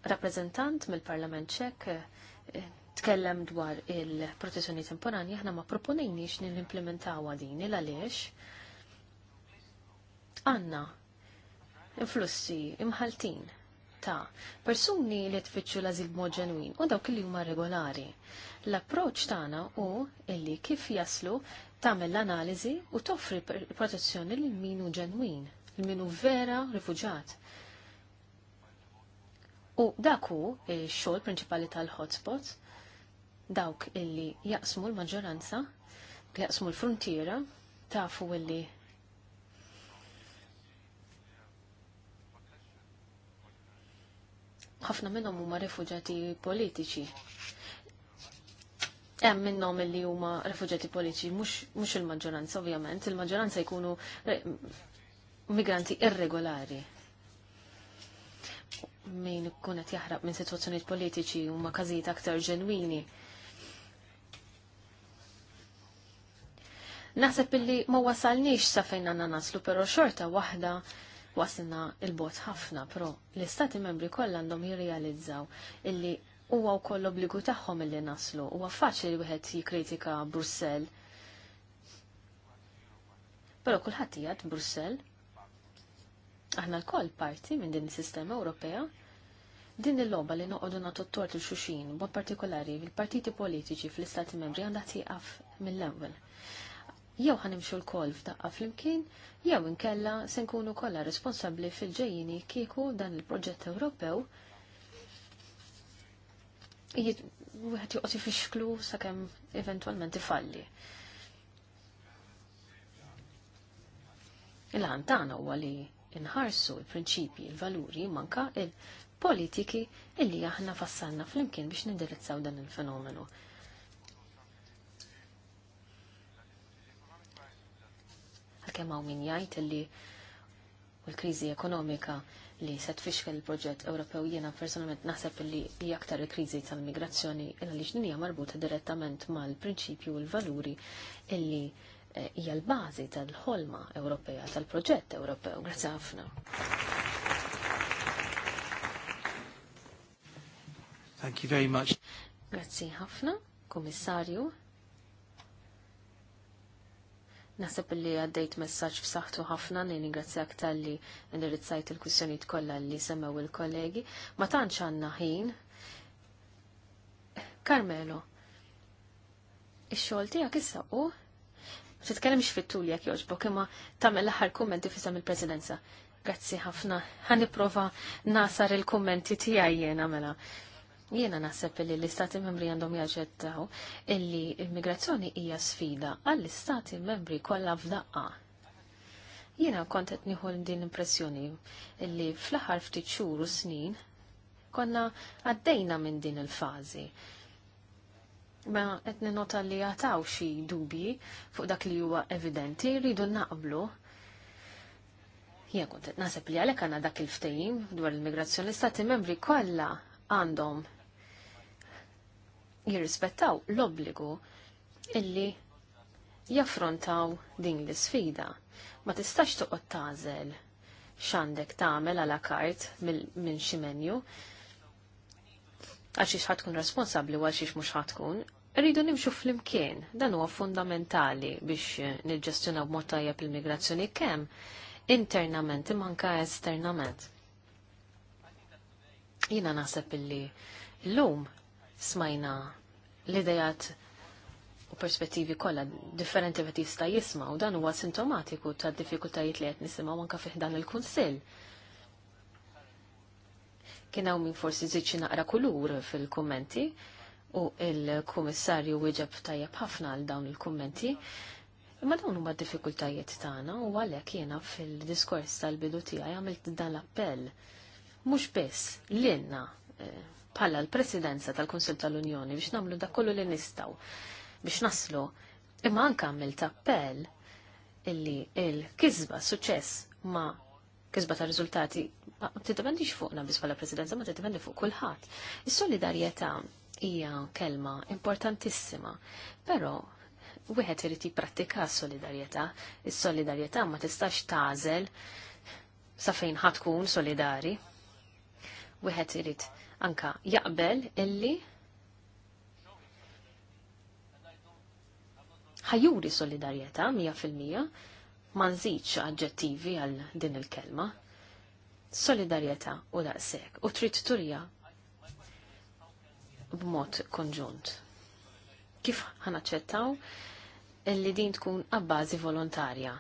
Rappresentant mill-Parlament ċek eh, tkellem dwar il-protezzjoni temporanja, aħna ma proponejniex nil implementaw din il għalix għanna influssi imħaltin ta' persuni li tfittxu l-azil mod ġenwin u dawk li huma regolari. L-approċ tagħna u illi kif jaslu tagħmel l-analiżi u toffri protezzjoni lil minu ġenwin, l minu vera rifuġat. U dak hu x-xogħol prinċipali tal-hotspots dawk illi jaqsmu l-maġġoranza, jaqsmu l-frontiera, tafu illi ħafna minnhom huma rifuġati politiċi. Hemm minnhom illi huma rifuġati politiċi mhux il-maġġoranza ovvjament, il-maġġoranza jkunu eh, migranti irregolari min kunet qed jaħrab minn sitwazzjonijiet politiċi huma każijiet aktar ġenwini. Naħseb illi ma wasalniex sa fejn għandna naslu, però xorta waħda wasilna il-bot ħafna, però l-istati membri kollha għandhom jirrealizzaw illi huwa wkoll obbligu tagħhom illi naslu. Huwa faċli wieħed jikkritika Brussell. Però kulħadd jgħid Brussell. Aħna l-koll parti minn din is-sistema Ewropea Din il-loba li noqogħdu nagħtu t-tort il xuxin b'mod partikolari mill-partiti politiċi fl-Istati Membri għandha tieqaf mill-ewwel jew ħanimxu l-kol f'daqqa flimkien, jew inkella se nkunu kollha responsabbli fil-ġejjini kieku dan il-proġett Ewropew wieħed joqgħod ifixklu sakemm eventwalment ifalli. Il-ħan tagħna huwa li nħarsu l-prinċipji, l-valuri, manka il-politiki illi aħna fassalna flimkien biex nindirizzaw dan il-fenomenu. kemm hawn min jgħid illi u l-kriżi ekonomika li se tfixkel il-proġett Ewropew jiena personalment naħseb li hija aktar il-kriżi tal-migrazzjoni għaliex li hija marbuta direttament mal-prinċipju u l-valuri illi eh, hija l-bażi tal-ħolma Ewropea tal-proġett Ewropew. Grazzi ħafna. Thank you very much. Grazzi ħafna, Komissarju. Naħseb li għaddejt messaġġ f'saħħtu ħafna ningrazzjak tal-li indirizzajt il-kwistjonijiet kollha li semmew il-kollegi. Ma tantx għandna ħin. Carmelo, il xogħol tiegħek issa u titkellimx fit-tul jekk jogħġbok imma tagħmel l-aħħar kummenti fisem il-Presidenza. Grazzi ħafna. Ħan nipprova nasar il-kummenti tiegħi jiena mela. Jiena naħseb li l-istati membri għandhom jaġettaw illi immigrazzjoni hija sfida għall-istati membri kollha f'daqqa. Jiena kont qed nieħu din l-impressjoni illi fl-aħħar ftit xhur u snin konna għaddejna minn din il-fażi. Ma qed ninota li jataw xi dubji fuq dak li huwa evidenti, rridu naqblu. Jien kont qed naħseb li għalhekk għandna dak il-ftehim dwar l-immigrazzjoni istati membri kollha għandhom jirrispettaw l-obbligu illi jaffrontaw din l-sfida. Ma tistax toqgħod tażel x'għandek tagħmel għala kart minn xi menju għal xiex ħatkun responsabbli għal xiex mhux ħatkun, rridu nimxu fl-imkien, dan huwa fundamentali biex niġġestjonaw b'mod tajjeb il-migrazzjoni kemm internament imma anke esternament. Jiena naħseb illi llum smajna l-idejat u perspettivi kollha differenti għet jista' jisma' u dan huwa sintomatiku ta' diffikultajiet li qed nisimgħu u fih dan il-kunsill. Kien hawn min forsi żid naqra kulur fil-kummenti u il-kummissarju wieġeb tajjeb ħafna għal dawn il-kummenti. Imma dawn huma d-diffikultajiet tagħna u għalhekk jiena fil-diskors tal-bidu tiegħi għamilt dan l-appell. Mhux biss lilna eh, bħalla l-Presidenza tal-Kunsil tal-Unjoni biex namlu da kollu li nistaw biex naslu imma anka għamilt appell illi il-kizba suċess ma kizba ta' riżultati ma tiddependix fuqna biss bħala Presidenza ma tiddependi fuq kulħadd. Is-solidarjetà hija kelma importantissima, però wieħed irid jipprattika s-solidarjetà. Is-solidarjetà ma tistax tażel sa fejn ħatkun solidari. Wieħed irid anka jaqbel illi ħajuri solidarjetà 100% ma nżidx aġġettivi għal din il-kelma. Solidarjetà u daqshekk u trid turja b'mod konġunt. Kif ħanaċċettaw illi din tkun abbażi volontarja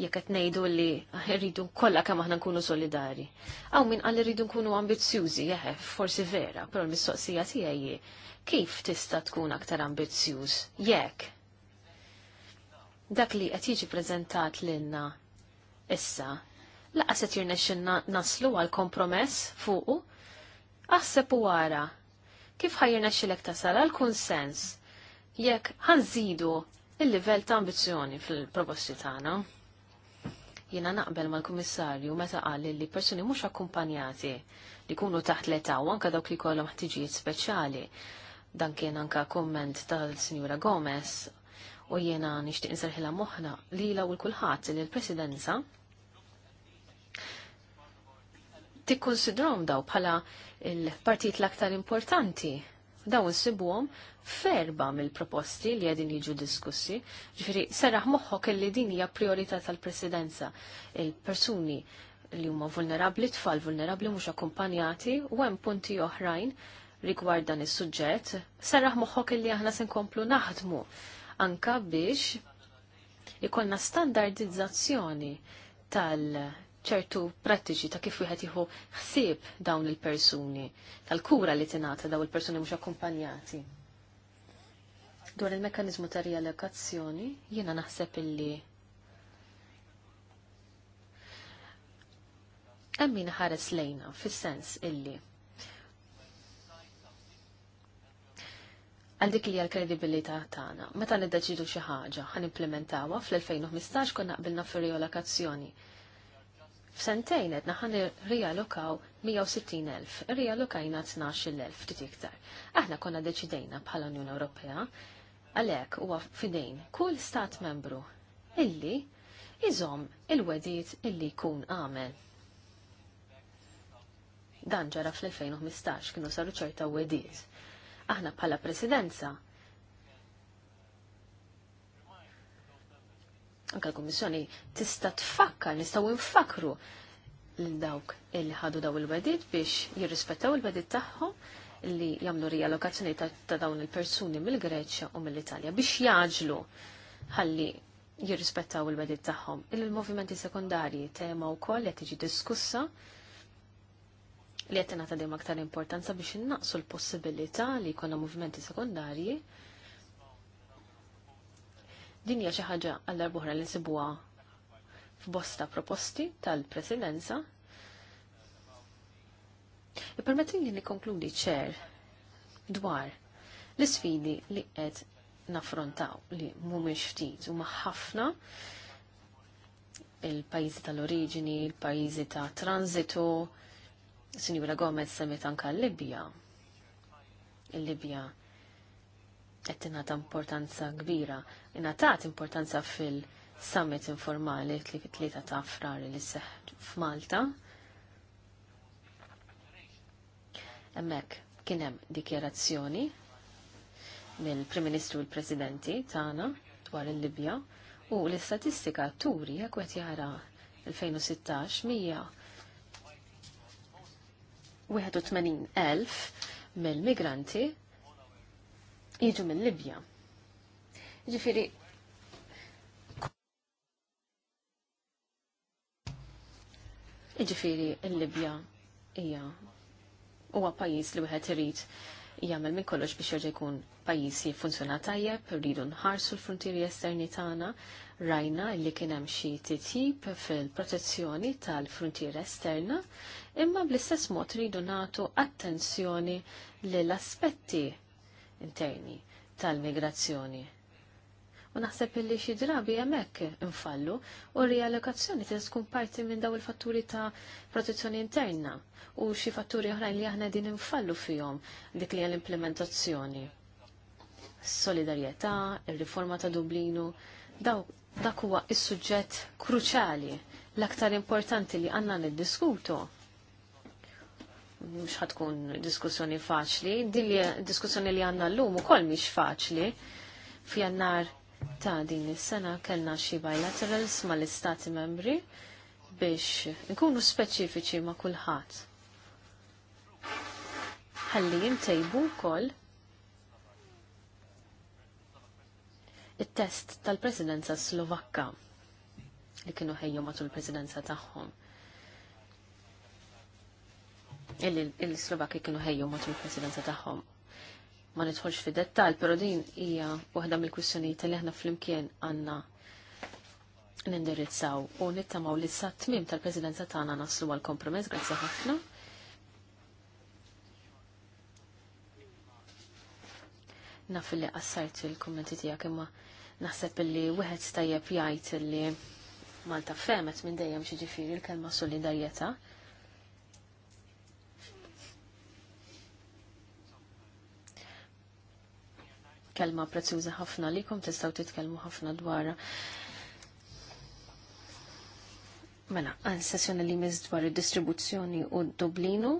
jekk qed ngħidu li rridu kollha kemm aħna nkunu solidari. Aw min qal rridu nkunu ambizzjużi, jeħe, forsi vera, però l-mistoqsija tiegħi kif tista' tkun aktar ambizzjuż jekk dak li qed jiġi preżentat lilna issa laqas se jirnexxinna naslu għal kompromess fuqu aħseb u wara kif ħajjirna xilek tasal għal kunsens jekk ħanżidu il-livell ta' ambizzjoni fil-proposti tagħna jina naqbel mal-Kummissarju meta qal li persuni mhux akkumpanjati li kunu taħt l-età u anka dawk li kollhom ħtiġijiet speċjali. Dan kien anka komment tal-Sinjura Gomez u jiena nixtieq inserħilha moħħna li u l kulħadd li l-Presidenza tikkonsidrom daw bħala il-partit l-aktar importanti daw nsibuhom ferba mill-proposti li għedin jiġu diskussi. Ġifiri, serraħ moħħok li din hija priorità tal-presidenza. Il-persuni li huma vulnerabli, tfal vulnerabli mhux akkumpanjati u hemm punti oħrajn rigward dan is-suġġett, serraħ moħħok li aħna se nkomplu naħdmu anka biex ikollna standardizzazzjoni tal- ċertu prattiċi ta' kif wieħed jieħu ħsieb dawn il-persuni, tal-kura li tingħata dawn il-persuni mhux akkumpanjati. Dwar il-mekkaniżmu ta' rialokazzjoni jiena naħseb illi Hemm min ħares lejna, fis-sens illi għal dik li għal kredibilità tagħna. Meta niddeċidu xi ħaġa ħan implementawha fl-2015 konna qbilna fir riolokazzjoni F'sentejn qed naħan rialokaw 160,000, rialokajna 12,000 ftit iktar. Aħna konna deċidejna bħala Unjoni Ewropea għalhekk huwa fidejn kull stat membru illi jizom il-wedit illi jkun għamel. Dan ġara fl-2015 kienu saru ċerta wedit. Aħna bħala presidenza anka l-Kommissjoni tista' tfakkar nistgħu nfakru lil dawk illi ħadu daw il-wedid biex jirrispettaw il-wedid tagħhom li jagħmlu riallokazzjoni ta' dawn il-persuni mill-Greċja u mill-Italja biex jaġlu ħalli jirrispettaw il-wedid tagħhom. Il-movimenti sekundarji tema wkoll qed tiġi diskussa li qed tingħata dejjem aktar importanza biex innaqsu l-possibilità li jkollna movimenti sekundarji Din hija xi ħaġa għall darbuħra li nsibuha f'bosta proposti tal-Presidenza. Ippermettin e nikkonkludi ċer dwar l isfidi li qed naffrontaw li mhumiex ftit huma ħafna il-pajjiżi tal-oriġini, il-pajjiżi ta' transitu, Sinjura Gomez semmet anka l-Libja. Il-Libja qed tingħata importanza kbira inatat importanza fil-summit informali li fit-tlieta ta' frari li seħħ f'Malta. Emmek kien hemm dikjerazzjoni mill-Prim Ministru u l-Presidenti tagħna dwar il-Libja u l-istatistika turi jekk qed jara 2016 mija 81,000 mill-migranti jiġu mill-Libja. Ġifiri, Ġifiri, il-Libja hija huwa pajjiż li wieħed irid jagħmel minn kollox biex jerġa' jkun pajjiż jiffunzjona tajjeb, rridu nħarsu l-frontieri esterni tagħna, rajna li kien hemm xi titjib fil-protezzjoni tal-frontiera esterna, imma bl-istess mod rridu nagħtu attenzjoni lill aspetti interni tal-migrazzjoni U naħseb illi xi drabi hemmhekk infallu u riallokazzjoni tista' tkun parti minn daw il-fatturi ta' protezzjoni interna u xi fatturi oħrajn li aħna din infallu fihom dik li l-implementazzjoni. Solidarjetà, ir-riforma ta' Dublinu, daw dak huwa is-suġġett kruċali l-aktar importanti li għandna niddiskutu mux ħatkun diskussjoni faċli. din diskussjoni li għanna l-lum u koll miex faċli. Fjannar ta' din is-sena kellna xi bilaterals mal-istati membri biex nkunu speċifiċi ma' kulħadd. Ħalli jintejbu wkoll it-test tal-presidenza Slovakka li kienu ħejju matul il-presidenza tagħhom. Il-Slovakki kienu ħejju matul il-presidenza tagħhom ma nidħolx fi dettal, pero din hija waħda mill-kwistjonijiet li aħna flimkien għandna nindirizzaw u nittamaw li sa tmim tal-Presidenza tagħna naslu għal kompromess grazzi ħafna. Naf li qassajt il-kummenti tiegħek imma naħseb li wieħed tajjeb jgħid li Malta femet minn dejjem xi ġifieri l-kelma solidarjetà kelma prezzjuża ħafna li kom tistaw titkellmu ħafna dwarha. Mela, għan sessjoni li miz dwar il-distribuzzjoni u Dublinu.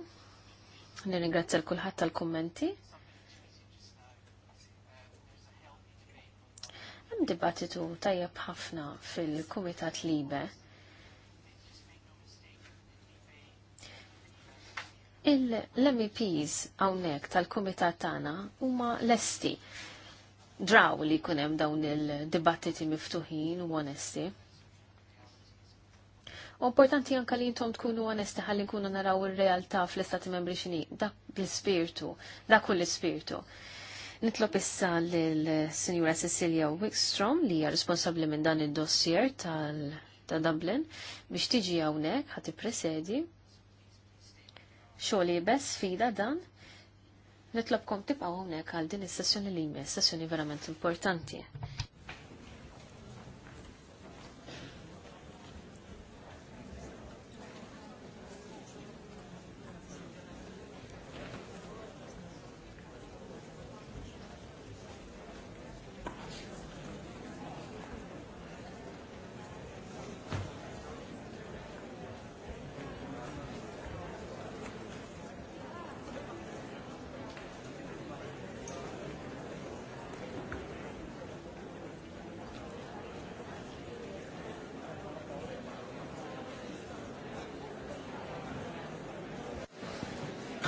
Nirringrazzja l-kulħadd tal-kummenti. Hemm dibattitu tajjeb ħafna fil-Kumitat Libe. Il-MEPs hawnhekk tal-Kumitat tagħna huma lesti draw li kunem dawn il-dibattiti miftuħin u onesti. U importanti anka li jintom tkunu onesti ħalli nkunu naraw il-realtà fl-istati membri xini, dak l-spirtu, dak l-spirtu. Nitlob issa l-Sinjura Cecilia Wickstrom li hija responsabbli minn dan id-dossier tal ta' Dublin biex tiġi hawnhekk ħati presedi. Xogħli bes fida dan Nitlobkom tibqaw hawnhekk għal din is-sessjoni li hija sessjoni verament importanti.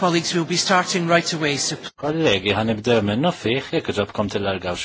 colleagues, will be starting right away. Kollegi, għan ibdew minn nuffiħ, jekk ġobkom til-largaw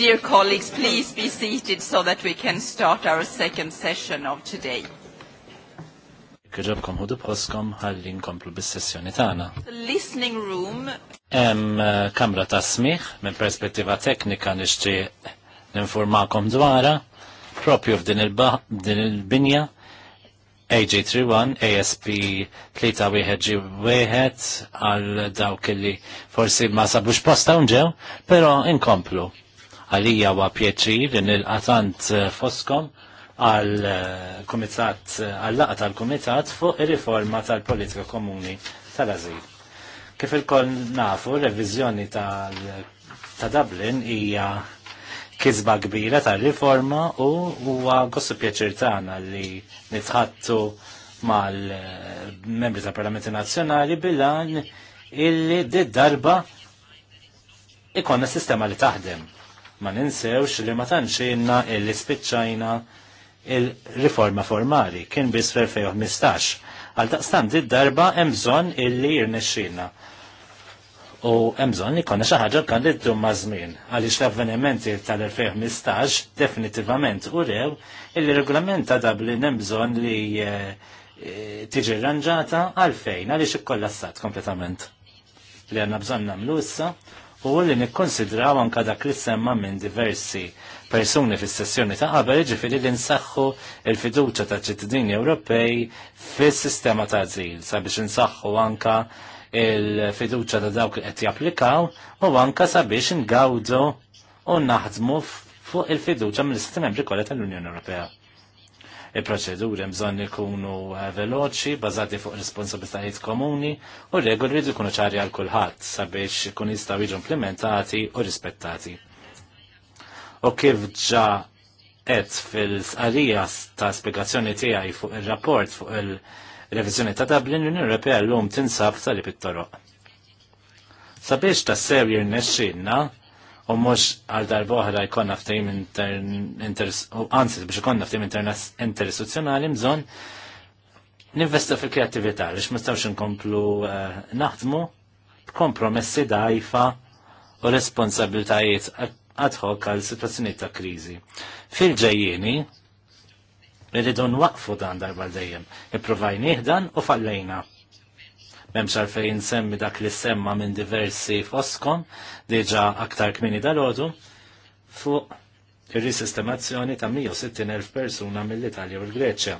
Dear colleagues, please be seated so that we can start our second session of today. Kħiġabkom hudu bħoskom għallin komplu bis-sessjoni tagħna. Listening room. Hemm eh, kamra ta' smih minn perspettiva teknika nixtieq ninformakom dwara propju f'din il-binja aj 31 ASP 31G1 għal dawk li forsi ma sabux posta unġew, pero inkomplu għalija wa pjaċir li nil-qatant eh, foskom għal eh, komitat eh, għal-laqa tal-komitat fuq ir-riforma tal-politika komuni tal-azil. Kif il kol nafu, revizjoni tal ta' Dublin hija kizba kbira tal-riforma u huwa gossu pjaċir tagħna li nitħattu mal-membri tal-Parlamenti Nazzjonali bilan illi d-darba ikonna sistema li taħdem Ma ninsewx li ma tantxinna illi spiċċajna il-riforma formali kien biss fl-2015. Għal daqstant di darba hemm bżonn illi jirnexxina. U hemm bżonn li konna xi ħaġa kandiddu ma' żmien għaliex l-avvenimenti tal-2015 definitivament u rew il-regolament ta' Dublin hemm bżonn li eh, tiġi rranġata għalfejn għaliex ikkollassat kompletament. Li għandna bżonn nagħmlu issa u li nikkonsidraw anka dak li semma minn diversi persuni fis-sessjoni ta' qabel ġifiri li nsaħħu il-fiduċja ta' ċittadini Ewropej fis-sistema ta' żil sabiex insaħħu anka il-fiduċja ta' dawk li qed japplikaw u anka sabiex ingawdu u naħdmu fuq il-fiduċja mill istimembri kollha tal-Unjoni Ewropea. Il-proċeduri bżonn ikunu eh, veloċi, bażati fuq responsabilitajiet komuni u regoli rridu jkunu ċari għal kulħadd sabiex ikun jistgħu jiġu implementati u rispettati. U kif ġa qed fil-sqarija ta' spjegazzjoni tiegħi fuq ir-rapport fuq il-reviżjoni ta' Dublin l-Unjoni Ewropea llum tinsab tal-li toroq Sabiex ta' sew jirnexxinna, u mux għal darboħra jkonna ftejim anzi biex jkonna ftejim interistituzzjonali mżon ninvestu fil-kreativita biex mistawx nkomplu eh, naħdmu b'kompromessi dajfa u responsabiltajiet ad hoc għal situazzjoni ta' krizi. Fil-ġejjini, irridu nwaqfu dan darba dejjem, ipprovajni dan u fallejna memx għalfejn semmi dak li semma minn diversi foskom, diġa aktar kmini dal-ħodu, fuq ir-risistemazzjoni ta' 160.000 persuna mill-Italja u l-Greċja.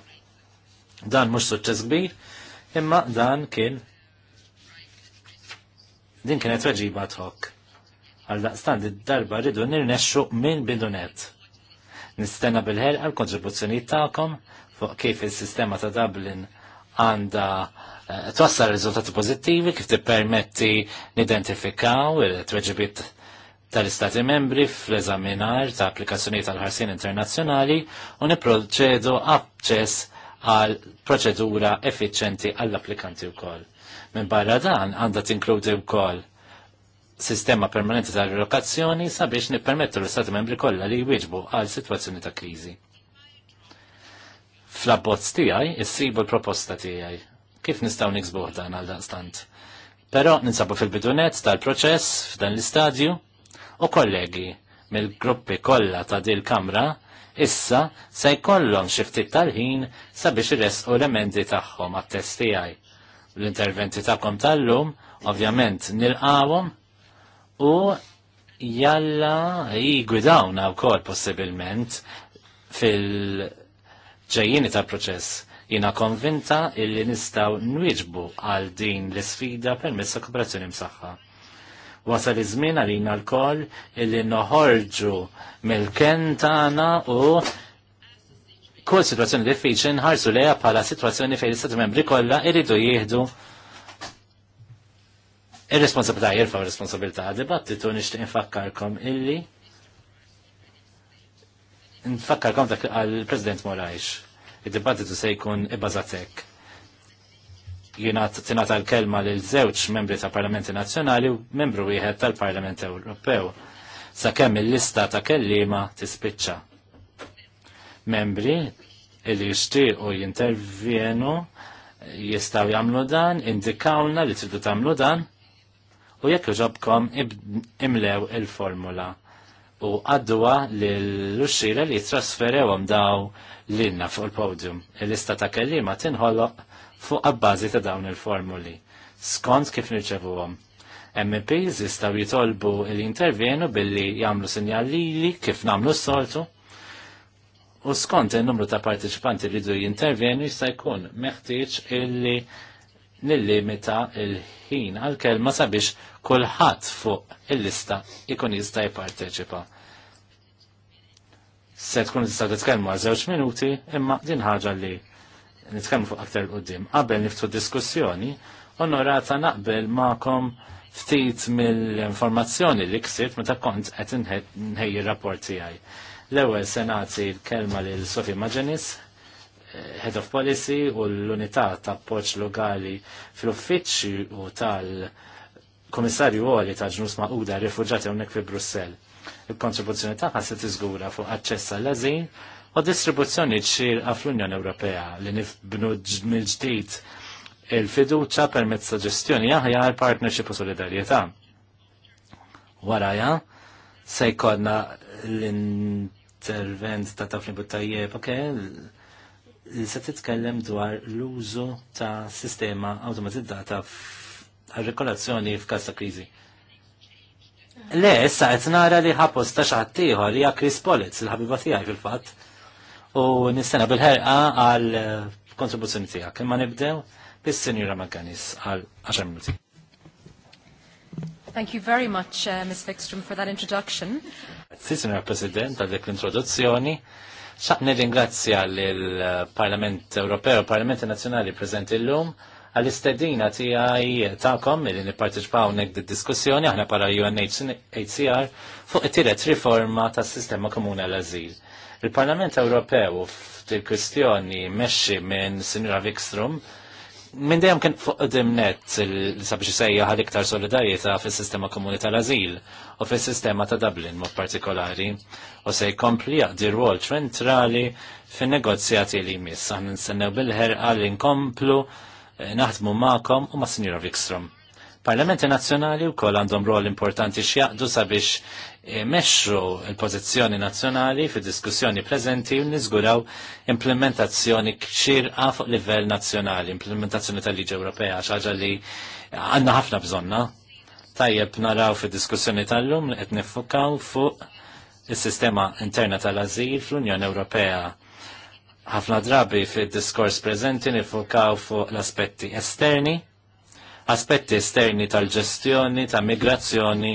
Dan mhux suċċess kbir, imma dan kien din kienet weġiba tħok. stand id darba rridu nirnexxu minn bidunet. Nistenna bil ħel għal kontribuzzjoni tagħkom fuq kif is-sistema ta' Dublin għandha Eh, twassal riżultati pożittivi kif tippermetti nidentifikaw il-tweġibiet tal-Istati membri fl-eżaminar ta' applikazzjoni tal-ħarsien internazzjonali u niproċedu aċċess għal proċedura effiċenti għall-applikanti wkoll. Min barra dan għandha tinkludi wkoll sistema permanenti tal relokazzjoni sabiex nippermettu l-Istati membri kollha li jwieġbu għal sitwazzjoni ta' kriżi. Fl-abbozz tiegħi issibu l-proposta tiegħi Kif nistaw niksbuħ dan għal daqstant? Pero ninsabu fil-bidunet tal-proċess f'dan l-istadju u kollegi mill-gruppi kollha ta' dil kamra issa se jkollhom xi ftit tal-ħin sabiex irresqu l-emendi tagħhom għat-test tiegħi. L-interventi tagħkom tal-lum ovvjament nilqawhom u jalla jigwidawna wkoll possibilment fil-ġejjini tal-proċess. Jina konvinta illi nistaw nwieġbu għal din l-sfida messa kooperazzjoni msaħħa wasal iż-żmien għalina l-koll illi noħorġu mill-ken tagħna u kull situazzjoni diffiċli nħarsu lejha bħala situazzjoni fejn l-Istati Membri kollha jridu jieħdu ir-responsabilità jirfaw responsabilità dibattitu nixtieq infakkarkom illi nfakkarkom dak għal-President Morajx id-dibattitu se jkun ibbażatek. Jiena tingħata l-kelma lil żewġ membri ta' Parlamenti Nazzjonali u membru wieħed tal-Parlament Ewropew sakemm il-lista ta' kellima tispiċċa. Membri li jixtiequ jintervjenu jistaw jagħmlu dan, indikawna li tridu tagħmlu dan u jekk ġobkom imlew il-formula u għadwa l-uxxira li trasferewom daw l-inna fuq il-podium. Il-lista ta' kellima tinħolloq fuq abbażi ta' dawn il-formuli. Skont kif nirċevuhom. MPs jistgħu jitolbu l intervjenu billi jagħmlu sinjali lili kif nagħmlu s-soltu. U skont il-numru ta' partiċipanti li du jintervjenu jista' jkun meħtieġ illi nillimita il-ħin għal-kelma sabiex kulħadd fuq il-lista ikun jista' jipparteċipa. Se tkun tista' titkellmu għal żewġ minuti, imma din ħaġa li nitkellmu fuq aktar qudiem. Qabel niftu diskussjoni, onorata naqbel ma'kom ftit mill-informazzjoni li ksit meta kont qed nħejji r-rapport tiegħi. L-ewwel se nagħti l-kelma lil Sofi Maġenis head of policy u l-unità ta' appoġġ lokali fl-uffiċċju u tal-Komissarju Għoli ta' ġnus Maquda rifugġati hawnhekk fi Brussell. Il-kontribuzzjoni tagħha se tiżgura fuq aċċess għall azin u distribuzzjoni ċirqa fl-Unjoni Ewropea li nifbnu mill-ġdid il-fiduċa permezz ta' ġestjoni aħjar partnership u solidarjetà. Waraja, se jkollna l-intervent ta' tafni buttajjeb, ok, se titkellem dwar l-użu ta' sistema automatizzata għal rekolazzjoni f'każ ta' kriżi. Le, issa qed nara li ħapos ta' xaħat ieħor hija Chris Pollitz, il-ħabiba tiegħi fil-fatt. U nistena bil-ħerqa għal kontribuzzjoni tiegħek. Imma nibdew bis-Sinjura Maganis għal 10 minuti. Thank you very much, uh, Ms. Fickstrom, for that introduction. Sì, Signora President, għal l-introduzzjoni nir-ingrazzja l-Parlament Ewropew, Parlament Nazzjonali prezenti l-lum, għall-istedina tiegħi tagħkom li nipparteċipaw nek diskussjoni aħna para UNHCR fuq it tiret riforma tas-sistema komuna l ażil Il-Parlament Ewropew f'til kwistjoni mexxi minn Sinjura Wikstrom Minn dejjem kien fuq dimnet sabiex sejja għal iktar solidarjetà fis-sistema komuni tal-azil u fis-sistema ta' Dublin mod partikolari u se jkompli jaqdi rwol ċentrali fin-negozjati li jmiss aħna nistennew bil-ħerqa li nkomplu eh, naħdmu magħkom u ma' Sinjura Wikstrom. Parlamenti nazzjonali u koll għandhom rol importanti xjaqdu sabiex meċru il-pozizjoni nazzjonali fi diskussjoni prezenti u nizguraw implementazzjoni kxirqa fuq livell nazzjonali, implementazzjoni tal-liġi Ewropea, xaġa li għanna ħafna bżonna. Tajjeb naraw fi diskussjoni tal-lum li qed nifukaw fuq il-sistema interna tal-azil fl-Unjoni Ewropea ħafna drabi fi diskors prezenti nifukaw fuq l-aspetti esterni aspetti esterni tal-ġestjoni, ta' migrazzjoni,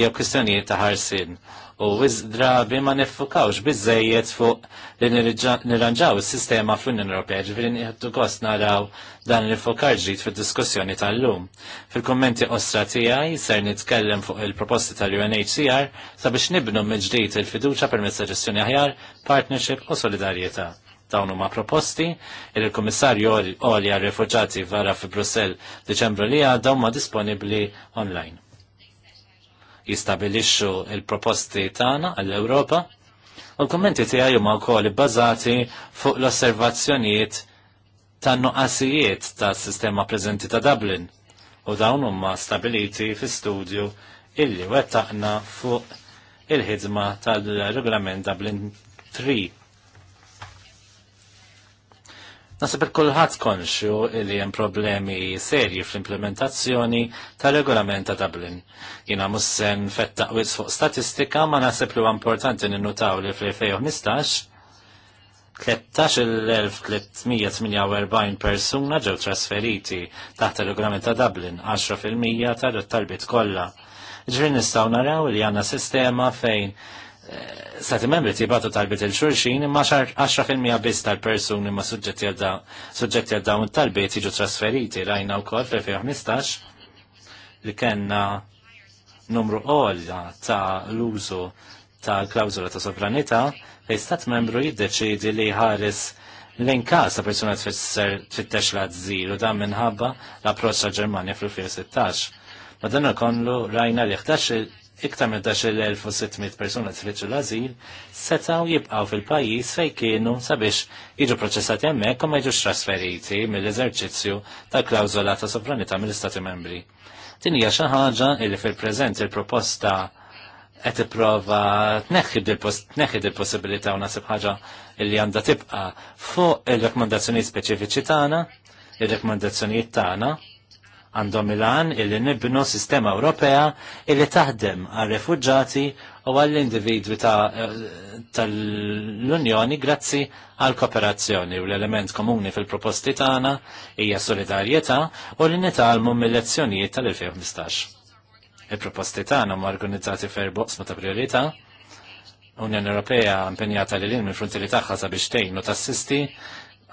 jew kwistjonijiet ta' ħarsin. U drabi ma nifukawx bizzejiet fuq li nirranġaw is-sistema fl-Unjoni Ewropea, ġifiri nieħdu kost naraw dan l fukar ġdid fid-diskussjoni tal-lum. Fil-kummenti ostra tiegħi ser nitkellem fuq il-proposti tal-UNHCR sabiex nibnu mill-ġdid il-fiduċa permezz ta' ġestjoni aħjar, partnership u solidarjetà. Dawn huma proposti il komissarju kummissarju Olja Rifuġati vara fi Brussell Deċembru li għadda huma disponibbli online. Jistabilixxu il-proposti tagħna għall-Ewropa u l-kummenti tiegħi huma wkoll ibbażati fuq l-osservazzjonijiet tan-nuqqasijiet tas-sistema preżenti ta' Dublin u dawn huma stabiliti fi studju illi wettaqna fuq il-ħidma tal-regolament Dublin 3 Nasib il-kulħadd konxu li hemm problemi serji fl-implementazzjoni tal-regolament ta' Dublin. Jina mussen fetta u fuq statistika ma nasib li importanti ninnutaw li fl-2015 13.348 persuna ġew trasferiti taħt il-regolament ta' Dublin, 10% tal-talbit kollha. Ġrin nistgħu naraw li għandna sistema fejn stati membri tibatu talbit il-xurxin imma 10% biss tal-persuni ma suġġetti għal dawn talbiet jiġu trasferiti rajna u kol fil 2015 li kena numru għolja ta' l-użu ta' klawzula ta' sovranità li stat membru jiddeċidi li ħares l-inkas ta' persuna tfittex la' u da' minħabba l-approċċa Ġermanja fl-2016. Ma dan kollu rajna li iktar minn 16,600 persuna tfittxu l-azil setaw jibqaw fil-pajis fej kienu sabiex jiġu proċessati hemmhekk u ma jiġux trasferiti mill-eżerċizzju ta' klawzola ta' sovranità mill-Istati Membri. Din hija xi ħaġa li fil-preżent il-proposta qed ipprova tneħħid il-possibilità u nasib ħaġa li għandha tibqa' fuq ir-rakkomandazzjonijiet speċifiċi tagħna, ir-rakkomandazzjonijiet tagħna, għandhom il-għan illi nibnu sistema Ewropea li taħdem għal refugġati u għall individwi tal-Unjoni grazzi għal kooperazzjoni u l-element komuni fil-proposti tagħna hija solidarjetà u li nitalmu mill-lezzjonijiet tal-2015. Il-proposti tagħna huma organizzati f'erboqs ta' priorità Unjoni Ewropea impenjata li l ilmi minn tagħha sabiex tgħin tassisti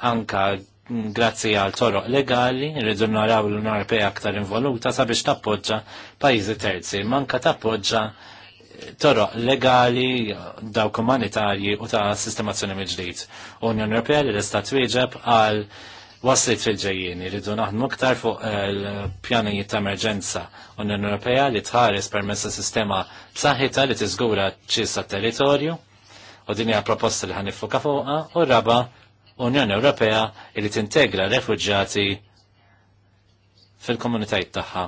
anka grazzi għal toroq legali, rridu naraw l-Unjoni Ewropea aktar involuta sabiex tappoġġa pajjiżi terzi, manka tappoġġa eh, toroq legali, dawk umanitarji u ta' sistemazzjoni mill-ġdid. Unjoni Ewropea li resta twieġeb għal waslit fil ġejjieni rridu naħdmu aktar fuq il-pjanijiet eh, ta' emerġenza. Unjoni Ewropea li tħares permessa sistema b'saħħitha li tiżgura ċis tat-territorju, u dinja proposta li ħanifuka fuqha, u raba' Unjoni Ewropea li tintegra refuġġati fil-komunitajiet tagħha.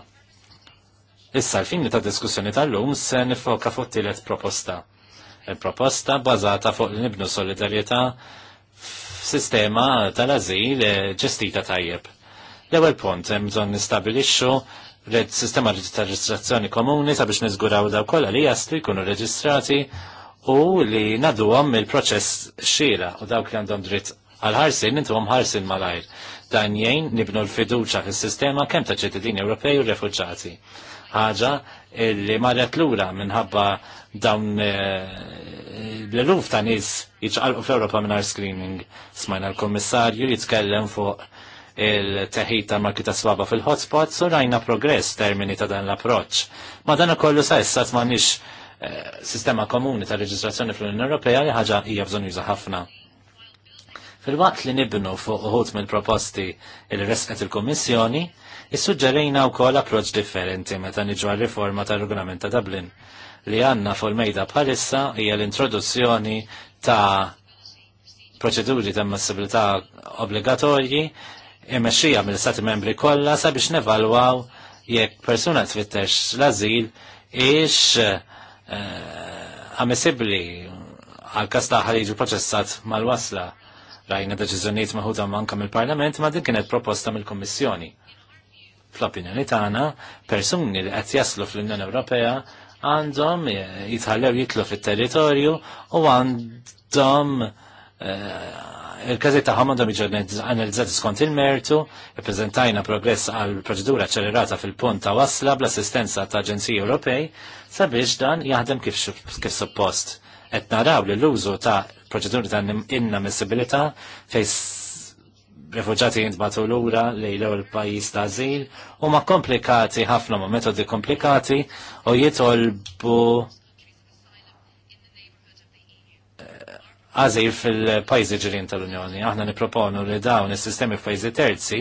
Issa l-fini ta' diskussjoni tal-lum se nifoka fuq tielet proposta. Il-proposta bażata fuq li nibnu solidarjetà f'sistema tal-azil ġestita tajjeb. L-ewwel punt hemm bżonn nistabilixxu sistema ta' reġistrazzjoni komuni sabiex niżguraw daw kollha li jaslu jkunu reġistrati u li naduhom il-proċess xira u dawk li għandhom dritt għal-ħarsin, intu għom ħarsin malajr. Dan jgħin nibnu l-fiduċa fil-sistema kem ta' ċittadini Ewropej u refuġati. ħaġa li marret lura minħabba dawn eh, l luf ta' nis jċqalqu fl ewropa minn screening. Smajna l-kommissarju jitkellem fuq il-teħid ta' markita swaba fil-hotspot, u rajna progress termini ta' dan l-approċ. Ma dan kollu sa' jessa ma' nix eh, sistema komuni ta' reġistrazzjoni fl-Unjoni Ewropea li ħaġa hija bżonn juża ħafna. Fil-waqt li nibnu fuq uħut mill proposti il resqet il-Kommissjoni, issuġġerejna u wkoll approċ differenti meta niġu riforma tal-Regolament ta' Dublin li għanna fol-mejda bħalissa hija l-introduzzjoni ta' proċeduri ta' massibilità obbligatorji imexxija mill-Stati membri kollha sabiex nevalwaw jekk persuna twittex l-azil ix eh, ammissibbli għal kas taħħa li jiġu proċessat mal-wasla. Rajna deċiżjonijiet maħuda manka mill-Parlament ma din kienet proposta mill-Kommissjoni. Fl-opinjoni tagħna, persuni li qed jaslu fl-Unjoni Ewropea għandhom e, jitħallew jitlu fit-territorju u għandhom e, il-kazit taħħom għandhom analizzati skont il-mertu, prezentajna progress għal proċedura ċelerata fil-punt ta' wasla bl-assistenza ta' Aġenziji Ewropej sabiex dan jaħdem kif suppost. Et naraw li l-użu ta' proċeduri ta' inammissibilità fejn refuġati jintbatu l-ura li l l-pajis ta' zil u ma' komplikati ħafna ma' metodi komplikati u jitolbu għazil eh, fil-pajzi ġirin tal-Unjoni. Aħna niproponu li dawn is-sistemi f'pajzi terzi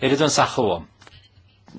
irridu nsaħħuhom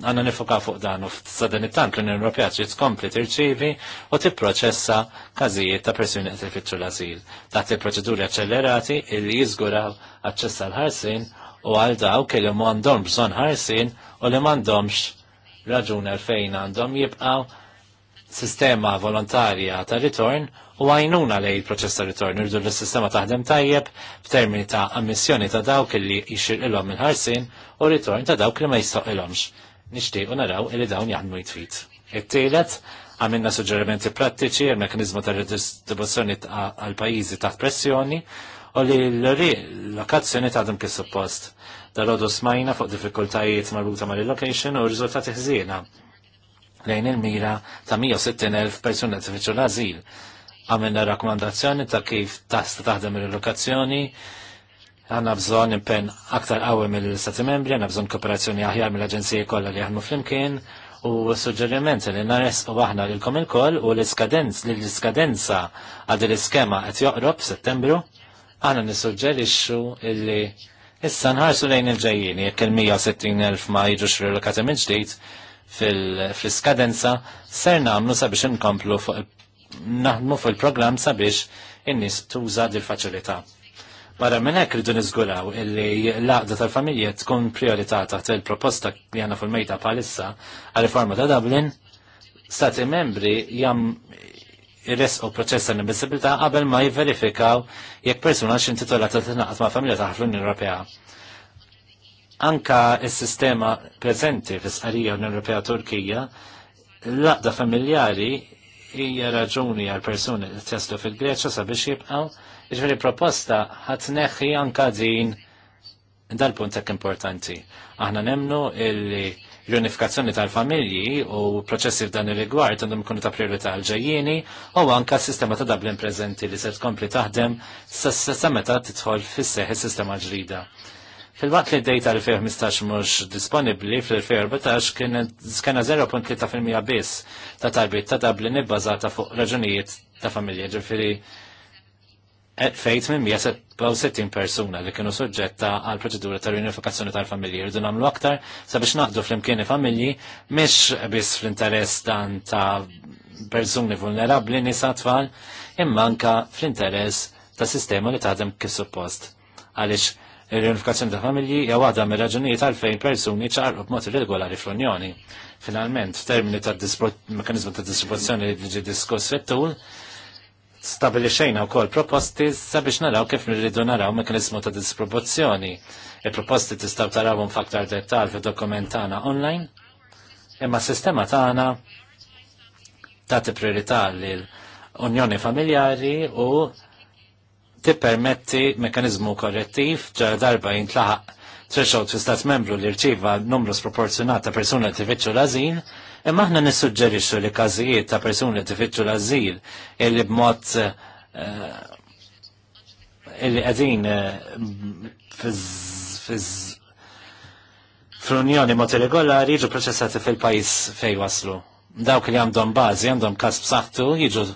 għanna nifoka fuq dan u f-sadan it tank l-Unjoni Ewropea trid tkompli tirċievi u tipproċessa każijiet ta' persuni qed ifittxu l-asil taħt il-proċeduri aċċellerati li jiżguraw aċċess għall ħarsin u għal dawk li m'għandhom bżonn ħarsin u li m'għandhomx raġun għalfejn għandhom jibqgħu sistema volontarja ta' ritorn u għajnuna lej il-proċess ta' ritorn irdu l-sistema taħdem tajjeb f'termini ta' ammissjoni ta' dawk li jixir ilhom il-ħarsin u ritorn ta' dawk li ma jistoq ilhomx nixtiequ naraw li dawn jaħdmu jitfit. It-tielet għamilna suġġerimenti prattiċi għal mekanizmu ta' redistribuzzjoni għal pajjiżi taħt pressjoni u li l-lokazzjoni ta' dum kif suppost. Dal-għodu smajna fuq diffikultajiet marruta ma' l-location u riżultati ħzina. lejn il-mira ta' 160.000 persuna t-fiċu l-azil għamilna rakkomandazzjoni ta' kif tasta taħdem il-lokazzjoni għanna bżon impen aktar għawe mill-Stati membri, għanna bżon kooperazzjoni aħjar mill-Aġenzija kollha li għahmu flimkien u s-suġġerimenti li nares u aħna lilkom il-koll u l-iskadenz li l-iskadenza għad l-iskema qed joqrob settembru għana nissuġġerixxu illi issa nħarsu lejn il-ġejjin jekk il-160,000 ma jiġux rilokati minn ġdid fil-iskadenza ser namlu sabiex inkomplu naħdmu fuq il-programm sabiex in-nies tuża dil-faċilità. Barra minn hekk rridu niżguraw illi l-għaqda tal-familja tkun priorità taħt il-proposta li għandna fil-mejta bħalissa għal riforma ta' Dublin, stati membri jam jirresqu proċess ta' invizibilità qabel ma jiverifikaw jekk persuna x'intitola ta' tinaqat ma' familja taħt l-Unjoni Ewropea. Anka s-sistema preżenti fis-qarija Unjoni Ewropea Turkija l-laqda familjari hija raġuni għal persuni li teslu fil-Greċja sabiex jibqgħu Ġveri proposta ħat neħi anka din dal-punt ek importanti. Aħna nemnu illi l-unifikazzjoni tal-familji u proċessi f'dan ir-rigward għandhom ikunu ta' priorità għal-ġejjieni u anka s-sistema ta' Dublin preżenti li se tkompli taħdem sa meta tidħol fis-seħ is-sistema ġrida. Fil-waqt li d-dejta li 2015 mhux disponibbli fl-2014 kienet kena 0.3% biss ta' tarbit ta' Dublin ibbażata fuq raġunijiet ta' familja ġifieri fejt minn 60 persuna li kienu soġġetta għal proċedura ta' riunifikazzjoni tal-familji. Rridu nagħmlu aktar sabiex naqdu fl-imkien familji mhix biss fl-interess dan ta' persuni vulnerabbli nisa tfal imma anka fl-interess ta' sistema li taħdem kif suppost. Għaliex il-riunifikazzjoni ta' familji jew għadha mir-raġunijiet għalfejn persuni ċarqu b'mod regolari fl-Unjoni. Finalment, f'termini ta' mekanizmu ta' distribuzzjoni li ġi diskuss fit-tul, stabilixejna wkoll proposti sabiex naraw kif nirridu naraw mekanizmu ta' disproporzjoni. Il-proposti taraw tarawhom f'aktar dettal fid-dokument tagħna online, imma s-sistema tagħna ti priorità l unjoni familjari u permetti mekanizmu korrettiv ġara darba jintlaħaq threshold fi stat membru li rċiva numru sproporzjonat ta' persuna li tifittxu l-azin Imma aħna nissuġġerixxu li każijiet ta' persuni tifittxu l-azil illi b'mod eh, illi qegħdin eh, fl-Unjoni mod irregolari jiġu proċessati fil-pajjiż fejn waslu. Dawk li għandhom bażi, għandhom każ b'saħħtu, jiġu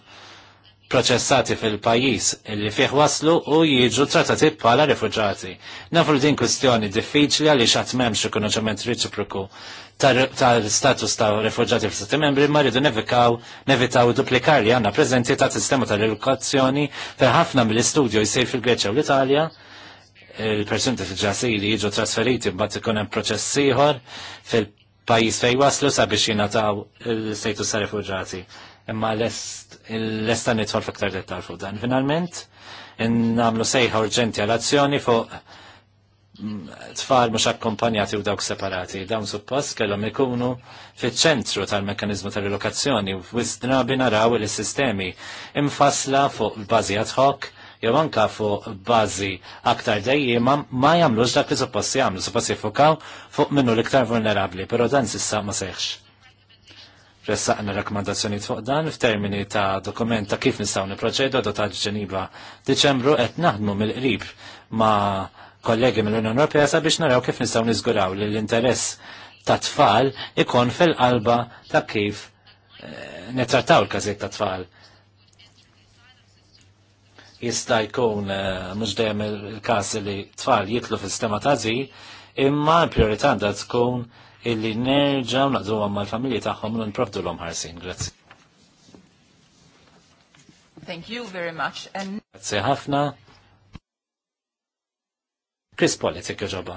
proċessati fil-pajis li fih waslu u jiġu trattati bħala rifuġati. Nafu din kwestjoni diffiċli għaliex memx m'hemmx konoċament reċiproku tal-status ta' rifuġati fl sati membri ma rridu nevikaw nevitaw duplikar li għandna preżenti ta' sistema tal-edukazzjoni per ħafna mill-istudju jsir fil-Greċja u l-Italja il-persunti fil li jiġu trasferiti mbagħad ikun hemm proċess ieħor fil-pajjiż fejn waslu sabiex jingħataw il-status ta' rifuġati. Imma lest l estan nitħol fiktar dettal fuq dan. Finalment, namlu sejħa urġenti għal-azzjoni fuq mm, tfal mux akkompanjati u dawk separati. Dawn suppost kellhom ikunu fiċ-ċentru tal-mekkanizmu tal-relokazzjoni u wisdna binaraw il sistemi imfasla fuq bażi ad hoc jew anka fuq bażi aktar dejjima ma jagħmlux dak li suppost jagħmlu, suppost jiffukaw fuq minnu l-iktar vulnerabbli, però dan s'issa ma sejħx. Ressaqna rakkomandazzjoni fuq dan f'termini ta' dokument ta' kif nistgħu niproċedu ta' ġeniba Diċembru qed naħdmu mill-qrib ma' kollegi mill-Unjoni Ewropea sabiex naraw kif nistgħu niżguraw li l-interess ta' tfal ikun fil-qalba ta' kif eh, netrattaw il-każijiet ta' tfal. Jista' jkun eh, mhux dejjem il-każ li tfal jitlu fis-sistema ta' zi, imma l-priorità għandha tkun illi nerġaw naqdu għamma l-familji taħħom l nprofdu l-om ħarsin. Grazie. Thank you very much. And... Grazzi ħafna. Chris Pollet, jek joġoba.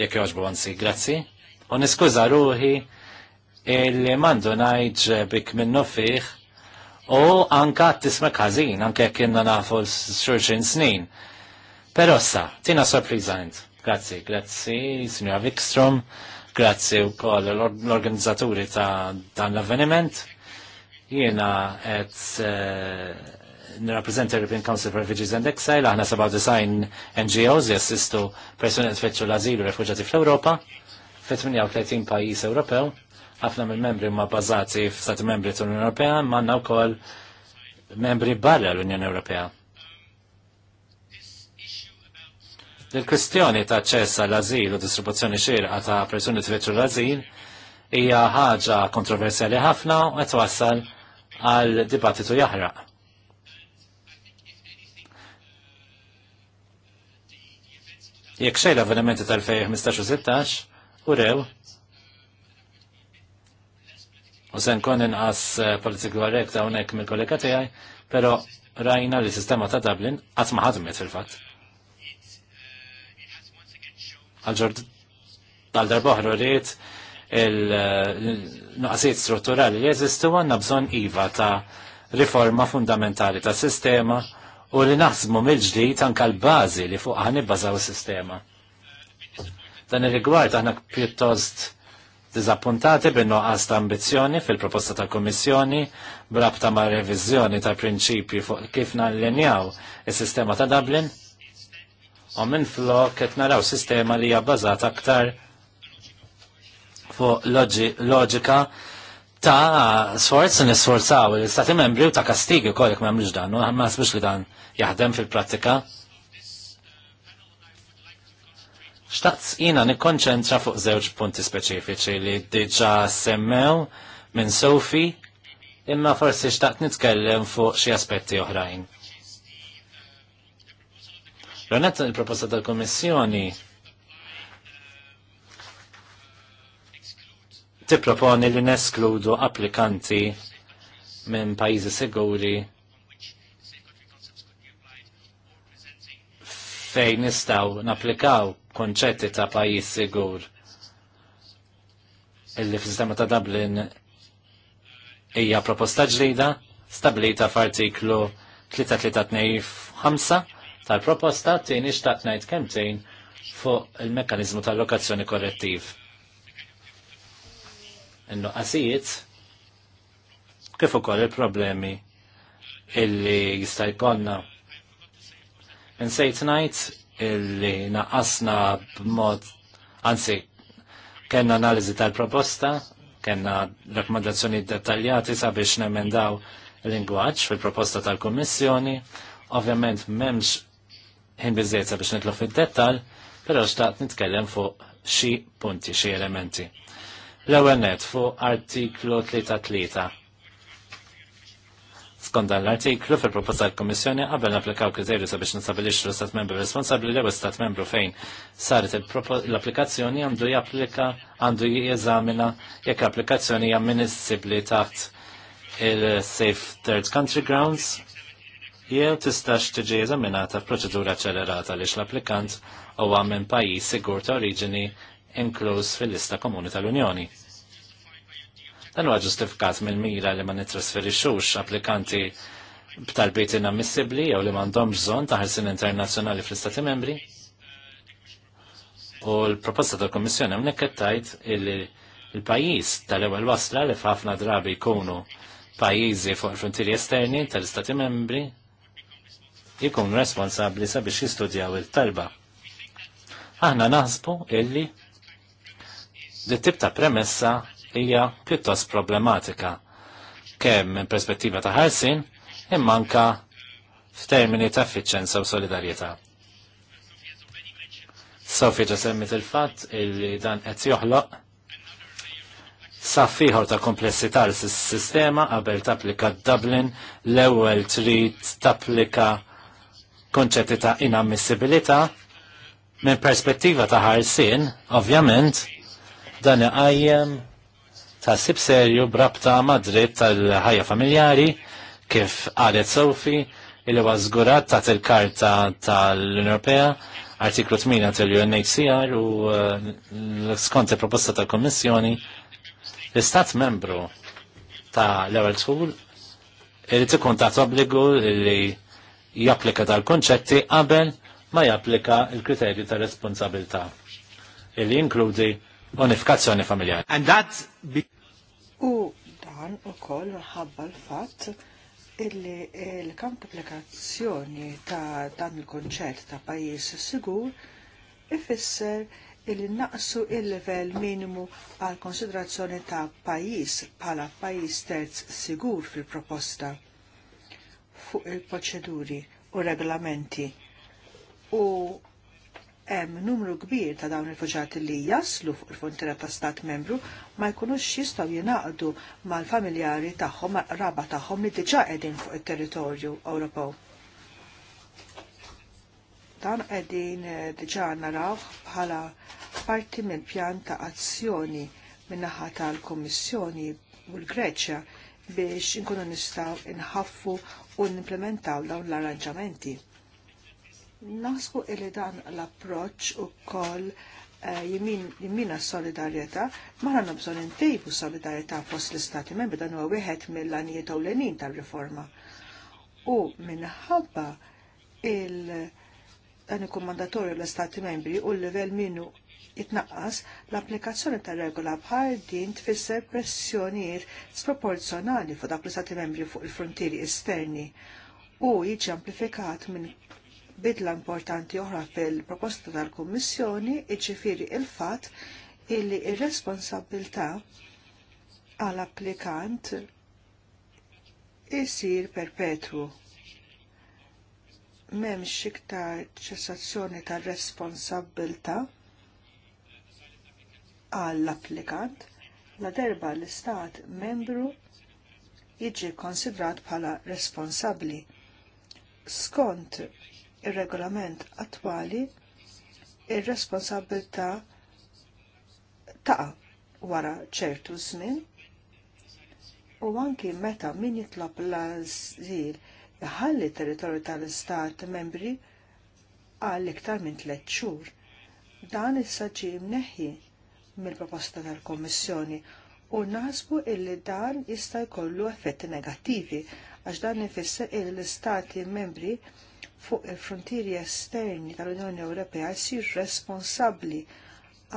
jekk joġbu għansi, grazie. U niskuza ruħi illi mandu najġ bik minnu fiħ u anka tisma kazin, anka jekk kienna nafu s-surġin snin. Pero sa, tina sorprizant. Grazzi, grazzi, signora Wikstrom. Grazzi u koll l-organizzaturi ta' dan l-avveniment. Jiena et eh, nirrapprezenta European Council for Refugees and Exile, aħna 97 NGOs jassistu persuni tfetxu l-azilu refuġati fl-Europa, fit-38 pajis Ewropew, ħafna mill membri ma bazati f'stati membri tal-Unjoni Ewropea, manna wkoll membri barra l-Unjoni Ewropea. Il-kwestjoni ta' ċess għall-azil u distribuzzjoni xirqa ta' persuni tveċu l-azil hija ħaġa kontroversjali ħafna u qed wassal għal dibattitu jaħraq. Jekk xejn l-avvenimenti tal-2015 u rew u sen kon inqas eh, politiku għarek ta' unek mill-kollega tiegħi, però rajna li sistema ta' Dublin qatt ma ħadmet fil-fatt għalġor tal-darba uħra rrit il-nuqqasijiet strutturali li jeżistu għanna bżon iva ta' riforma fundamentali ta' sistema u li naħsmu mill-ġdijt anka l-bazi li fuq għan ibbażaw sistema. Dan ir-rigward għanna pjuttost dizappuntati bin-nuqqas ta' ambizzjoni fil-proposta tal-Kommissjoni brabta ma' reviżjoni ta' prinċipi fuq kif nallinjaw is-sistema ta' Dublin U minn flok qed naraw sistema li hija bbażat aktar fuq loġika ta' sforz nisforzaw l-istati membri u ta' kastigi kollek ma' mriġ dan, u ma' sbix li dan jaħdem fil-prattika. Xtaqt jina nikkonċentra fuq żewġ punti speċifiċi li diġa semmew minn Sofi, imma forsi xtaqt nitkellem fuq xi aspetti oħrajn l il-proposta tal-Komissjoni tipproponi li neskludu applikanti minn pajizi siguri fejn nistaw naplikaw konċetti ta' pajis sigur illi f sistema ta' Dublin hija proposta ġdida stablita f'artiklu 3325 tal-proposta tieni xtaqt ngħid kemmtejn fuq il-mekkaniżmu tal-lokazzjoni korrettiv. In-nuqqasijiet kif ukoll il-problemi illi jista' jkollna. Insejt ngħid illi naqqasna b'mod anzi kellna analiżi tal-proposta, kellna rakkomandazzjoni dettaljati sabiex nemendaw il-lingwaġġ fil-proposta tal-Kummissjoni, ovvjament memx ħin bizzejza biex nitluf fid-dettal, pero xtaqt nitkellem fuq xi punti, xi elementi. L-ewwel net fuq artiklu 33. Skont dan l-artiklu fil-proposta l-Kummissjoni, qabel napplikaw kriterju sabiex nistabilixxu l-Istat membru responsabbli l Stat membru fejn saret l-applikazzjoni għandu japplika għandu jeżamina jekk applikazzjoni hija amministibbli taħt il-Safe Third Country Grounds jew tistax tiġi eżaminata f'proċedura ċelerata għaliex l-applikant huwa minn pajjiż sigur ta' oriġini inkluż fil-lista komuni tal-Unjoni. Dan huwa ġustifikat mill-mira li ma nitrasferixxux applikanti b'talbiet inammissibbli jew li m'għandhomx bżonn ta' ħarsien internazzjonali fl-Istati membri. U l-proposta tal-Kommissjoni hawnhekk qed tgħid illi l-pajjiż tal-ewwel wasla li f'ħafna drabi jkunu pajjiżi fuq il-frontieri esterni tal-Istati membri jikun responsabli sabiex jistudjaw il-talba. Aħna naħsbu illi li tip ta' premessa hija pjuttost problematika kemm minn perspettiva ta' ħarsin immanka f'termini ta' effiċenza u solidarjetà. Sofi ġa semmit il-fatt illi dan qed joħloq saffiħor ta' komplessità l-sistema qabel tapplika Dublin l-ewwel trid tapplika konċetti ta' inammissibilità minn perspettiva ta' ħarsin, ovvjament, dan iqajjem ta' sib serju brabta madrid tal-ħajja familjari kif għalet Sofi il huwa żgurat ta' il-karta tal-Unjoni artiklu 8 tal-UNHCR u eh, skont il-proposta tal-Kommissjoni l-Istat membru ta' l-ewwel tul irid ikun ta' obbligu li japplika tal-konċetti qabel ma japplika il-kriterju ta' responsabilità illi jinkludi unifikazzjoni familjari. And that be... U dan u koll ħabba l-fat illi l kamp applikazzjoni ta' dan il-konċett ta' pajis sigur ifisser illi naqsu il-level minimu għal konsiderazzjoni ta' pajis pala pajis terz sigur fil-proposta fuq il-proċeduri u regolamenti u hemm numru kbir ta' dawn il-fuġati li jaslu fuq il-frontiera ta' stat membru ma jkunux jistgħu jingħaqdu mal-familjari tagħhom, raba tagħhom li diġà qegħdin fuq it-territorju Ewropew. Dan qegħdin eh, diġà naraw bħala parti mill-pjan ta' azzjoni min-naħa tal-Kummissjoni u l-Greċja biex inkunu nistgħu inħaffu u nimplementaw dawn l-arranġamenti. Nasku illi dan l-approċ u koll eh, jimmina solidarieta, ma għanna bżon intejbu solidarieta fost l-Istati membri dan huwa wieħed mill-għanijiet u l-enin tal-riforma. U minħabba il- dan ikun mandatorju l-Istati membri u l-level minnu jitnaqqas l-applikazzjoni ta' regola bħal din tfisser pressjonijiet sproporzjonali fuq dak li istati membri fuq il-frontieri esterni u jiġi amplifikat minn bidla importanti oħra fil-proposta tal-Kummissjoni iġifiri il-fat illi ir-responsabilta għal-applikant isir perpetwu memx iktar ċessazzjoni tal responsabilta għall-applikant la derba l-istat membru jiġi konsidrat bħala responsabli. Skont ir-regolament attwali, ir-responsabilta taqa wara ċertu żmien u anki meta min jitlob l-azil jħalli territorju tal-istat membri għal iktar minn tliet xhur. Dan issa ġie mneħħi mill-proposta tal-Kommissjoni u naħsbu illi dan jista' jkollu effetti negattivi għax dan ifisser il l-istati membri fuq il-frontieri esterni tal-Unjoni Ewropea jsir responsabbli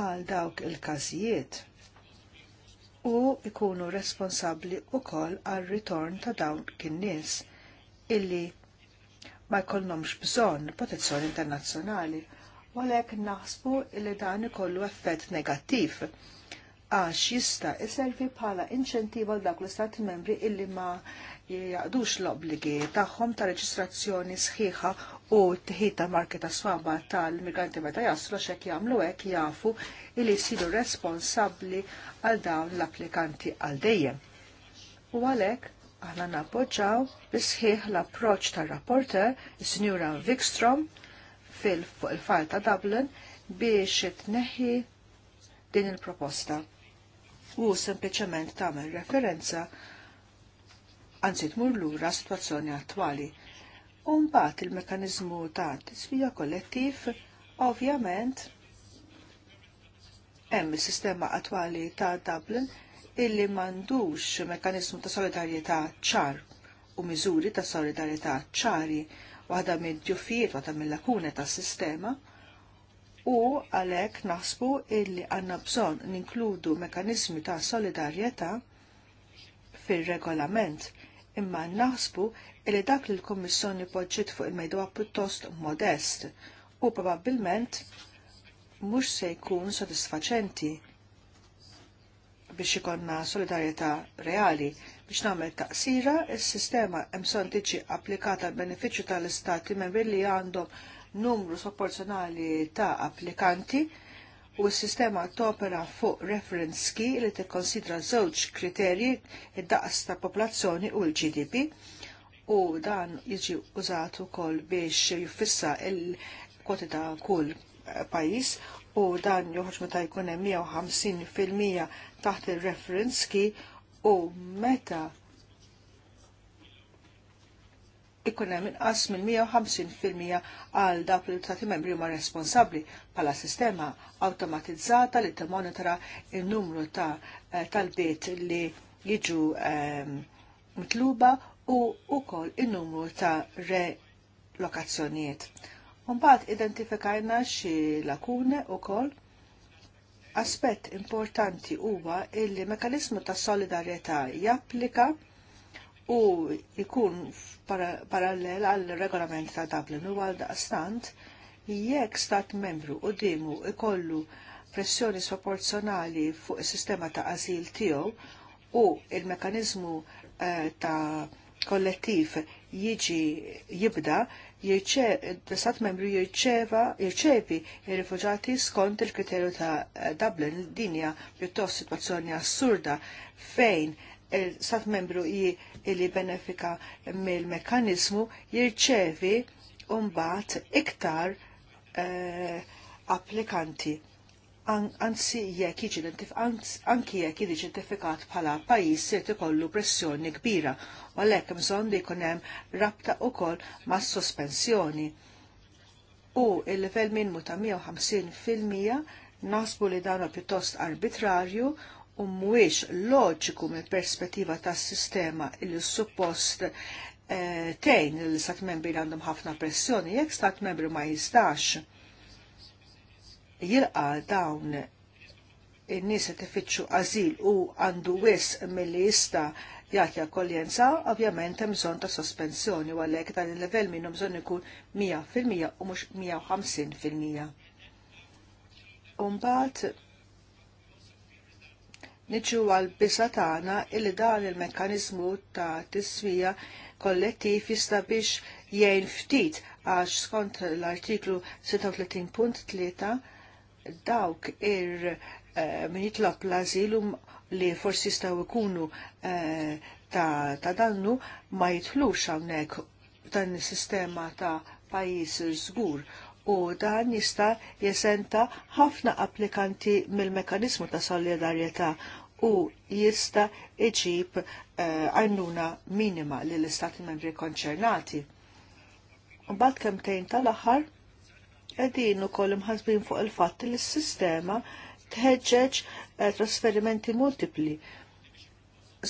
għal dawk il-każijiet u ikunu responsabbli wkoll għal ritorn ta' dawn kien nies illi ma jkollhomx bżonn protezzjoni internazzjonali u għalhekk naħsbu li dan ikollu effett negattiv għax jista' iservi bħala inċentiva għal dak l-istati membri illi ma jaqdux l-obligi tagħhom ta' reġistrazzjoni sħiħa u tħita marki ta' swaba tal-migranti meta jaslu xek jagħmlu hekk jafu illi jsiru responsabbli għal dawn l-applikanti għal dejjem. U għalhekk aħna nappoġġaw bisħiħ l-approċċ tar-rapporter, is-Sinjura Wikstrom, fuq il-fajl ta' Dublin biex tneħħi din il-proposta. U sempliċement tagħmel referenza anzi tmur lura situazzjoni attwali. U mbagħad il-mekanizmu ta' tisfija kollettiv ovvjament hemm is-sistema attwali ta' Dublin illi m'għandux mekanizmu ta' solidarjetà ċar u miżuri ta' solidarjetà ċari waħda minn ġuffijiet waħda mill-lakune tas-sistema u għalek naħsbu illi għanna bżon ninkludu mekanizmi ta' solidarieta fil-regolament imma naħsbu illi dak li l-Kommissjoni poġġiet fuq il-medwa pjuttost modest u probabbilment mhux se jkun sodisfaċenti biex ikonna solidarieta reali Biex nagħmel taqsira, il sistema hemm son tiġi applikata benefiċċju tal-istati membri li għandhom numru sopporzjonali ta' applikanti u s-sistema topera fuq reference ski li tikkonsidra żewġ kriterji id-daqs ta' popolazzjoni u l-GDP u dan jiġi użatu kol biex jufissa il-kwoti ta' kull pajis u dan joħroġ meta jkun hemm 150% taħt ir reference ski u meta ikun hemm inqas minn 150% għal dawk li tagħti membri huma responsabbli bħala sistema awtomatizzata li timonitora n-numru ta' eh, tal-bit li jiġu ehm, mitluba u wkoll in-numru ta' relokazzjonijiet. Mbagħad identifikajna xi lakune wkoll Aspett importanti huwa illi mekanizmu ta' solidarjetà japplika u jkun parallel għal regolament ta' Dublin u għal daqstant jekk stat membru u dimu ikollu pressjoni sproporzjonali fuq is-sistema ta' azil tiegħu u il-mekanizmu eh, ta' kollettiv jiġi jibda l-istat membru jirċeva jirċevi il rifuġati skont il-kriterju ta' Dublin dinja pjuttost situazzjoni assurda fejn il-stat membru li benefika mill mekanizmu jirċevi umbat iktar eh, applikanti anzi jekk jiġi anki jekk jiġi identifikat bħala pajjiż se ikollu pressjoni kbira u għalhekk bżonn li jkun hemm rabta wkoll mas sospensjoni. U il-livell minmu ta' 150 fil-mija nasbu li dan pjuttost arbitrarju u mhuwiex loġiku mill-perspettiva tas-sistema il suppost eh, tejn l-stat membri għandhom ħafna pressjoni jekk stat membri ma jistax jilqa dawn in-nies qed ifittxu għażil u għandu wis milli jista' jagħti akkoljenza, ovvjament hemm bżonn ta' sospensjoni u għalhekk dan il-livell minnu bżonn ikun 100% u mhux 150%. Umbagħad niġu għal bisatana illi dan il mekkaniżmu ta' tiswija kollettiv jista' biex jgħin ftit għax skont l-artiklu 36.3 dawk ir eh, min jitlob l-azilum li forsi staw ikunu eh, ta', ta dannu ma jitħlux hawnhekk dan is-sistema ta' pajjiż żgur u dan jista' jesenta ħafna applikanti mill-mekanizmu ta' solidarjetà u jista' iġib eh, għajnuna minima lill istati membri konċernati. Mbagħad kemm tejn tal-aħħar qegħdin ukoll imħasbin fuq il-fatt li s-sistema tħeġġeġ eh, trasferimenti multipli.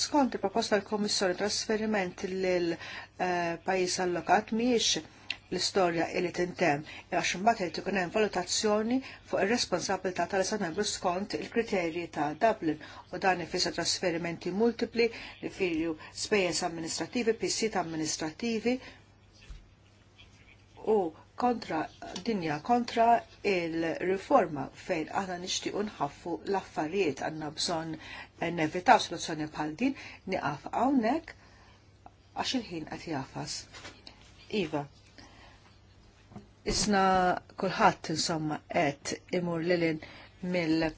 Skont il-proposta l-Komissjoni trasferimenti l eh, pajjiż allokat mhijiex l-istorja li tintem għax imbagħad qed ikun hemm valutazzjoni fuq ir-responsabilità tal sa membru skont il-kriterji ta' Dublin u dan ifisser trasferimenti multipli rifirju spejjeż amministrativi, pissiet amministrativi u kontra dinja kontra il-riforma fejn aħna nixtiequ nħaffu l-affarijiet għandna bżonn nevitaw soluzzjoni bħal din niqaf hawnhekk għax il-ħin qed jafas. Iva, isna kulħadd insomma qed imur lilin mill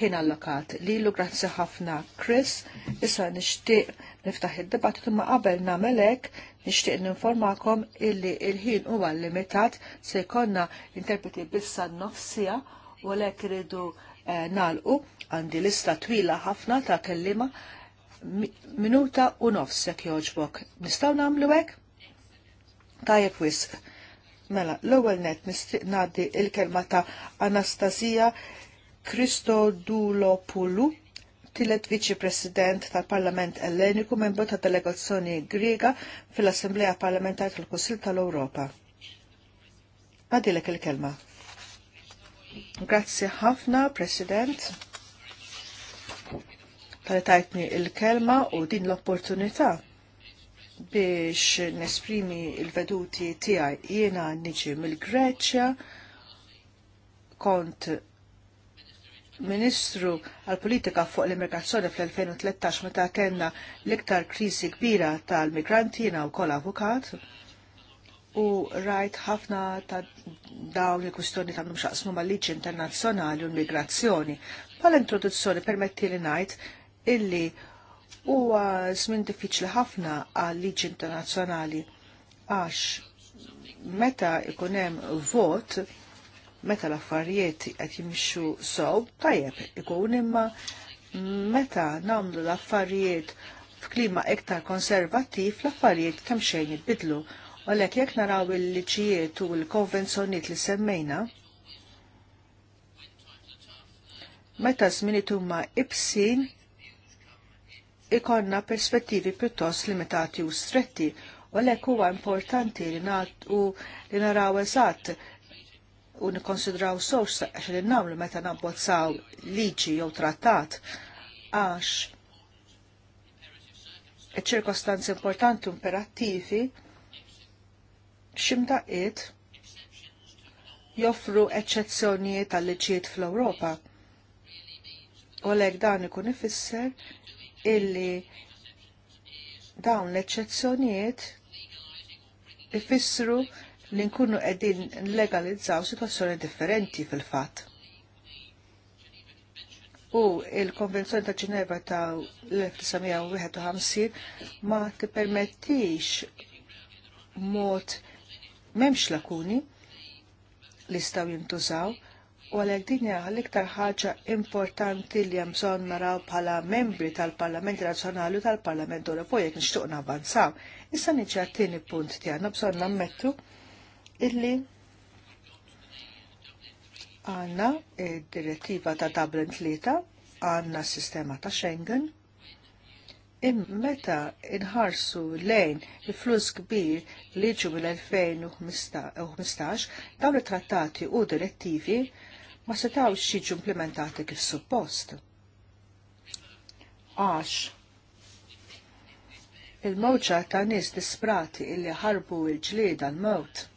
ħin allokat. Lilu grazzi ħafna Chris, issa nixtieq niftaħ id-dibattitu ma qabel nagħmel hekk nixtieq ninformakom illi il-ħin huwa limitat se jkollna interpreti bissa nofsija u għalhekk iridu eh, nagħlqu għandi lista twila ħafna ta' kellima minuta u nofs jekk jogħġbok. Nistgħu nagħmlu hekk? Tajjeb wisq. Mela, l-ewwel net nistiq il-kelma ta' Anastasija Kristodulopoulou tillet viċi president tal-Parlament Elleniku membru ta' delegazzjoni Griega fil-Assemblea Parlamentari tal-Kussil tal-Ewropa. Għadilek il-kelma. Grazzi ħafna, President, tal-tajtni il-kelma u din l-opportunità biex nesprimi il-veduti tiegħi jiena niġi mill-Greċja kont Ministru għal politika fuq l-immigrazzjoni fl-2013 meta kellna l-iktar krizi kbira tal-migranti u kol avukat u rajt ħafna ta' dawn il-kwistjoni ta' mxaqsmu mal-liġi internazzjonali u l-migrazzjoni. Pal-introduzzjoni permetti li najt illi huwa żmien diffiċli ħafna għal liġi internazzjonali għax meta ikun hemm vot meta l-affarijiet qed jimxu sow, tajjeb ikun imma meta nagħmlu l-affarijiet f'klima iktar konservattiv l-affarijiet kemm xejn jitbidlu. Għalhekk jekk naraw il-liċijiet u l-konvenzjonijiet li semmejna, meta żminiet huma ibsin ikonna perspettivi pjuttost limitati u stretti, u għalhekk huwa importanti li li naraw eżatt u nikonsidraw sox għax li namlu meta nabbozzaw liġi jew trattat għax ċirkostanzi importanti imperattivi ximdaqiet joffru eccezzjonijiet tal liġijiet fl-Ewropa. U għalek dan ikun ifisser illi dawn l-eċċezzjonijiet ifissru li nkunu qegħdin legalizzaw situazzjoni differenti fil-fatt. U il-Konvenzjoni ta' Ġenevra ta' l-1951 ma tippermettix mod memx lakuni li staw jintużaw u għalek din l-iktar ħaġa importanti li hemm bżonn naraw bħala membri tal-Parlament Nazzjonali u tal-Parlament Ewropew jekk nixtuq Issa niġi għat-tieni punt tiegħna bżonn nammettu illi għanna direttiva ta' Dublin 3 għanna sistema ta' Schengen meta inħarsu lejn il-flus kbir li ġu mill-2015 dawn it-trattati u direttivi ma setaw xieġu implementati kif suppost. Għax il-mowġa ta' nis disprati illi ħarbu il-ġlieda l-mowt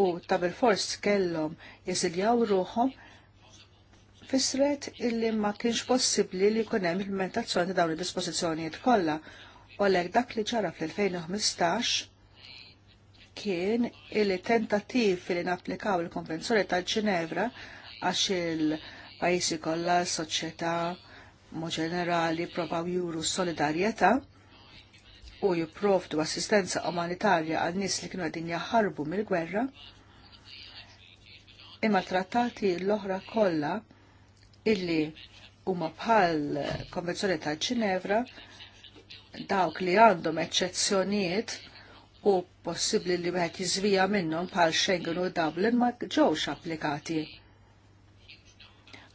u ta' bil-fors kellhom jeżiljaw ruħom fisret illi ma kienx possibbli li jkun hemm implementazzjoni ta' dawn il dispożizzjonijiet kollha. U dak li ġara fl-2015 kien illi tentattiv li napplikaw il-Konvenzjoni ta' Ġinevra għax il-pajjiżi kollha, s-soċjetà, mod ġenerali provaw juru solidarjetà u jipprovdu assistenza umanitarja għal nies li kienu għadin jaħarbu mill-gwerra, imma trattati l-oħra kollha illi huma bħal Konvenzjoni ta' Ġinevra dawk li għandhom eċċezzjonijiet u possibbli li wieħed jiżvija minnhom bħal Schengen u Dublin ma ġewx applikati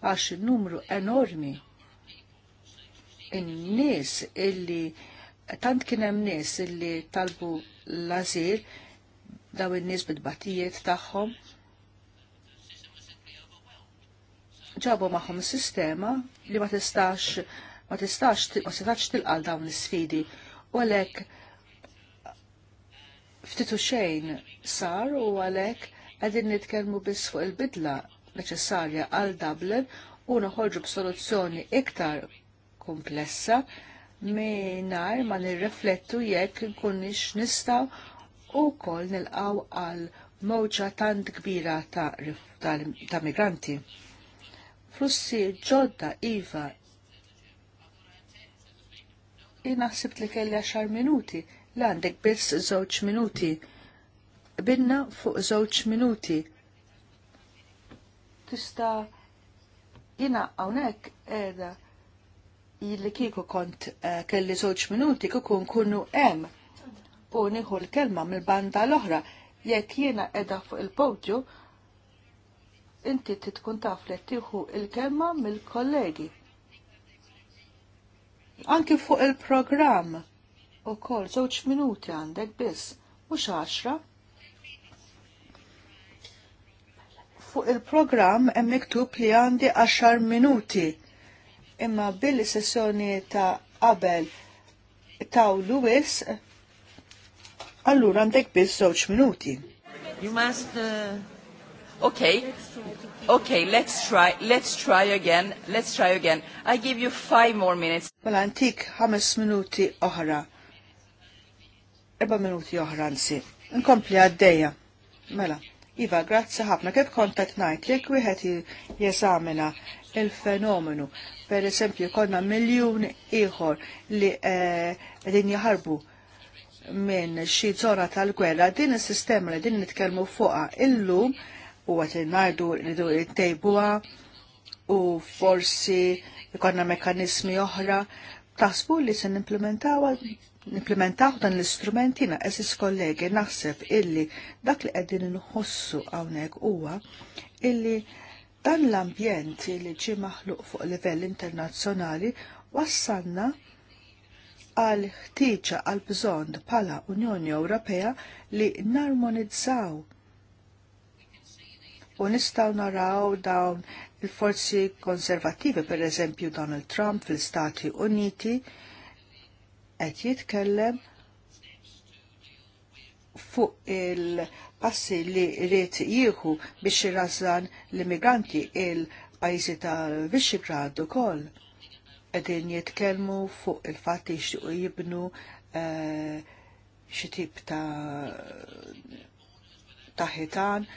għax numru enormi in-nies illi tant kien hemm nies illi talbu l-azil daw in-nies bid-batijiet tagħhom ġabu magħhom sistema li ma tistax ma tistax ma setax tilqal dawn l isfidi u għalhekk ftitu xejn sar u għalhekk qegħdin nitkellmu biss fuq il-bidla neċessarja għal Dublin u noħorġu b'soluzzjoni iktar komplessa minar ma nirreflettu jekk nkunniex nistaw u koll nilqaw għal moċa tant kbira ta', ta, ta migranti. Flussi ġodda Iva ħsibt li kelli 10 minuti, l-għandek biss żewġ minuti. Binna fuq żewġ minuti. Tista' jina hawnhekk qiegħda jilli kieku kont eh, kelli żewġ minuti kiku nkunu hemm u nieħu l-kelma mill-banda l-oħra jekk jiena edha fuq il-podju inti titkun taf li tieħu il-kelma mill-kollegi. Anki fuq il-programm ukoll żewġ minuti għandek biss, mhux għaxra. Fuq il-programm hemm miktub li għandi għaxar minuti imma billi sessjoni ta' qabel ta' Lewis, allura għandek biss żewġ minuti. You must uh... Okay. Okay, let's try. Let's try again. Let's try again. I give you five more minutes. Mela antik ħames minuti oħra. Erba' minuti oħra nsi. Nkompli għaddejja. Mela. Iva, grazzi ħafna. Kif kontat ngħid jekk wieħed jeżamina il-fenomenu. Per esempio, konna miljun ieħor li eh, din jaħarbu minn xi zona tal-gwerra, din is-sistema li din nitkellmu fuqha illum u għat najdu li du tejbuha u forsi jkollna mekanizmi oħra taħsbu li se nimplementaw nimplementaw dan l istrumentina esis kollegi naħseb illi dak li qegħdin inħossu hawnhekk huwa illi Dan l-ambjent li ġi maħluq fuq livell internazzjonali wassanna għal ħtieġa għal bżonn bħala Unjoni Ewropea li narmonizzaw u nistaw naraw dawn il-forzi konservativi, per eżempju Donald Trump fil-Stati Uniti, qed jitkellem fuq il- passi li rrit jieħu biex jirrażlan l-immigranti il-pajzi ta' Vixigrad u kol. Edin jitkelmu fuq il-fat li jixtiqu jibnu eh, xitib ta' taħitan,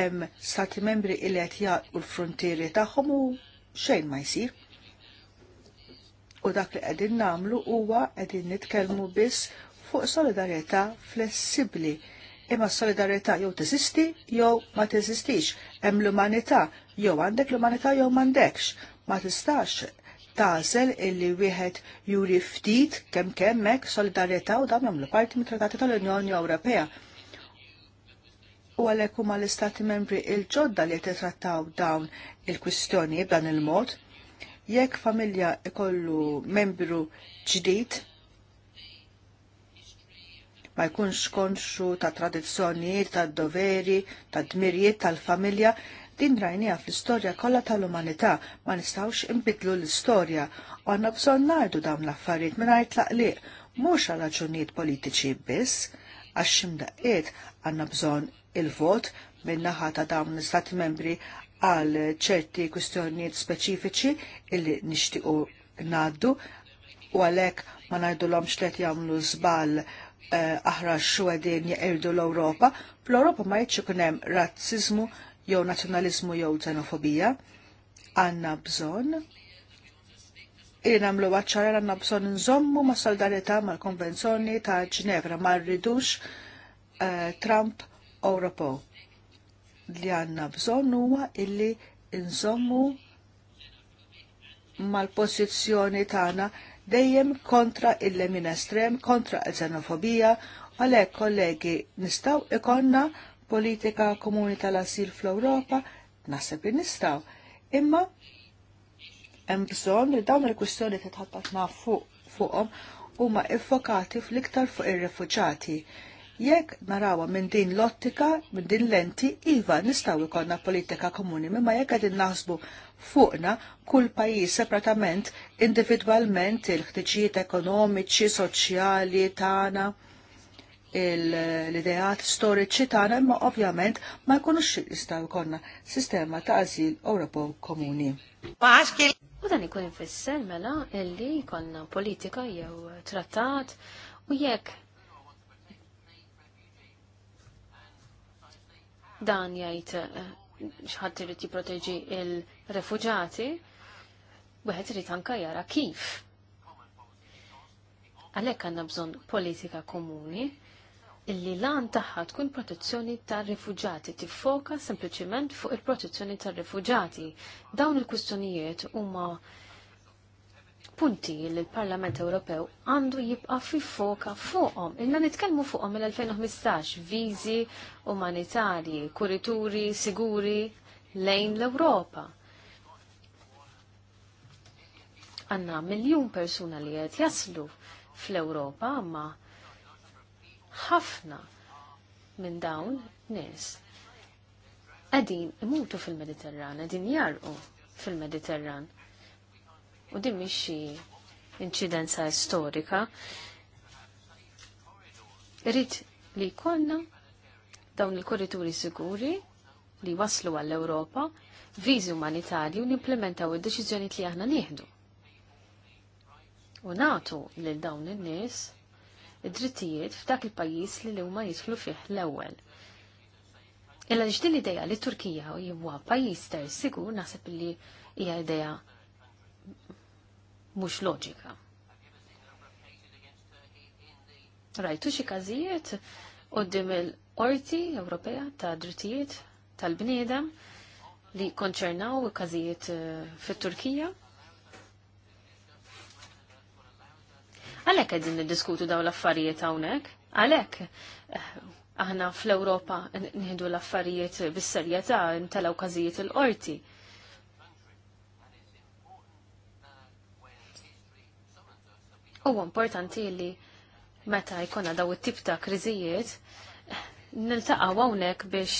em stati membri il u l-frontieri tagħhom u xejn ma jsir. U dak li qegħdin namlu huwa qegħdin nitkellmu biss fuq solidarjetà flessibbli imma solidarieta solidarjetà jew teżisti jew ma teżistix. Hemm l-umanità jew għandek l-umanità jew m'għandekx. Ma tistax tażel illi wieħed juri ftit kemm kemmek solidarjetà u dawn jagħmlu parti mit-Trattati tal-Unjoni Ewropea. U għalhekk huma l-Istati Membri il-ġodda li titrattaw dawn il-kwistjoni b'dan il-mod, jekk familja ikollu membru ġdid ma jkunx konxu ta' tradizzjonijiet, ta' doveri, ta' dmirijiet tal-familja, din rajnija fl-istorja kollha tal-umanità ma nistgħux inbidlu l-istorja u għandna bżonn ngħidu dawn l-affarijiet mingħajr tlaqliq mhux għal raġunijiet politiċi biss, għax ximdaqqiet għandna bżonn il-vot min-naħa ta' dawn l-istati membri għal ċerti kwistjonijiet speċifiċi illi nixtiequ ngħaddu u għalhekk ma ngħidulhomx qed jagħmlu żball Eh, aħra xwedin jaqirdu l-Europa, fl-Europa ma jitx ikun hemm razzizmu jew nazjonalizmu jew xenofobija. Għandna bżonn li nagħmlu għaċċar għandna bżonn nżommu ma' ma mal-Konvenzjoni ta' Ġinevra ma rridux eh, Trump Europo. Li għandna bżonn huwa illi nżommu mal-pożizzjoni tagħna dejjem kontra il-lemin estrem, kontra il-xenofobija, għalek kollegi nistaw ikonna politika komuni tal-asil fl-Europa, nasib li nistaw. Imma hemm bżonn li dawn il-kwistjoni titħabbat ma' fuqhom huma iffokati fl-iktar fuq ir-refuġati. Fu Jekk narawa minn din l-ottika, minn din lenti, iva nistaw ikonna politika komuni, imma jekk għedin naħsbu fuqna kull pajis separatament, individualment il-ħtiġijiet ekonomiċi, soċjali, tana l-ideat storiċi tagħna imma ovvjament ma jkunux jistgħu jkollna sistema ta' azil Ewropew komuni. U dan ikun infisser mela illi jkollna politika jew trattat u jekk dan jgħid eh, xħat irid jipproteġi il-refuġati, wieħed irid anka jara kif. Għalhekk għandna bżonn politika komuni illi lan taħħa tkun protezzjoni tar-rifuġati tiffoka sempliciment fuq il-protezzjoni tar-rifuġati. Dawn il-kwistjonijiet huma punti li l-Parlament Ewropew għandu jibqa' fi foka fuqhom. Ilna nitkellmu fuqhom mill-2015 viżi umanitarji, kurituri siguri lejn l-Ewropa. Għanna miljun persuna li qed jaslu fl-Ewropa, ma ħafna minn dawn nies qegħdin imutu fil-Mediterran, qegħdin jarqu fil-Mediterran U dimmi xi inċidenza storika. Irrid li jkollna dawn il-korrituri siguri li waslu għall-Ewropa viżi umanitarju n-implementaw id deċizjoni li aħna nieħdu. U natu lil dawn in-nies id-drittijiet f'dak il-pajjiż li li huma jidħlu fih l-ewwel. Illa li ġdil ideja li Turkija u jibwa pajjiż ter sigur naħseb li hija ideja mhux loġika. Rajtu xi każijiet qudiem il-Qorti Ewropea ta' Drittijiet tal-Bniedem li konċernaw każijiet eh, fit-Turkija. Għalhekk qegħdin niddiskutu dawn l-affarijiet hawnhekk, għalhekk eh, aħna fl-Ewropa nħidu l-affarijiet bis-serjetà ntalaw każijiet il-qorti. il il qorti Huwa importanti li meta jkollna daw it-tip ta' kriżijiet niltaqgħu hawnhekk biex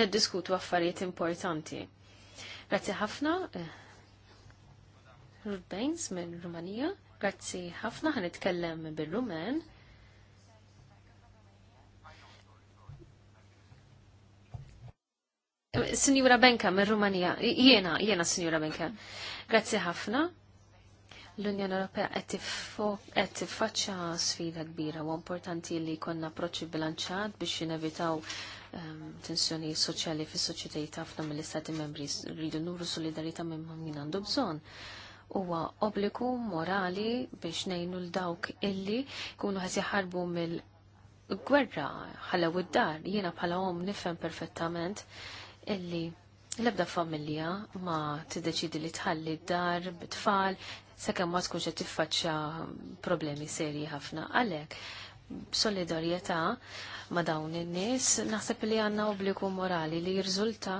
niddiskutu affarijiet importanti. Grazzi ħafna. Eh, Baines minn Rumanija. Grazzi ħafna ħanitkellem bil-Rumen. Sinjura Benka minn Rumanija. Jiena, jiena Signora Benka. Grazzi ħafna. L-Unjoni Ewropea qed tiffaċċja sfida kbira u importanti li jkollna approċċi bilanċat biex jinevitaw ehm, tensjoni soċjali fis-soċjetajiet ħafna mill-istati membri rridu nuru solidarità minn min għandu bżonn huwa obbligu morali biex ngħinu l-dawk illi kunu ħas jaħarbu mill-gwerra ħalew id-dar. Jiena bħala om nifhem perfettament illi l-ebda familja ma tiddeċidi li tħalli d-dar bit-tfal sakemm ma tkunx qed tiffaċċja problemi serji ħafna. Għalhekk solidarjetà ma' dawn in-nies naħseb li għandna obbligu morali li jirriżulta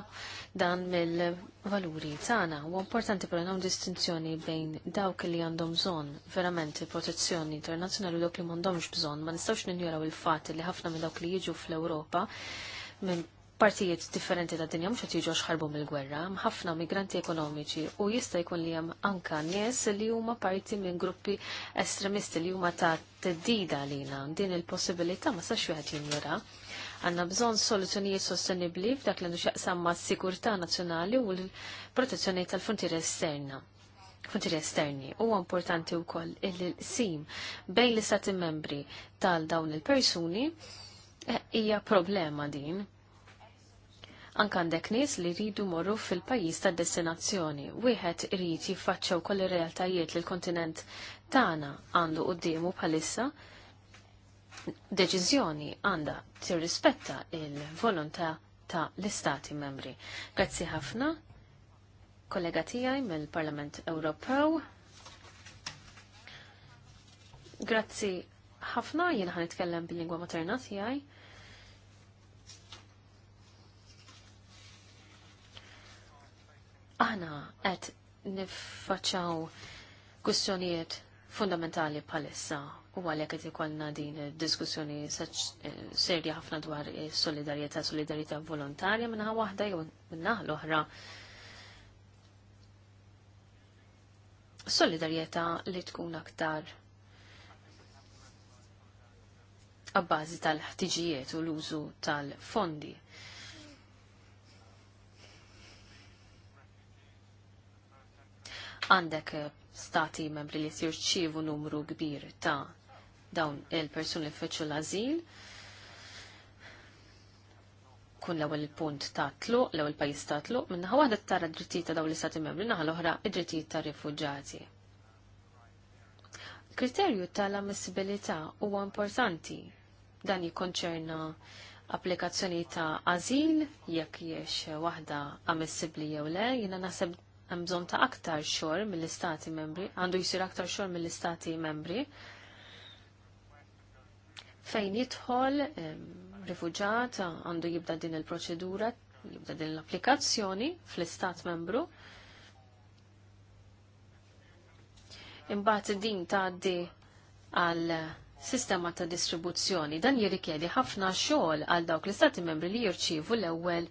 dan mill-valuri tagħna. U importanti però nagħmlu distinzjoni bejn dawk li għandhom bżonn verament protezzjoni internazzjonali u dawk li m'għandhomx bżonn. Ma nistgħux ninjuraw il-fatt li ħafna minn dawk li jiġu fl-Ewropa minn partijiet differenti ta' dinja mhux qed jiġu xħarbu mill-gwerra, ħafna migranti ekonomiċi u jista' jkun li hemm anka nies li huma parti minn gruppi estremisti li huma ta' teddida lina din il-possibilità ma sax wieħed jinjura għanna bżon soluzzjonijiet sostenibli f'dak li xaqsam ma' sigurtà nazzjonali u l-protezzjoni tal-frontiera esterna. Frontieri esterni huwa importanti wkoll il-sim bejn l-istati membri tal dawn il-persuni eh, hija problema din. Anka għandek nies li jridu morru fil-pajjiż tad destinazzjoni. Wieħed irid jiffaċċjaw wkoll ir-realtajiet li l-kontinent tagħna għandu qudiemu bħalissa deċiżjoni għandha tirrispetta il-volontà ta' l-Istati membri. Grazzi ħafna, kollega tiegħi mill-Parlament Ewropew. Grazzi ħafna jien ħan nitkellem bil-lingwa materna tiegħi. aħna qed niffaċċaw kwistjonijiet fundamentali bħalissa u għalhekk qed ikollna din id diskussjoni serja ħafna dwar solidarjetà, solidarieta volontarja minna waħda jew minnaħa l-oħra. Solidarjetà li tkun aktar għabbażi tal-ħtiġijiet u l-użu tal-fondi. Għandek eh, stati membri li jirċivu numru kbir ta' dawn il-persuni li feċu l-azil. Kun l-ewwel punt tatlu, l-ewwel pajjiż tatlu, minnaħa waħda tara dritti ta' dawn l-istati membri, naħa l-oħra id-drittijiet ta' rifugġati. Kriterju tal-ammissibilità huwa importanti dan jikkonċerna applikazzjoni ta' azil jekk jiex waħda ammissibbli jew le, jiena naħseb hemm bżonn ta' aktar xogħol mill-istati membri, għandu jsir aktar xogħol mill-istati membri fejn jidħol rifuġat għandu jibda din il-proċedura, jibda din l-applikazzjoni fl-istat membru. Imbagħad din tgħaddi għal sistema ta' distribuzzjoni. Dan jirrikjedi ħafna xogħol għal dawk l-istati membri li jirċievu l-ewwel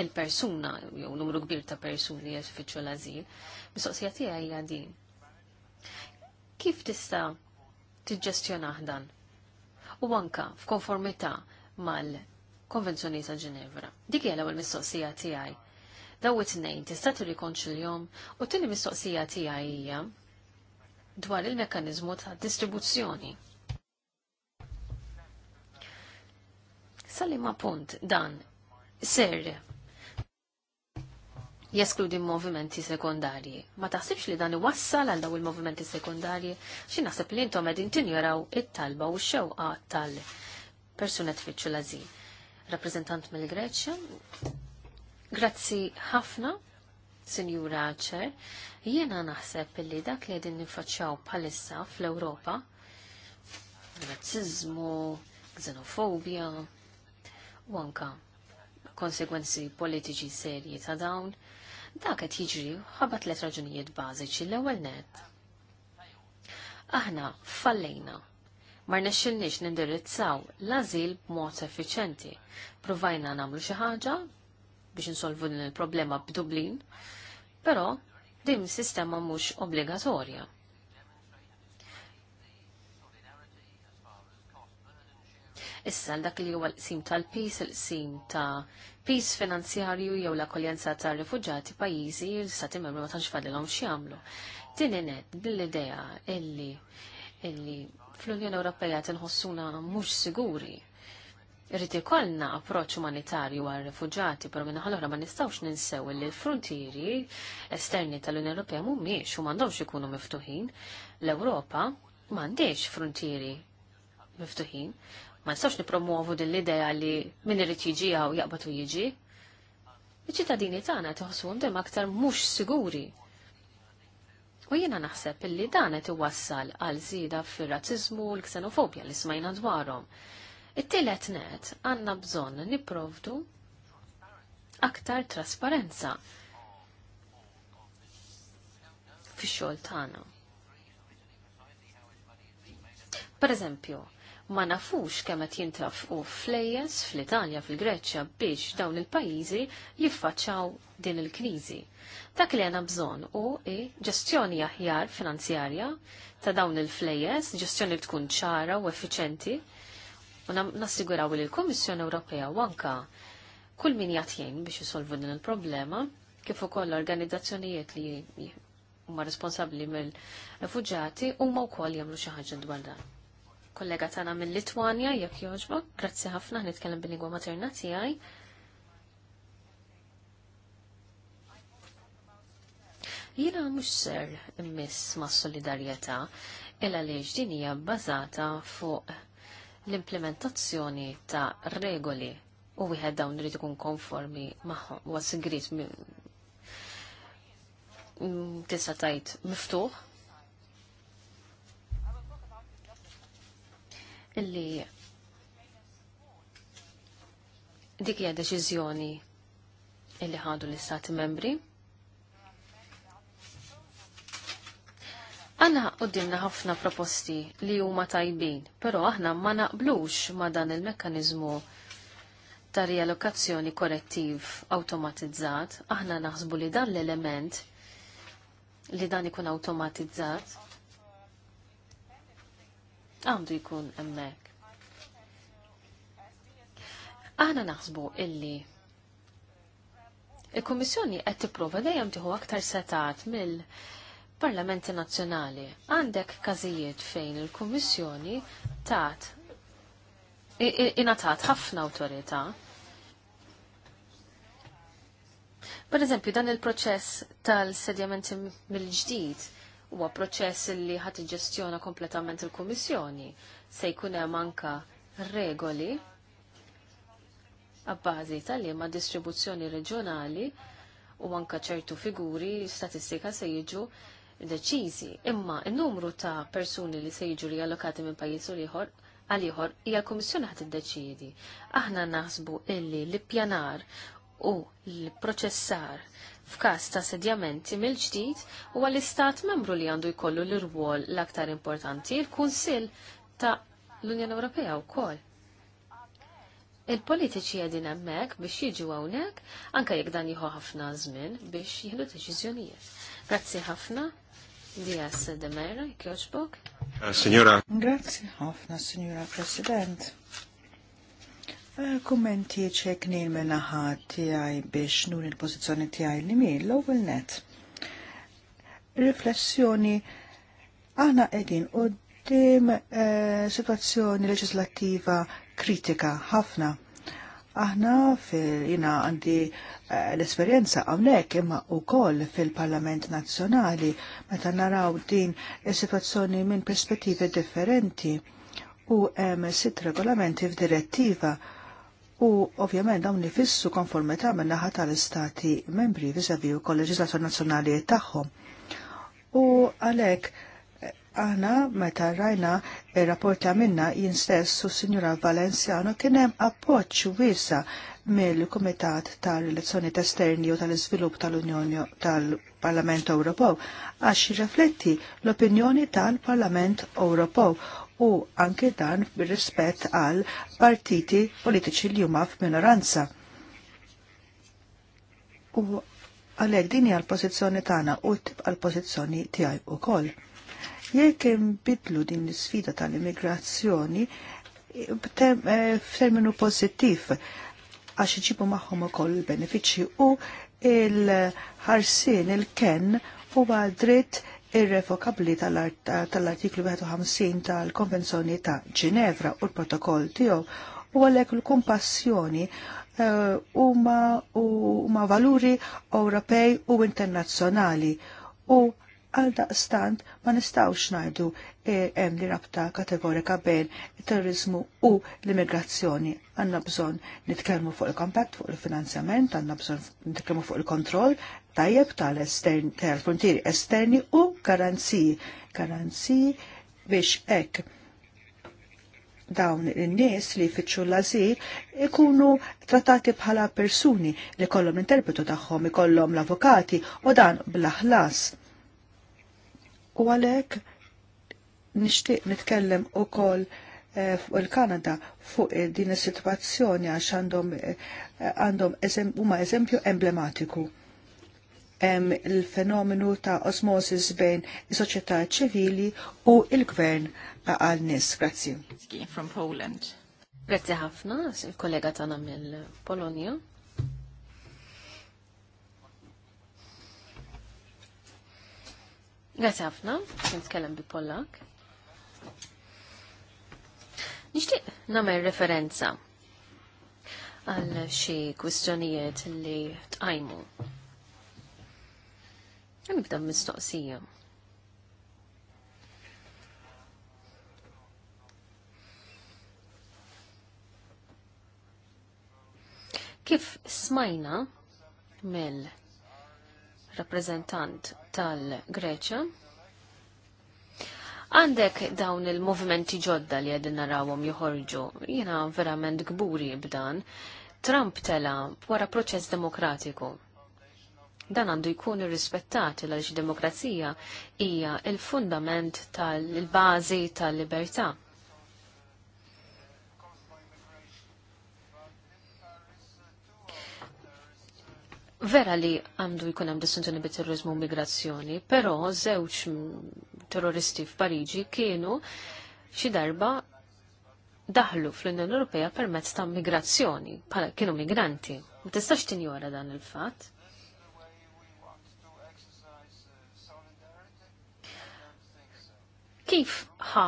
il-persuna jew numru kbir ta' persuni jfittxu l-azil. Mistoqsija tiegħi hija din. Kif tista' tiġġestjonah dan? U anka f'konformità mal-Konvenzjoni ta' Ġenevra. Dik hija l-ewwel mistoqsija tiegħi. Daw it-tnejn tista' tirrikonċiljhom u tieni mistoqsija tiegħi hija dwar il-mekkaniżmu ta' distribuzzjoni Salima punt dan ser jeskludi movimenti sekundarji. Ma taħsibx li dan iwassal għal daw il-movimenti sekundarji xi naħseb li intom qegħdin tinjoraw it-talba u x-xewqa tal-persuna tfittxu lażin. Rappreżentant mill-Greċja, grazzi ħafna, Sinjura Ċer, jiena naħseb li dak li qegħdin nifaċċaw bħalissa fl-Ewropa, razzizmu, xenofobia, u konsekwenzi politiċi serji ta' dawn, dak qed jiġri ħabat let raġunijiet bażiċi l-ewwel net. Aħna fallejna ma rnexxilniex nindirizzaw l-azil b'mod effiċenti. Provajna nagħmlu xi ħaġa biex insolvu din il-problema b'Dublin, però din sistema mhux obbligatorja. Issa dak li huwa l-qsim tal-pis, l-qsim ta' pis finanzjarju jew l-akkoljenza ta' rifugjati pajjiżi li stati membri ma tantx fadilhom x'jagħmlu. Din inet bil-idea illi illi fl-Unjoni Ewropea tinħossuna mhux siguri. Irrid ikollna approċċ umanitarju għal rifuġati, però minn ħalora ma nistgħux ninsew li l-frontieri esterni tal-Unjoni Ewropea mhumiex u m'għandhomx ikunu miftuħin. L-Ewropa m'għandix frontieri miftuħin. Ma nistax nipromuovu din l-idea li min irid jiġi għaw jaqbatu jiġi. Iċ-ċittadini tagħna tħossu għandhom aktar mhux siguri. U jiena naħseb illi dan qed iwassal għal żieda fir-razziżmu u l-ksenofobja li smajna dwarhom. It-tielet net għandna bżonn nipprovdu aktar trasparenza fix-xogħol tagħna. Per eżempju, ma nafux kemm qed jintraf u flejjes fl-Italja fil-Greċja biex dawn il-pajjiżi jiffaċċaw din il-kriżi. Dak li għandna bżonn u i ġestjoni aħjar finanzjarja ta' dawn il-flejjes, ġestjoni li tkun ċara u effiċenti, u nassiguraw li l-Kummissjoni Ewropea u anka kull min jatjen biex isolvu din il-problema, kif ukoll organizzazzjonijiet li huma responsabbli mill-refuġati huma wkoll jagħmlu xi ħaġa dwar dan kollega tagħna minn litwania jekk jogħġbok. Grazzi ħafna nitkellem bil-lingwa materna tiegħi. Jiena mhux ser immis ma' solidarjetà illa li din hija bbażata fuq l-implementazzjoni ta' regoli u wieħed dawn irid ikun konformi magħhom u għas-sigrit tista' tajt miftuħ illi dik hija deċiżjoni illi ħadu l-istati membri. Għanna qoddimna ħafna proposti li huma tajbin, pero aħna ma naqblux ma dan il-mekkanizmu ta' riallokazzjoni korrettiv automatizzat, aħna naħsbu li dan l-element li dan ikun automatizzat għandu jkun hemmhekk. Aħna naħsbu illi il-Kummissjoni qed tipprova dejjem tieħu aktar setat mill Parlamenti Nazzjonali. Għandek każijiet fejn il-Kummissjoni tat inatat ħafna awtorità. Per eżempju, dan il-proċess tal-sedjamenti mill-ġdid huwa proċess li ħadd iġestjona kompletament il-Kummissjoni. Se jkun hemm anke regoli ab'bażi tal-liema distribuzzjoni reġjonali u anka ċertu figuri statistika se jiġu deċiżi. Imma n-numru ta' persuni li se jiġu riallokati minn pajjiż u ieħor għal ieħor hija l-Kummissjoni ħadd iddeċiedi. Aħna naħsbu illi l-ippjanar u l-proċessar f'każ ta' sedjamenti mill-ġdid huwa l-istat membru li għandu jkollu l-irwol l-aktar importanti, il-Kunsill ta' l-Unjoni Ewropea wkoll. Il-politiċi għedin hemmhekk biex jiġu hawnhekk anke jekk dan jħu ħafna żmien biex jieħdu deċiżjonijiet. Grazzi ħafna. Dias Demera, Kjoċbok. Eh, signora. Grazie ħafna, Signora President. Eh, kummenti ċeknin naħa tijaj biex nun il-pozizjoni tijaj li mi l-ewel net. Riflessjoni għana edin u dim eh, situazzjoni leġislativa kritika ħafna. Aħna fil-jina għandi eh, l-esperienza għawnek imma u koll fil-Parlament Nazzjonali meta naraw din il-situazzjoni minn perspettive differenti u hemm sit regolamenti f'direttiva direttiva U ovvjament dawn ifissu konformità minn naħa tal-istati membri viżavi u kol-leġislazzjoni nazzjonali tagħhom. U għalhekk eh, aħna meta rajna ir-rapport ta' minna jien stess u Sinjura Valenzjano kien hemm appoġġ wiesa mill-Kumitat tal-Elezzjoni Esterni u tal-Iżvilupp tal-Unjoni tal-Parlament Ewropew għax jirrifletti l-opinjoni tal-Parlament Ewropew u anke dan bir-rispett għal partiti politiċi li huma f'minoranza. U għalhekk din hija l-pożizzjoni tagħna u tibqa' l-pożizzjoni tiegħi wkoll. Jekk inbidlu din l-isfida tal-immigrazzjoni eh, f'terminu pożittiv għax iġibu magħhom ukoll il benefiċċji u il-ħarsin il-ken huwa dritt irrevokabli tal-artiklu 51 tal-Konvenzjoni ta' Ġinevra u l-protokoll tiegħu u għalhekk il-kumpassjoni eh, huma valuri Ewropej u internazzjonali u għal daqstant ma nistawx najdu hemm e, li rabta kategorika bejn terrorizmu u l-immigrazzjoni. Għanna bżon nitkellmu fuq il-kompakt, fuq il-finanzjament, għanna bżon nitkellmu fuq il-kontroll tajjeb tal-frontieri esterni u garanziji. Garanziji biex ek dawn in-nies li jfittxu l-azil ikunu trattati bħala persuni li kollom interpretu tagħhom, ikollhom l-avukati u dan bl-aħlas U għalek nishtiq nitkellem u kol eh, fuq il-Kanada fuq eh, din is-sitwazzjoni għax għandhom eh, huma eżempju emblematiku. il-fenomenu ta' osmosis bejn is-soċjetà ċivili u il-gvern għal nies. Grazzi. From Poland. Grazzi ħafna, il-kollega tagħna mill-Polonja. Grazie ħafna, tkellem bi Pollak. Nixtieq nagħmel referenza għal xi kwistjonijiet li tqajmu. Nibda mistoqsija. Kif smajna mill rappresentant tal-Greċja. Għandek dawn il-movimenti ġodda li għedin narawom joħorġu, jena verament gburi b'dan, Trump tela wara proċess demokratiku. Dan għandu jkun irrispettat l demokrazija hija il-fundament tal-bażi tal-libertà. tal bazi tal libertà Vera li għandu jkun hemm distinzjoni bit terrorizmu u migrazzjoni, però żewġ terroristi f'Pariġi kienu xi darba daħlu fl-Unjoni Ewropea permezz ta' migrazzjoni, bħala kienu migranti. Ma tistax tinjora dan il-fatt. Kif ħa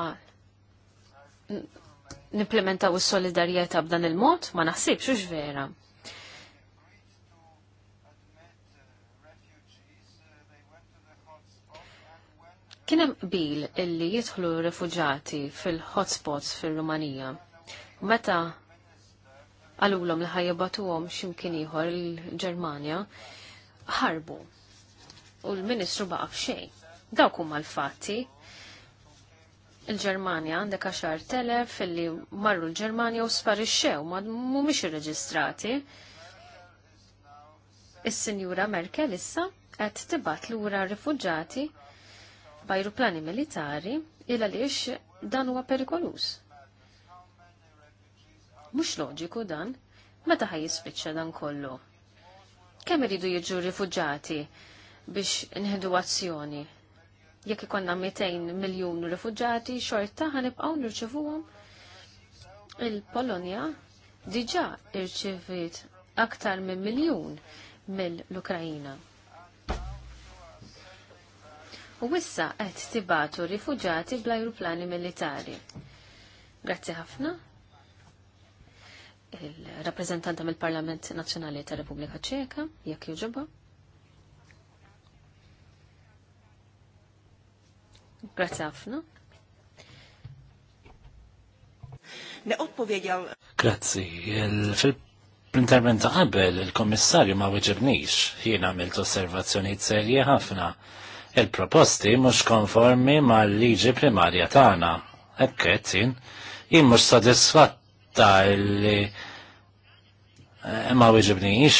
nimplementaw is-solidarjetà b'dan il-mod? Ma naħsibx vera. Kien hemm bil illi jidħlu refugjati fil-hotspots fil-Rumanija. Meta għalulhom li għom x'imkien ieħor il-Ġermanja, ħarbu. U l-Ministru baqa f'xejn. Dawk huma l-fatti. Il-Ġermanja għandek 10,000 fil-li marru l-Ġermanja u sparixxew ma mhumiex irreġistrati. Is-Sinjura Merkel issa qed tibat lura rifuġġati b'ajruplani militari il għaliex dan huwa perikolus. Mhux loġiku dan, meta ħaj jispiċċa dan kollu. Kemm iridu jiġu rifugġati biex nħedu azzjoni? Jekk ikonna 200 miljun rifuġġati, xorta ħanibqgħu nirċevuhom il-Polonja diġà irċivit aktar minn miljun mill-Ukrajina u wissa qed tibatu rifuġati bl-ajruplani militari. Grazzi ħafna. Il-rappreżentanta mill-Parlament Nazzjonali ta' Repubblika Ċeka, jekk juġoba. Grazzi ħafna. Ne odpowiedział. Grazzi. Fil-intervent qabel il komissarju ma weġibnix. Jien għamilt osservazzjoni serje ħafna il-proposti mhux konformi mal-liġi primarja tagħna. Ekket jien, mhux sodisfatta li eh, ma wieġibnix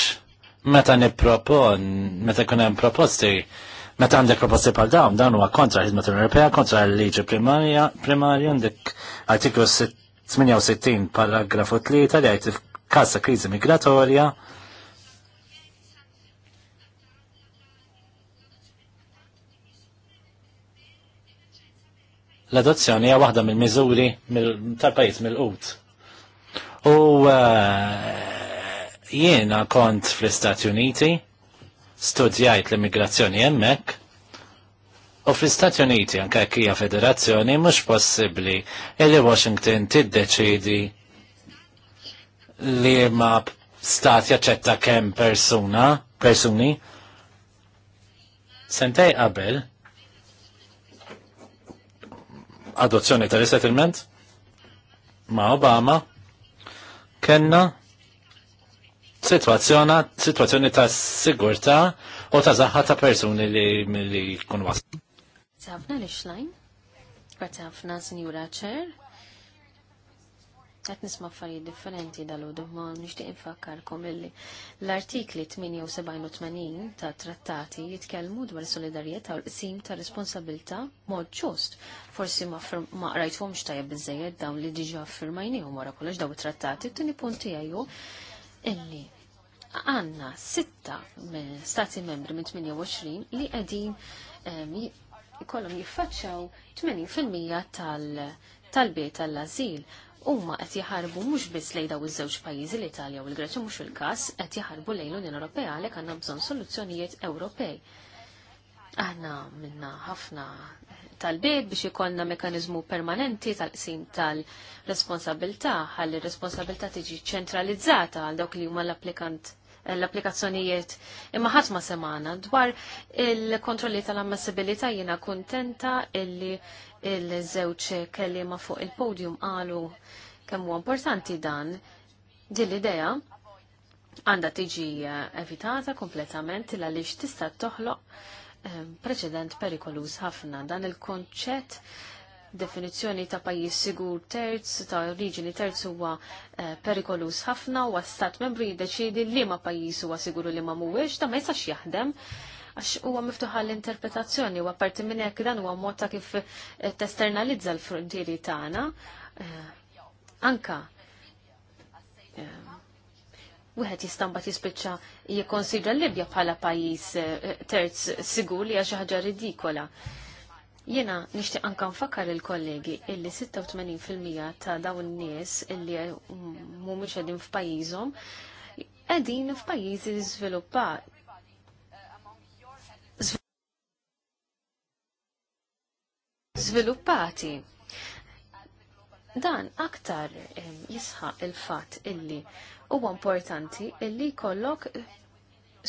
meta nippropon, meta kun hemm proposti meta għandek proposti pal dawn, dan huwa kontra l-ħidma Ewropea, kontra l-liġi primarja, primarja għandek artiklu 68 paragrafu 3 li għajt kasa krizi migratorja L-adozzjoni hija waħda mill-miżuri tal pajjiż mill-qut. U uh, jiena kont fl-Istati Uniti, studjajt l-immigrazzjoni hemmhekk, U fl-Istati Uniti anke jekk hija federazzjoni mhux possibbli li Washington tiddeċidi li ma stat jaċċetta kemm persuna, persuni, sentej qabel adozzjoni tal-resettlement ma' Obama kenna situazzjoni situazzjoni ta' sigurta u ta' zaħħa ta' persuni li, li kun waslu. Tafna li xlajn, għatafna Sinjura Ċer, qed nisma' affarijiet differenti dal-għodu ma nixtieq infakkarkom illi l-artikli 78 ta' trattati jitkellmu dwar solidarjetà u l-qsim ta' responsabilità mod ġust. Forsi ma qrajthomx tajjeb biżejjed dawn li diġà affirmajnihom wara kollox daw it-trattati, t-tieni punt tiegħu illi għandna sitta stati membri minn 28 li qegħdin ehm, kollom jiffaċċaw 80% tal-talbiet tal-azil huma qed jaħarbu mhux biss lejn daw iż-żewġ pajjiżi l-Italja u l-Greċja mhux il-każ qed jaħarbu lejn l-Unjoni Ewropea għalhekk għandna bżonn soluzzjonijiet Ewropej. Aħna minna ħafna tal biex ikollna mekanizmu permanenti tal-qsim tal-responsabilità ħalli r responsabilità tiġi ċentralizzata għal dawk li huma l-applikant l-applikazzjonijiet imma ħadd ma semana dwar il-kontrolli tal ammessibilità jiena kuntenta illi il-żewġ kelliema fuq il-podium qalu kemm huwa importanti dan din l-idea għandha tiġi evitata kompletament għaliex tista' toħloq ehm, preċedent perikoluż ħafna dan il-konċett definizzjoni ta' pajjiż sigur terz, ta' oriġini terz huwa eh, perikolus ħafna u stat membru jiddeċidi li ma' pajjiż huwa siguru li ma' mhuwiex, ta' ma jistax jaħdem għax huwa miftuħ għall-interpretazzjoni u apparti minn hekk dan huwa mod ta' kif eh, testernalizza l-frontieri tagħna. Eh, anka eh, wieħed jistambat jispiċċa jikkonsidra l-Libja bħala pajjiż terz sigur li xi ħaġa ridikola. Jena nixtieq anka nfakkar il-kollegi illi 86% ta' dawn nies illi mhumiex qegħdin f'pajjiżhom qegħdin f'pajjiżi żviluppati sviluppati. Dan aktar jisħa il-fat illi huwa importanti illi kollok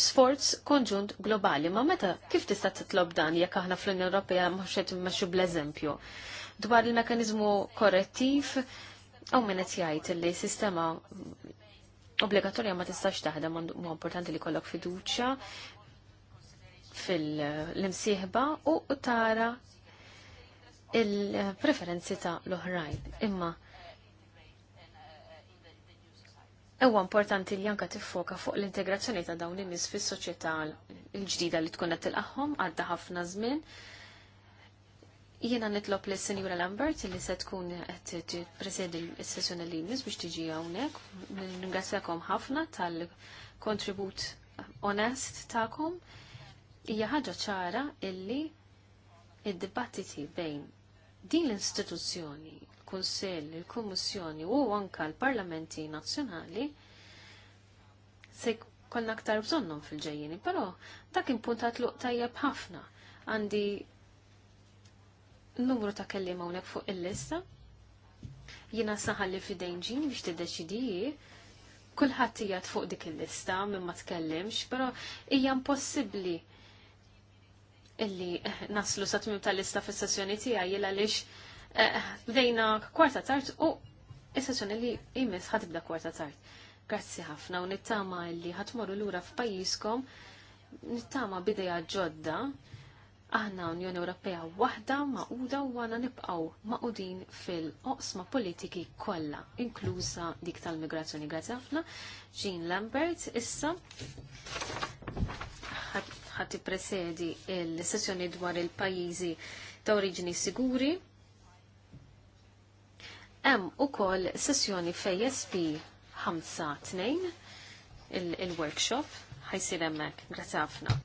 sforz konġunt globali. Ma meta kif tista' titlob dan jekk aħna fl-Unjoni Ewropea mhux qed immexxu bl-eżempju? Dwar il-mekanizmu korrettiv hawn min qed jgħid li sistema obbligatorja ma tistax taħdem huwa importanti li kollok fiduċja fil-imsieħba u tara il-preferenzi ta' l-oħrajn. Imma Ewa importanti li anka tiffoka fuq l-integrazzjoni ta' dawn in-nies fis-soċjetà l-ġdida li tkun qed tilqahom għadda ħafna żmien. Jiena nitlob lis senjura Lambert li se tkun qed tippresedi s-sessjoni li jmiss biex tiġi hawnhekk. Ningrazzjakom ħafna tal-kontribut onest tagħkom. Hija ħaġa ċara illi id-dibattiti bejn Din l-istituzzjoni, il-Kunsell, il-Kummissjoni u anka l-Parlamenti Nazzjonali se konna aktar bżonnhom fil-ġejjeni, però dak impuntat luq tajjeb ħafna għandi numru ta' kelliem hawnhekk fuq il-lista. Jiena saħalli f'idejn ġin biex tiddeċidiji kulħadd jgħid fuq dik il-lista minn ma tkellimx, però hija impossibbli illi naslu sa tmim tal-lista fis sessjoni tiegħi jil għaliex eh, bdejna kwarta tard u is-sessjoni li jmiss ħatibda kwarta tard. Grazzi ħafna u nittama illi ħatmorru lura f'pajjiżkom nittama bideja ġodda aħna Unjoni Ewropea waħda maquda u għana nibqaw maqudin fil-oqsma politiki kollha, inkluża dik tal-migrazzjoni. Grazzi ħafna, Jean Lambert, issa ħati presedi il-sessjoni dwar il-pajizi ta' oriġini siguri. Hemm ukoll sessjoni fej SP 5-2 il-workshop ħajsir hemmhekk. Grazzi ħafna.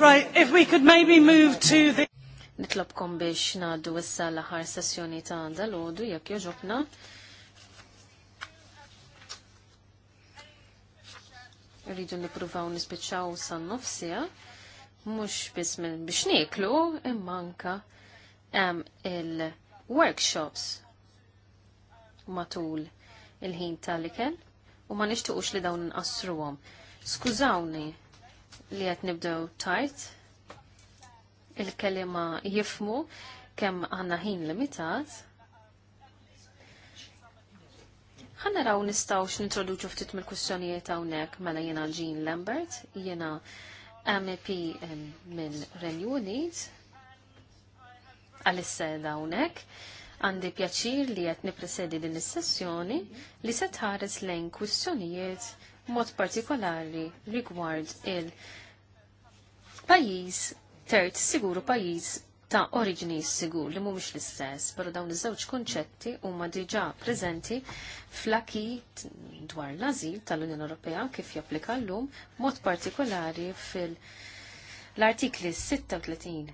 Right, if we could maybe move to the... Nitlobkom biex naddu issa l aħħar sessjoni ta' dal-ħodu, jekk joġobna. Rridu nippruvaw nispiċċaw san nofsija, mux biss minn biex niklu, immanka hemm il-workshops matul il-ħin tal-iken u ma nishtuqux li dawn nqassruhom. Skużawni li qed nibdew tajt il-kelima jifmu kemm għandna ħin limitat. Ħanna raw nistgħu nintroduċu ftit mill-kwistjonijiet hawnhekk mela jiena Jean Lambert, jiena MEP mill Renew Unit għalissa hawnhekk. Għandi pjaċir li qed nipresedi din is-sessjoni li se tħares lejn kwistjonijiet mod partikolari rigward il-pajjiż tert siguru pajjiż ta' oriġini sigur li mhumiex l-istess, però dawn iż-żewġ kunċetti huma diġà preżenti fl-aki dwar l-azil tal-Unjoni Ewropea kif japplika llum mod partikolari fil- l-artikli 36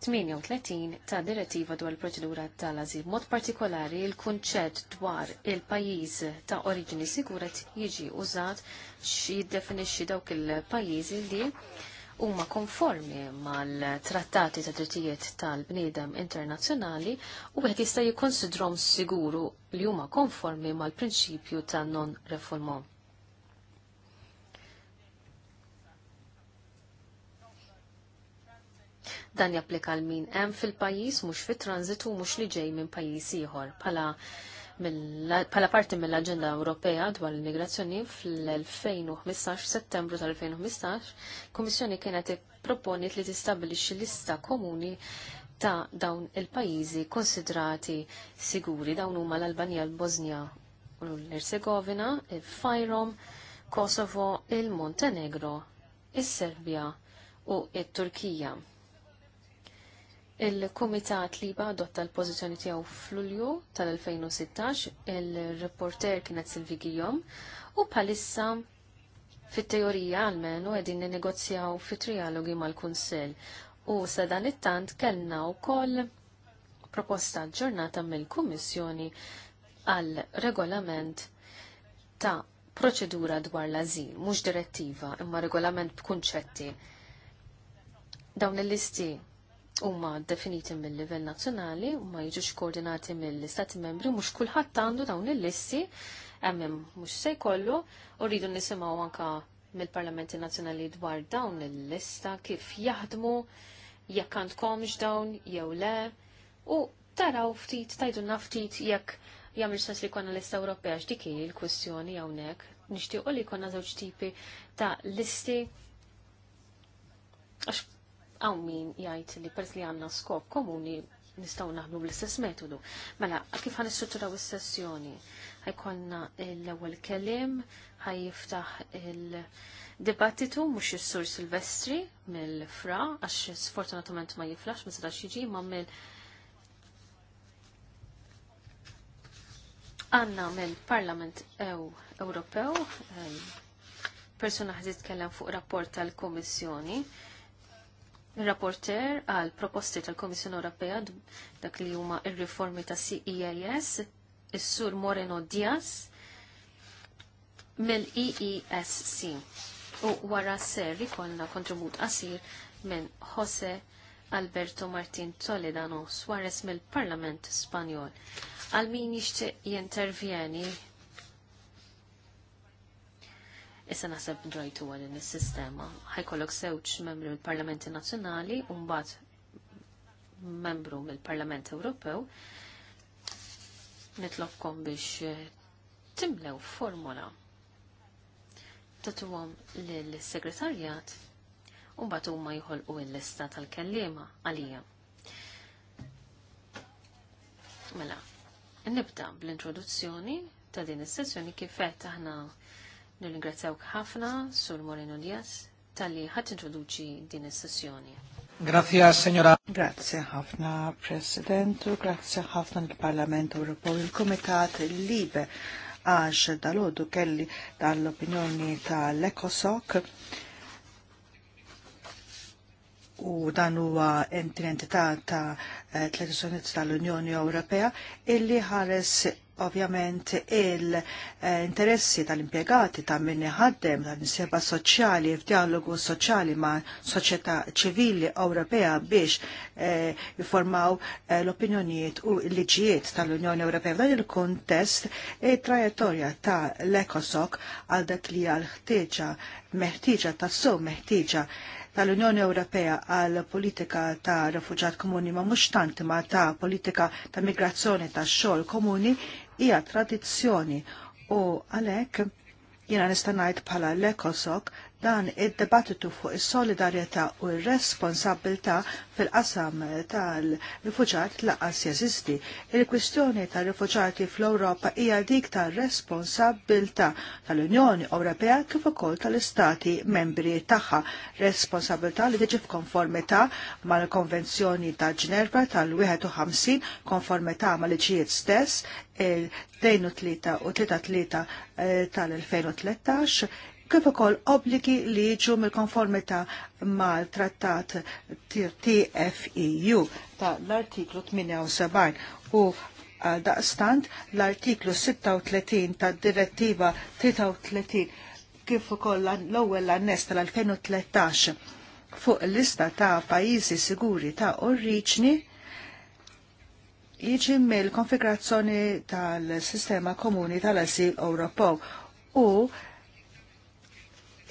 38 ta' direttiva dwar il-proċedura tal-azil. Mod partikolari il-kunċett dwar il-pajjiż ta' oriġini sigura jiġi użat jiddefinixxi dawk il-pajjiżi li huma konformi mal-trattati ta' drittijiet tal-bniedem internazzjonali u qed jista' jikkonsidrom siguru li huma konformi mal-prinċipju ta' non-refoulement. Dan japplika l min hemm fil-pajjiż mhux fit-tranzitu mhux li ġej minn pajjiż ieħor. Pala Pala parti mill-Aġenda Ewropea dwar l-immigrazzjoni fl-2015, settembru tal-2015, Kummissjoni kienet proponiet li tistabilixxi lista komuni ta' dawn il-pajjiżi konsidrati siguri dawn huma l-Albanija, l bosnia u l-Erzegovina, il-Fajrom, Kosovo, il-Montenegro, il serbia u turkija il montenegro is serbja u t turkija Il-Kumitat Liba adotta l-pożizzjoni tiegħu f'Lulju tal-2016, il-reporter kienet Silvi Gijom, u bħalissa fit-teorija għalmen u għedin negozjaw fit-trialogi mal-Kunsel. U sadan it-tant kellna wkoll proposta ġurnata mill-Kummissjoni għal regolament ta' proċedura dwar l-azil, mhux direttiva, imma regolament b'kunċetti. Dawn il-listi huma definiti mill-livell nazzjonali, umma jiġux koordinati mill-Stati membri, mhux kulħadd għandu dawn il-lissi, hemm mhux se jkollu, u rridu nisimgħu anka mill-Parlamenti Nazzjonali dwar dawn il-lista kif jaħdmu, jekk għandkomx dawn jew le, u taraw ftit, tajdu ftit jekk jagħmel sens li konna lista Ewropea x'dik l kwestjoni hawnhekk. Nixtiequ li konna żewġ tipi ta' listi għaw min jgħid li pers li għanna skop komuni nistaw naħdmu bl-istess metodu. Mela, kif għan istrutturaw is-sessjoni? Ħajkonna l-ewwel kelim, ħajjiftaħ il- Dibattitu mhux is-sur Silvestri mill-Fra, għax sfortunatament ma jiflax, ma setax jiġi, ma mill għanna mill-Parlament Ew Ewropew, persuna ħazit kellem fuq rapport tal-Komissjoni Il-rapporter għal proposti tal-Komissjoni Ewropea dak li huma ir-riformi ta' CEAS, is-Sur Moreno Diaz mill-EESC. U wara ser ikollna kontribut qasir minn Jose Alberto Martin Toledano Suarez mill-Parlament Spanjol. Għal min jixtieq jintervjeni Issa naħseb drajtu għal din is-sistema. Ħajkollok sewġ membru mill-Parlamenti Nazzjonali u mbagħad membru mill-Parlament Ewropew. Nitlobkom biex eh, timlew formola tatuhom lill-segretarjat u mbagħad huma jħolqu l-lista tal-kellima għalija. Mela, nibda bl-introduzzjoni ta' din is-sessjoni kif qed aħna Nirringrazzawk ħafna, Sur Moreno Diaz, tal-li ħat introduċi din is-sessjoni. Grazie, signora. Grazie ħafna, Presidentu, grazie ħafna il parlament Ewropew, il-Komitat il-Libe, għax dal-ħodu kelli dal-opinjoni tal-Ekosoc u dan huwa entità ta' eh, tlet tal-Unjoni Ewropea illi ħares ovvjament il-interessi eh, tal-impiegati ta' min ħaddem ta' inseba soċjali f'dialogu soċjali ma' soċjetà ċivili Ewropea biex jiformaw eh, l-opinjonijiet u l-liġijiet tal-Unjoni Ewropea. F'dan il-kontest il-trajettorja ta' l-ECOSOC għal dak li għal ħtieġa meħtieġa ta' so meħtieġa tal-Unjoni Ewropea għal politika ta' refuġat komuni ma' mhux tant ma' ta' politika ta' migrazzjoni ta' xogħol komuni hija tradizzjoni u għalhekk jiena nista' ngħid bħala l-ekosok dan id-debattitu fuq is-solidarjetà u r-responsabilità fil-qasam tal-rifuġat laqas jeżisti. Il-kwistjoni tal-rifuġati fl-Ewropa hija dik tar-responsabilità tal-Unjoni Ewropea kif ukoll tal-Istati membri tagħha, responsabilità li tiġi f'konformità mal-Konvenzjoni ta' Ġenerva tal-51, konformità mal-liġijiet stess, il-2 u tlieta eh, tal-2013, kif ukoll obbligi li jiġu mill-konformità mal-trattat TFEU ta' l-artiklu 78 u eh, daqstant l-artiklu 36 ta' direttiva 33 kif ukoll l-ewwel annes tal-2013 fuq lista ta' pajjiżi siguri ta' oriġni jiġi mill konfigurazzjoni tal-sistema komuni tal-asil Ewropew u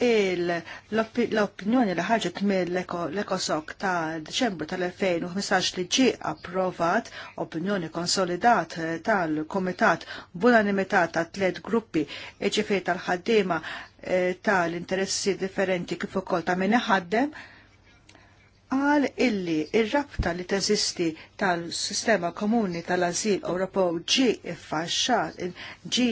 l-opinjoni li ħarġet mill-ekosok ta' Deċembru tal-2015 li ġi approvat opinjoni konsolidat tal-Komitat b'unanimità ta' tliet gruppi ġifej tal-ħaddiema eh, tal-interessi differenti kif ukoll ta' min iħaddem għal illi il rabta li teżisti tal-sistema komuni tal-azil Ewropew ġi iffaxxat, ġi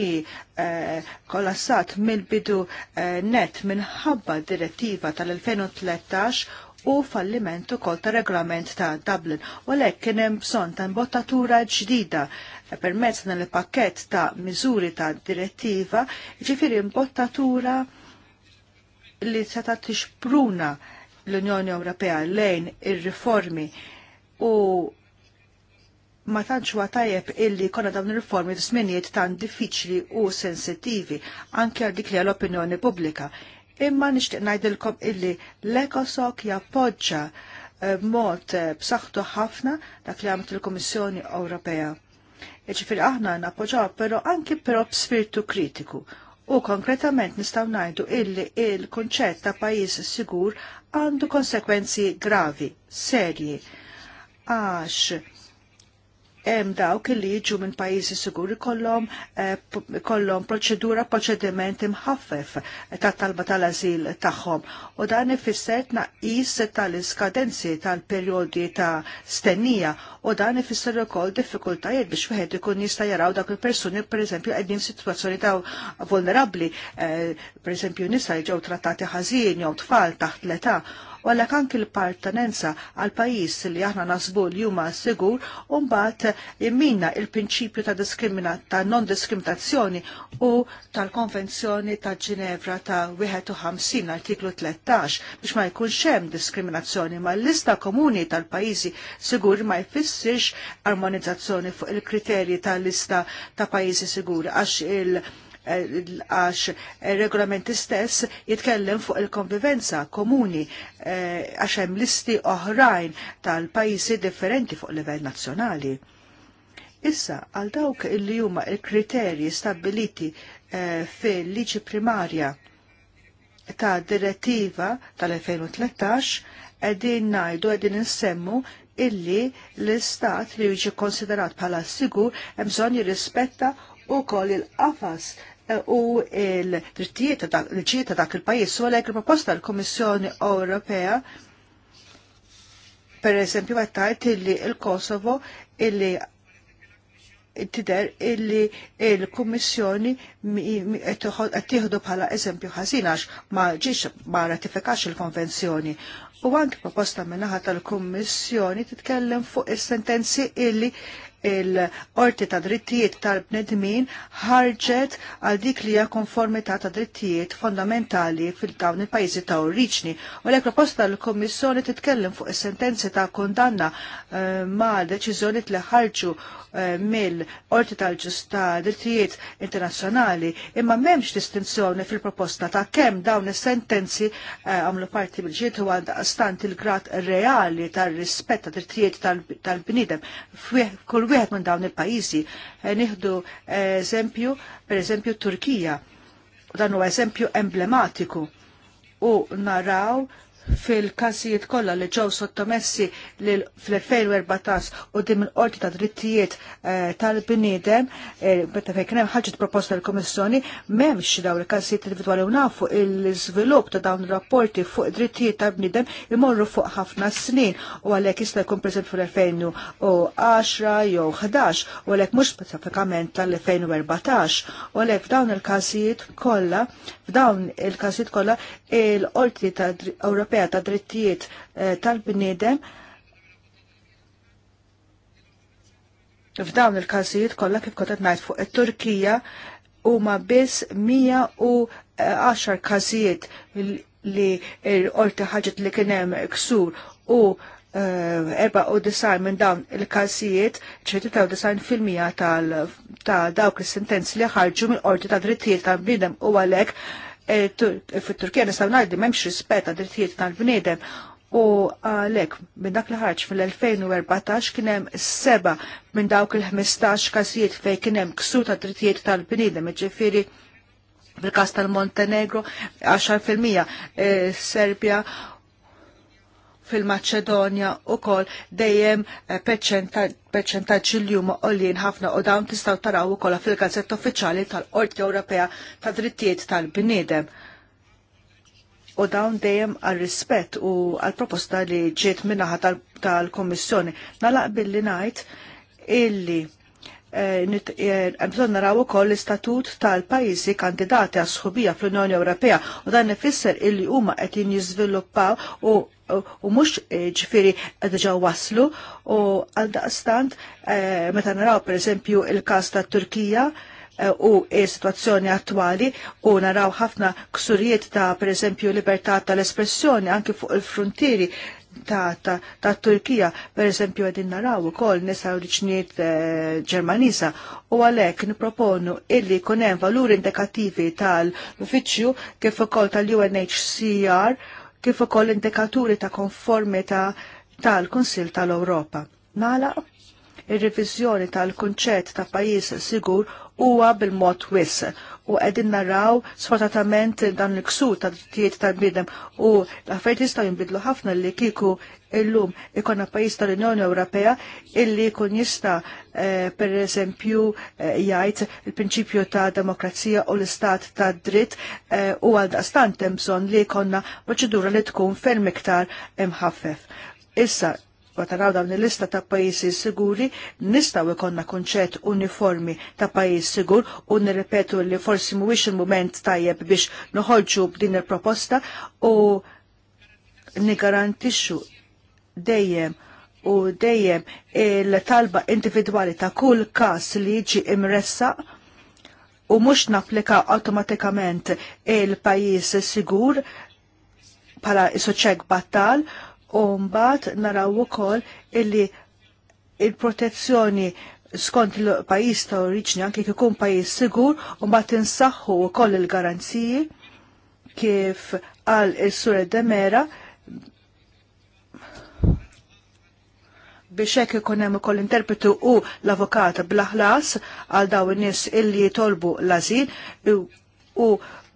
eh, kolassat mill-bidu eh, net minħabba direttiva tal-2013 u falliment kol ta' reglament ta' Dublin. U għalhekk kien hemm bżonn ta' imbottatura ġdida permezz dan il-pakkett ta' miżuri ta' direttiva, ġifieri imbottatura li seta' tixpruna l-Unjoni Ewropea lejn ir-riformi u ma tantx huwa tajjeb illi konna dawn ir-riformi f'żminijiet tant diffiċli u sensittivi anke għal dik li l-opinjoni pubblika. Imma nixtieq ngħidilkom illi l-Ekosok jappoġġa b'mod eh, eh, b'saħħtu ħafna dak li għamilt il-Kummissjoni Ewropea. Ġifieri aħna nappoġġaw però anke però b'spirtu kritiku U konkretament nistaw najdu illi il-konċett ta' pajis sigur għandu konsekwenzi gravi, serji, għax hemm dawk li jiġu minn pajjiżi siguri kollhom eh, kollhom proċedura proċediment imħaffef ta' talba tal-ażil tagħhom. U dan ifisser tnaqqis tal-iskadenzi tal-perjodi ta' stennija u dan ifisser ukoll diffikultajiet biex wieħed ikun jista' jaraw dawk il-persuni pereżempju qegħdin f'sitwazzjoni ta' vulnerabbli, eh, pereżempju nisa jġew trattati ħażin jew tfal taħt l-età u għallek anki l-partenenza għal pajis li aħna nasbu li huma sigur u mbagħad jimminna il-prinċipju ta' diskrimina ta' non-diskriminazzjoni u tal-Konvenzjoni ta' Ġinevra ta' 51 artiklu 13 biex ma jkunx hemm diskriminazzjoni ma' l-lista komuni tal-pajjiżi sigur ma jfissirx armonizzazzjoni fuq il-kriterji tal-lista ta' pajjiżi siguri għax il- għax regolamenti stess jitkellem fuq il-konvivenza komuni eh, għax hemm listi oħrajn tal-pajjiżi differenti fuq livell nazzjonali. Issa għal dawk illi huma il-kriterji stabiliti eh, fil-liġi primarja ta' direttiva tal-2013 għedin najdu għedin nsemmu illi l-istat li jiġi konsiderat bħala sigur bżonn jirrispetta u koll il-qafas u l-drittijiet l-ċieta dak il-pajis u għalek il-proposta l-Komissjoni Ewropea per eżempju għattajt illi il-Kosovo illi tider illi il-Kummissjoni tieħdu bħala eżempju ħażinax ma ġiex ma ratifikax il-konvenzjoni. U għank proposta minnaħat tal-Kummissjoni titkellem fuq is-sentenzi illi il-Qorti ta' Drittijiet tal-Bnedmin ħarġet għal dik li hija konformità ta' drittijiet fondamentali fil-dawn il-pajjiżi ta' oriġni. U l proposta l komissjoni titkellem fuq is-sentenzi ta' kondanna eh, ma' deċiżjonijiet li ħarġu eh, mill-Qorti tal-Ġusta Drittijiet Internazzjonali imma m'hemmx distinzjoni fil-proposta ta' kemm dawn is-sentenzi eh, għamlu parti bil-ġiet u għal stant il grat reali tal-rispett ta' drittijiet tal-bnidem. Kull wieħed minn dawn il-pajjiżi. Eh, nieħdu eżempju, pereżempju Turkija. Dan huwa eżempju emblematiku. U naraw fil-każijiet kollha li ġew sottomessi fl-2014 u dim il-qorti ta' drittijiet eh, tal-bniedem eh, meta fejn kien hemm ħaġit proposta l-Komissjoni m'hemmx dawn il-każijiet individwali u nafu l-iżvilupp ta' dawn ir-rapporti fuq drittijiet tal-bniedem imorru fuq ħafna snin u għalhekk jista' jkun preżent fl-2010 jew 11 u għalhekk mhux speċifikament tal-2014 u għalhekk f'dawn il-każijiet kollha f'dawn il-każijiet kollha il-qorti ta' Ewropej Ewropea ta' drittijiet eh, tal-bniedem f'dawn il-każijiet kollha kif kont qed ngħid fuq it-Turkija huma biss 110 eh, każijiet li l-qorti ħaġet li kien hemm ksur u eh, erba u minn dawn il-każijiet ċertita u design fil-mija tal dawk is-sentenzi li ħarġu mill-qorti ta' drittijiet ta' bnidem u għalhekk Eh, fit-Turkija nistaw najdi m'hemmx rispett drittijiet tal-bniedem u għalek minn dak li ħarġ fil-2014 kien hemm seba minn dawk il-15 każijiet fejn kien hemm ta' drittijiet tal-bniedem, ġifiri fil-kas tal-Montenegro 10% eh, Serbia fil-Maċedonja u kol dejjem eh, perċentaġġi li huma qolin ħafna u dawn tistgħu taraw ukoll fil-Gazzetta Uffiċjali tal-Qorti Ewropea ta' Drittijiet tal-Bniedem. U dawn dejjem għal rispett u għal proposta li ġiet minnaħa tal komissjoni Nalaq billi ngħid illi Eh, eh, bżon naraw ukoll l-istatut tal-pajjiżi kandidati għas sħubija fl-Unjoni Ewropea u dan ifisser illi huma qed jiżviluppaw u u mux eh, ġifiri għadġa waslu u għalda daqstant meta naraw per eżempju il-kas ta' Turkija Eh, u s-sitwazzjoni attwali u naraw ħafna ksurijiet ta' pereżempju libertà tal-espressjoni anke fuq il-frontieri ta', ta, ta Turkija, per esempio għedin naraw u kol nisa oriċniet eh, ġermanisa u għalek niproponu illi kunem valuri indikativi tal-uffiċju kif ukoll tal-UNHCR kif ukoll indikaturi ta' konformita tal-Konsil tal-Europa. Nala, ir revizjoni tal-kunċett ta' pajis sigur huwa bil-mod wis u għedin naraw sfortatament dan l-ksu ta' tiet ta' bidem u l-affarijiet jistgħu jinbidlu ħafna li kiku illum ikonna pajjiż tal-Unjoni Ewropea illi jkun jista' eh, per eżempju eh, jgħid il-prinċipju ta' demokrazija u l-istat ta' dritt eh, u għal daqstant hemm bżonn li jkollna proċedura li tkun ferm iktar imħaffef. Issa, wataraw dawn il-lista ta' pajjiżi siguri nistaw ikonna kunċett uniformi ta' pajjiż sigur u nirripetu li forsi mhuwiex il-mument tajjeb biex noħolġu b'din il-proposta u nigarantixxu dejjem u dejjem il-talba individwali ta' kull każ li jiġi imressa u mhux napplika awtomatikament il-pajjiż sigur bħala isu battal u mbagħad naraw ukoll illi il-protezzjoni skont il-pajis ta' oriġni anki kif ikun pajis sigur u mbagħad insaħħu wkoll il-garanziji kif għal il sure Demera biex hekk ikun hemm ukoll interpretu u l-avukat bla ħlas għal dawn in-nies illi jitolbu l-ażil u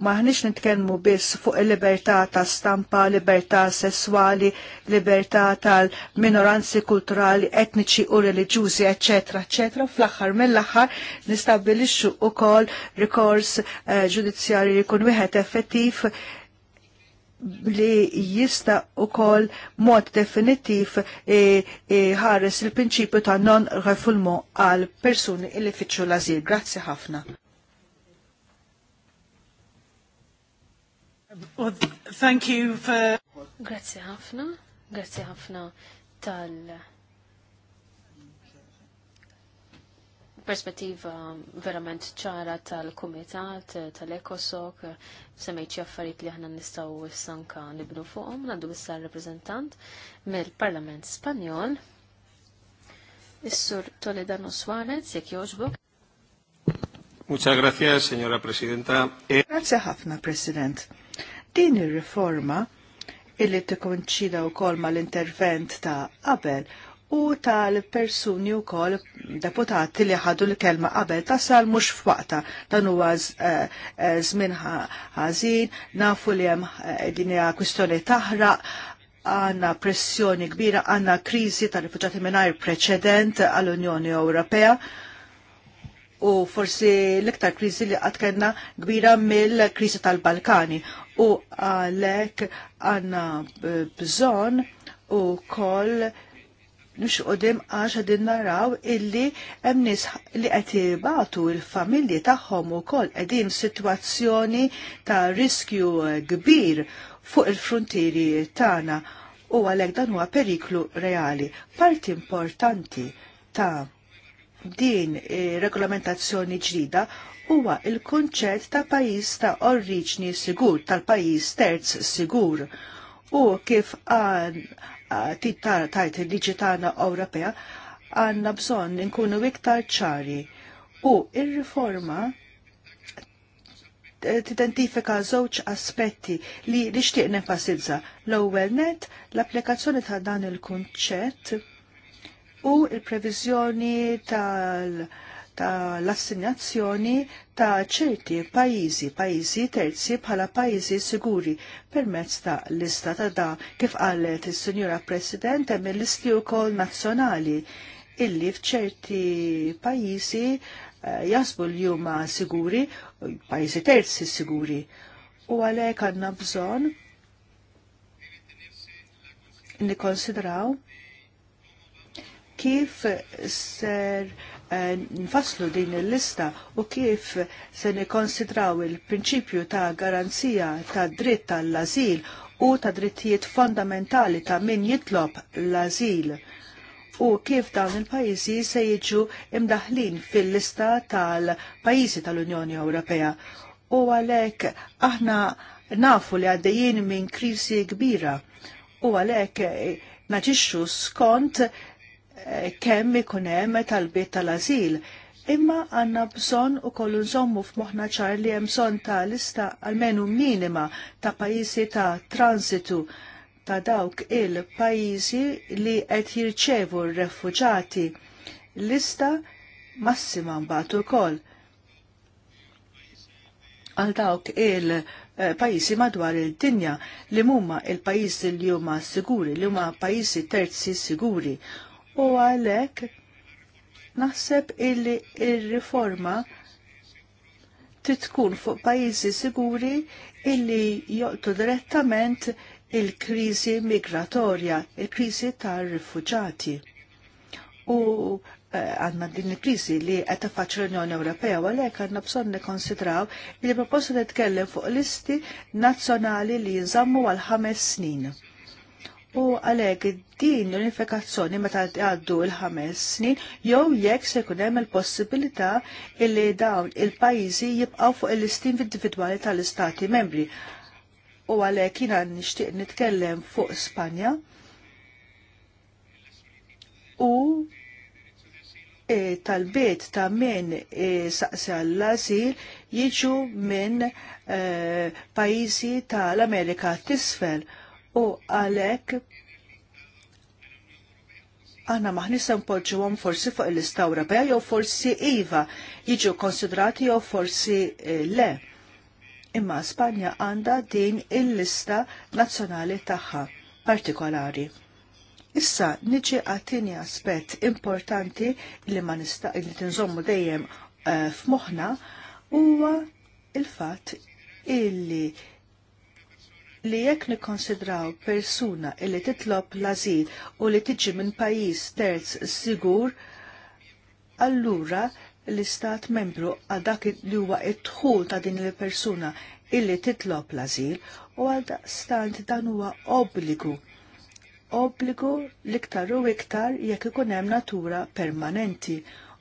maħniex nitkellmu biss fuq il-libertà ta' stampa, libertà sessuali, libertà tal-minoranzi kulturali, etniċi u reliġjużi, eccetera, eccetera. Fl-aħħar mill-aħħar u kol rikors eh, ġudizzjarji li kun wieħed effettiv li jista u kol mod definitiv eh, eh, ħares il-prinċipju ta' non refulmu għal persuni illi fitxu l-azil. Grazzi ħafna. Well, thank you for... Grazie ħafna, grazie ħafna tal perspettiva verament ċara tal-Kumitat, tal-Ekosok, semmejċi affarijiet li aħna nistgħu sanka nibnu fuqhom, għandu issa rappreżentant mill-Parlament Spanjol, is-Sur Toledano Suarez, jek joġbuk. Muchas gracias, señora Presidenta. Grazie ħafna, President. Din ir-riforma illi tikkonċida wkoll mal-intervent ta' qabel u tal-persuni u kol deputati li ħadu l-kelma qabel tasal mux f'waqta dan huwa eh, eh, żmien ħażin, nafu li hemm eh, din hija kwistjoni taħraq, għanna pressjoni kbira, għanna kriżi tal-rifuġati mingħajr preċedent għall-Unjoni Ewropea u forsi l-iktar kriżi li qatt kellna kbira mill-kriżi tal-Balkani u għalhekk għandna bżonn ukoll nix qodim għax għadin naraw illi emnis li għetibatu il-familji taħħom u kol għedin situazzjoni ta' riskju kbir fuq il-frontieri tana u għalek dan huwa periklu reali. Parti importanti ta' din e, regolamentazzjoni ġdida huwa il-kunċett ta' pajjiż ta' oriġni sigur, tal-pajjiż terz sigur. U kif titar tajt il-liġi tagħna Ewropea għandna bżonn inkunu iktar ċari. U ir-riforma tidentifika żewġ aspetti li nixtieq nenfasizza. L-ewwel net l-applikazzjoni ta' dan il-kunċett u il-previżjoni tal- assinjazzjoni ta' ċerti pajizi, pajizi terzi bħala pajizi siguri permezz ta' lista ta' da' kif qalet is sinjura President hemm il-listi wkoll nazzjonali illi f'ċerti pajizi eh, jasbu li huma siguri, pajizi terzi siguri. U għalhekk għandna bżonn nikkonsidraw kif ser eh, nfasslu din il-lista u kif se nikonsidraw il-prinċipju ta' garanzija ta' dritt tal-azil u ta' drittijiet fondamentali ta' min jitlob l-azil u kif dawn il-pajjiżi se jiġu imdaħlin fil-lista tal-pajjiżi tal-Unjoni Ewropea. U għalhekk aħna nafu li għaddejjin minn kriżi kbira u għalhekk naġixxu skont kemm ikun hemm talbiet tal-azil. Imma għanna bżon u kollu nżommu f'moħna ċar li hemm bżon ta' lista almenu minima ta' pajjiżi ta' transitu ta' dawk il-pajjiżi li qed jirċevu r-refuġati. Lista massima mbagħad ukoll għal dawk il-pajjiżi madwar il-dinja li huma il-pajjiżi li huma siguri, li huma pajjiżi terzi siguri u għalek naħseb illi il-riforma titkun fuq pajizi siguri illi joqtu direttament il-krizi migratorja, il-krizi tar-rifuġati. U eh, għanna din il-krizi li għetta faċ l-Unjoni Ewropea, u għalek għanna bżon nikonsidraw li proposta li tkellem fuq listi nazzjonali li jinżammu għal ħames snin U għalek din l-unifikazzjoni meta għaddu il-ħames snin, jew jekk se jkun hemm il-possibilità li dawn il-pajjiżi jibqgħu fuq il-listin individwali tal-istati membri. U għalhekk jiena nixtieq nitkellem fuq Spanja u e, tal-bit ta' min e, l azil jiġu minn e, pajjiżi tal-Amerika t-isfel u għalhekk għanna maħnissa għom forsi fuq il-lista Ewropea jew forsi iva jiġu konsidrati jew forsi eh, le. Imma Spanja għandha din il-lista nazzjonali tagħha partikolari. Issa niġi għatini aspett importanti li ma nista' li tinżommu dejjem eh, f'moħħna huwa il-fatt illi li jekk nikkonsidraw persuna li titlob l-azil u li tiġi minn pajjiż terz sigur, allura l-istat membru għal dak li huwa id-dħul ta' din il-persuna illi titlob l-azil u għal stant dan huwa obbligu. Obbligu l-iktar u iktar jekk ikun hemm natura permanenti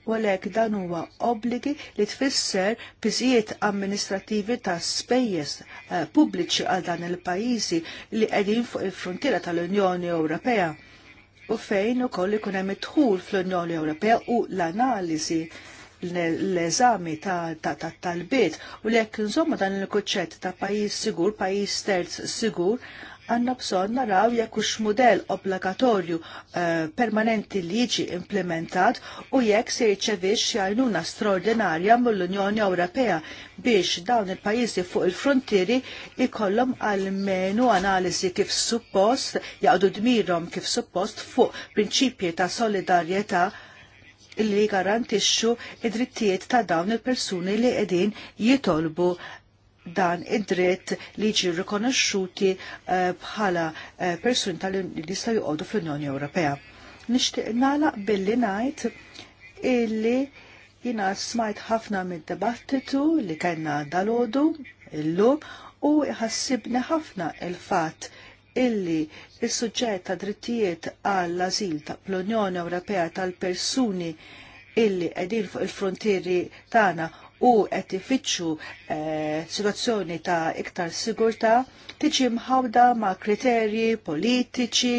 u għalhekk dan huwa obbligi li tfisser piżijiet amministrativi ta' spejjeż eh, pubbliċi għal dan il-pajjiżi li qegħdin fuq il-frontiera tal-Unjoni Ewropea u fejn ukoll ikun hemm idħul fl-Unjoni Ewropea u l-analiżi l-eżami tal-bit u li jekk insomma dan il-kuċċett ta' pajjiż sigur, pajjiż terz sigur, għanna bżon naraw jekk hux mudell obbligatorju eh, permanenti li implementat u jekk se jiċċevix jgħinuna straordinarja mill-Unjoni Ewropea biex dawn il-pajjiżi fuq il-frontieri ikollhom għalmenu analisi kif suppost jaqdu dmirhom kif suppost fuq prinċipji ta' solidarjetà li garantixxu id-drittijiet ta' dawn il-persuni li qegħdin jitolbu dan id-dritt li ġi rikonosciuti eh, bħala eh, persuni tal-lista juqodu fl-Unjoni Ewropea. Nixtieq nagħlaq billi ngħid illi jina smajt ħafna mid-debattitu li kellna dalodu illum u ħassibni ħafna il-fatt illi il-suġġett ta' drittijiet għall-azil ta' l-Unjoni Ewropea tal-persuni illi qegħdin fuq il-frontieri tagħna u qed ifittxu eh, situazzjoni ta' iktar sigurta tiġi mħawda ma' kriterji politiċi,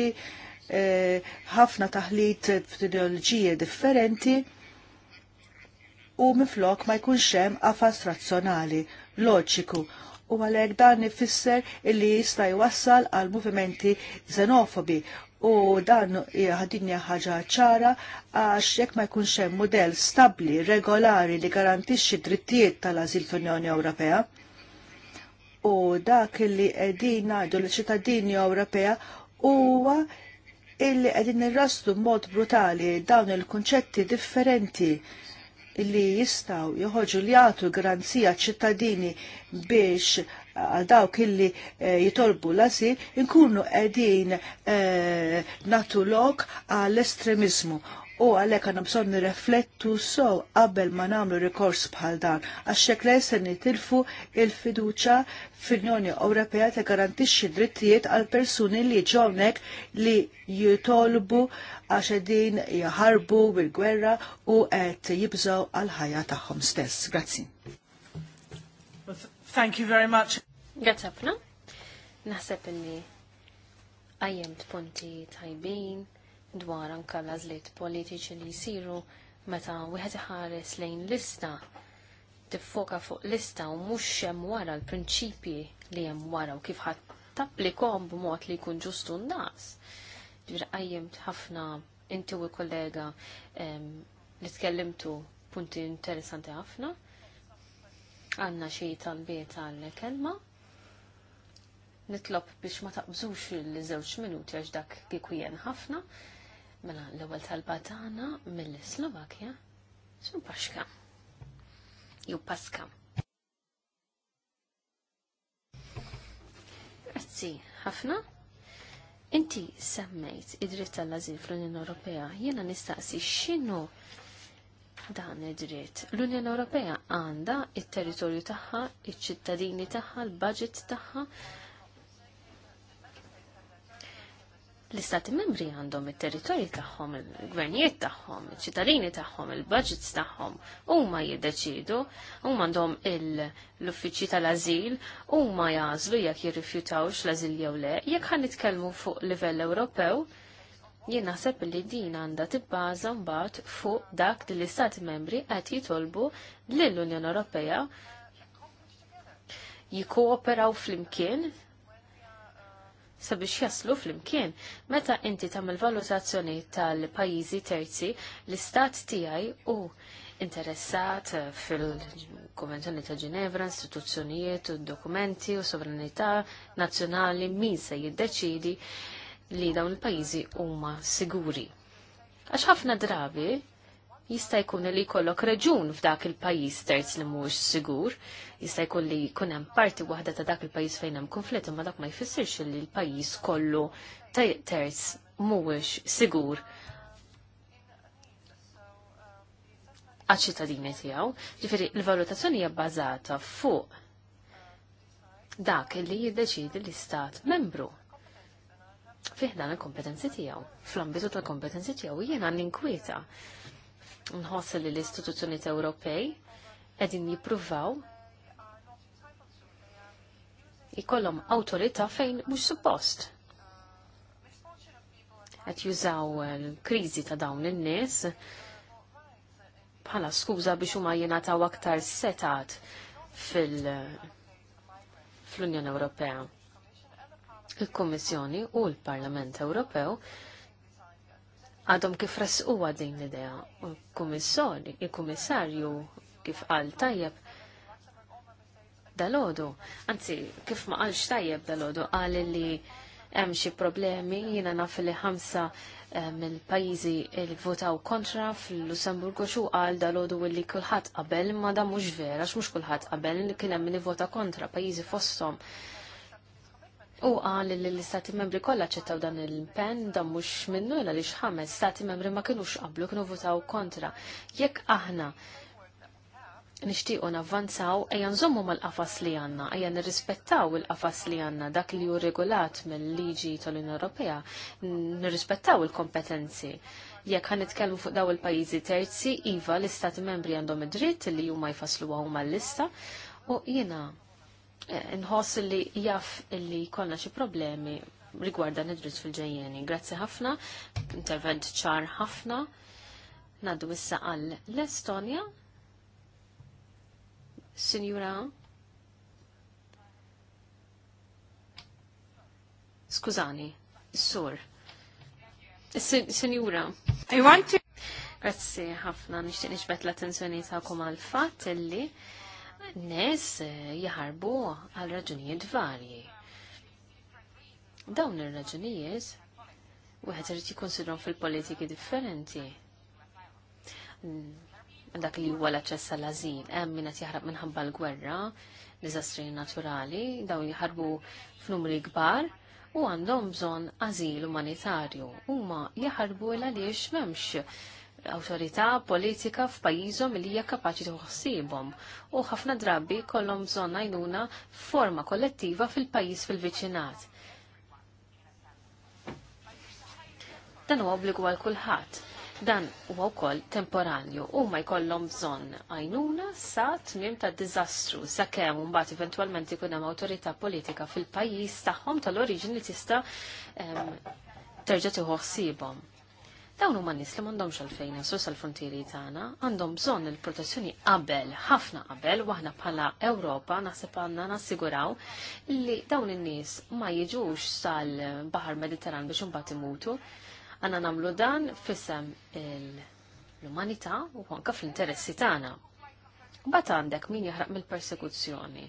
eh, ħafna taħlit f'ideoloġiji differenti u miflok ma jkunx hemm għafas razzjonali, loġiku u għalhekk dan ifisser illi jista' jwassal għal movimenti xenofobi u dan ħadinja ħaġa ċara għax jekk ma jkunx hemm mudell stabbli, regolari li garantixxi drittijiet tal azil fl-Unjoni Ewropea. U dak li qegħdin ngħidu l ċittadini Ewropea huwa illi qegħdin nirrastu mod brutali dawn il-kunċetti differenti li jistaw joħoġu li jagħtu garanzija ċittadini biex għal dawk illi eh, jitolbu lasi, asil inkunu qegħdin eh, natu lok għall-estremizmu u għalek għanna bżon nirreflettu so qabel ma namlu rikors bħal dan, għaxek le se nitilfu il-fiduċa fil-Unjoni Ewropea te garantixxi drittijiet għal persuni li ġonek li jitolbu għax din jaħarbu bil-gwerra u qed jibżaw għal ħajja tagħhom stess. Grazzi. Thank you very much. Għatabna. Naħseb illi għajjem punti tajbin dwar anka lażliet politiċi li jisiru meta wieħed iħares lejn lista tiffoka fuq lista u mhux hemm wara l-prinċipji li hemm wara u kif ħadd tapplikom b'mod li jkun ġustu n-nas. Ġir qajjimt ħafna inti u kollega li tkellimtu punti interessanti ħafna. Għanna xie talbiet għal kelma. Nitlob biex ma taqbżux l-żewġ minuti għax dak kikujen ħafna. Mela l-ewwel talba tagħna mill-Slovakja. Sun Paxka. Ju Paska. Grazzi ħafna. Inti semmejt id-dritt tal-azil fl-Unjoni Ewropea, jiena nistaqsi x'inhu dan id-dritt. L-Unjoni Ewropea għandha it-territorju tagħha, iċ-ċittadini tagħha, l-budget tagħha. L-istati membri għandhom it-territorju tagħhom, il-gvernijiet tagħhom, iċ-ċittadini tagħhom, il-budgets tagħhom. Huma jiddeċidu, huma għandhom l-uffiċċji tal-ażil, huma jażlu jekk jirrifjutawx l-ażil jew le, jekk ħan nitkellmu fuq livell Ewropew, jien naħseb li din għandha tibbaża mbagħad fuq dak li l-Istati membri qed jitolbu lill-Unjoni Ewropea jikkooperaw flimkien sabiex jaslu flimkien. Meta inti tagħmel valutazzjoni tal-pajjiżi terzi, l-istat tiegħi u interessat fil-Konvenzjoni ta' Ginevra, istituzzjonijiet u dokumenti u sovranità nazzjonali min se jiddeċidi li dawn il-pajjiżi huma siguri. Għax ħafna drabi jista' jkun li jkollok reġun f'dak il-pajjiż terz li mhuwiex sigur, jista' jkun li jkun hemm parti waħda ta' dak il-pajjiż fejn hemm konflitt, imma dak ma jfissirx li l-pajjiż kollu terz mhuwiex sigur għaċ-ċittadini tiegħu. Ġifieri l-valutazzjoni hija bbażata fuq dak li jiddeċidi l-istat membru dan il-kompetenzi tijaw, fl-ambitu tal-kompetenzi tijaw, jiena ninkwieta. Nħoss li l-istituzzjoniet Ewropej edin jipruvaw jikollom autorita fejn mhux suppost. Qed jużaw eh, l-kriżi ta' dawn in-nies bħala skuża biex huma jingħataw aktar setat fil- fl-Unjoni Ewropea il-Kommissjoni u l-Parlament Ewropew għadhom kif rasquwa din l-idea. il kommissarju il-Kummissarju kif qal tajjeb dalodu, anzi kif ma qalx tajjeb dalodu għal li hemm xi problemi jiena naf li ħamsa eh, mill-pajjiżi li votaw kontra fil-Lussemburgu xu qal dalodu li kulħadd qabel ma da mhux vera, x'mhux kulħadd qabel li kien hemm min ivota kontra pajjiżi fosthom U għal li l-istati membri kollha ċettaw dan il-pen, dan mhux minnu illa li xħames stati membri ma kinux qablu kienu votaw kontra. Jekk aħna nixtiequ navvanzaw ejja nżommu mal-qafas li għandna, ejja nirrispettaw il-qafas li għandna dak li hu regolat mill-liġi tal-Unjoni Ewropea, nirrispettaw il-kompetenzi jekk ħan nitkellmu fuq daw il-pajjiżi terzi, iva l-istati membri għandhom id-dritt li huma jfasslu huma l-lista u jiena nħoss li jaff li kollna xi problemi rigwarda nidrit fil-ġejjeni. Grazzi ħafna, intervent ċar ħafna. Naddu issa għall l-Estonja. Signora. Skużani, s-sur. Signora. I want to... Grazzi ħafna, nixtieq nixbet l-attenzjoni tagħkom għal fat illi nes eh, jaħarbu għal raġunijiet varji. Dawn ir-raġunijiet wieħed irid jikkunsidhom fil-politiki differenti. Mm, dak li huwa l-aċċess għall ażil hemm min qed jaħrab minħabba l-gwerra, diżastri naturali, dawn jaħarbu f'numri kbar u għandhom bżonn ażil umanitarju. Huma jaħarbu l għaliex m'hemmx awtorità politika f'pajjiżhom li hija kapaċi tħossibhom u ħafna drabi kollhom bżonn għajnuna forma kollettiva fil-pajjiż fil-viċinat. Dan huwa obbligu għal kulħadd dan huwa wkoll temporanju u ma jkollhom bżonn għajnuna sa tmiem ta' diżastru sakemm mbagħad eventwalment ikun hemm awtorità politika fil-pajjiż tagħhom tal-oriġini li tista' terġa' tieħu ħsiebhom. Dawn huma nies li m'għandhomx għalfejn sus għall-frontieri tagħna, għandhom bżonn il-protezzjoni qabel, ħafna qabel, waħna bħala Ewropa naħseb għandna nassiguraw li dawn in-nies ma jiġux sal-Baħar Mediterran biex imbagħad imutu. Għandna nagħmlu dan f'isem l-umanità u anke fl-interessi tagħna. Mbagħad għandek min jaħraq mill-persekuzzjoni,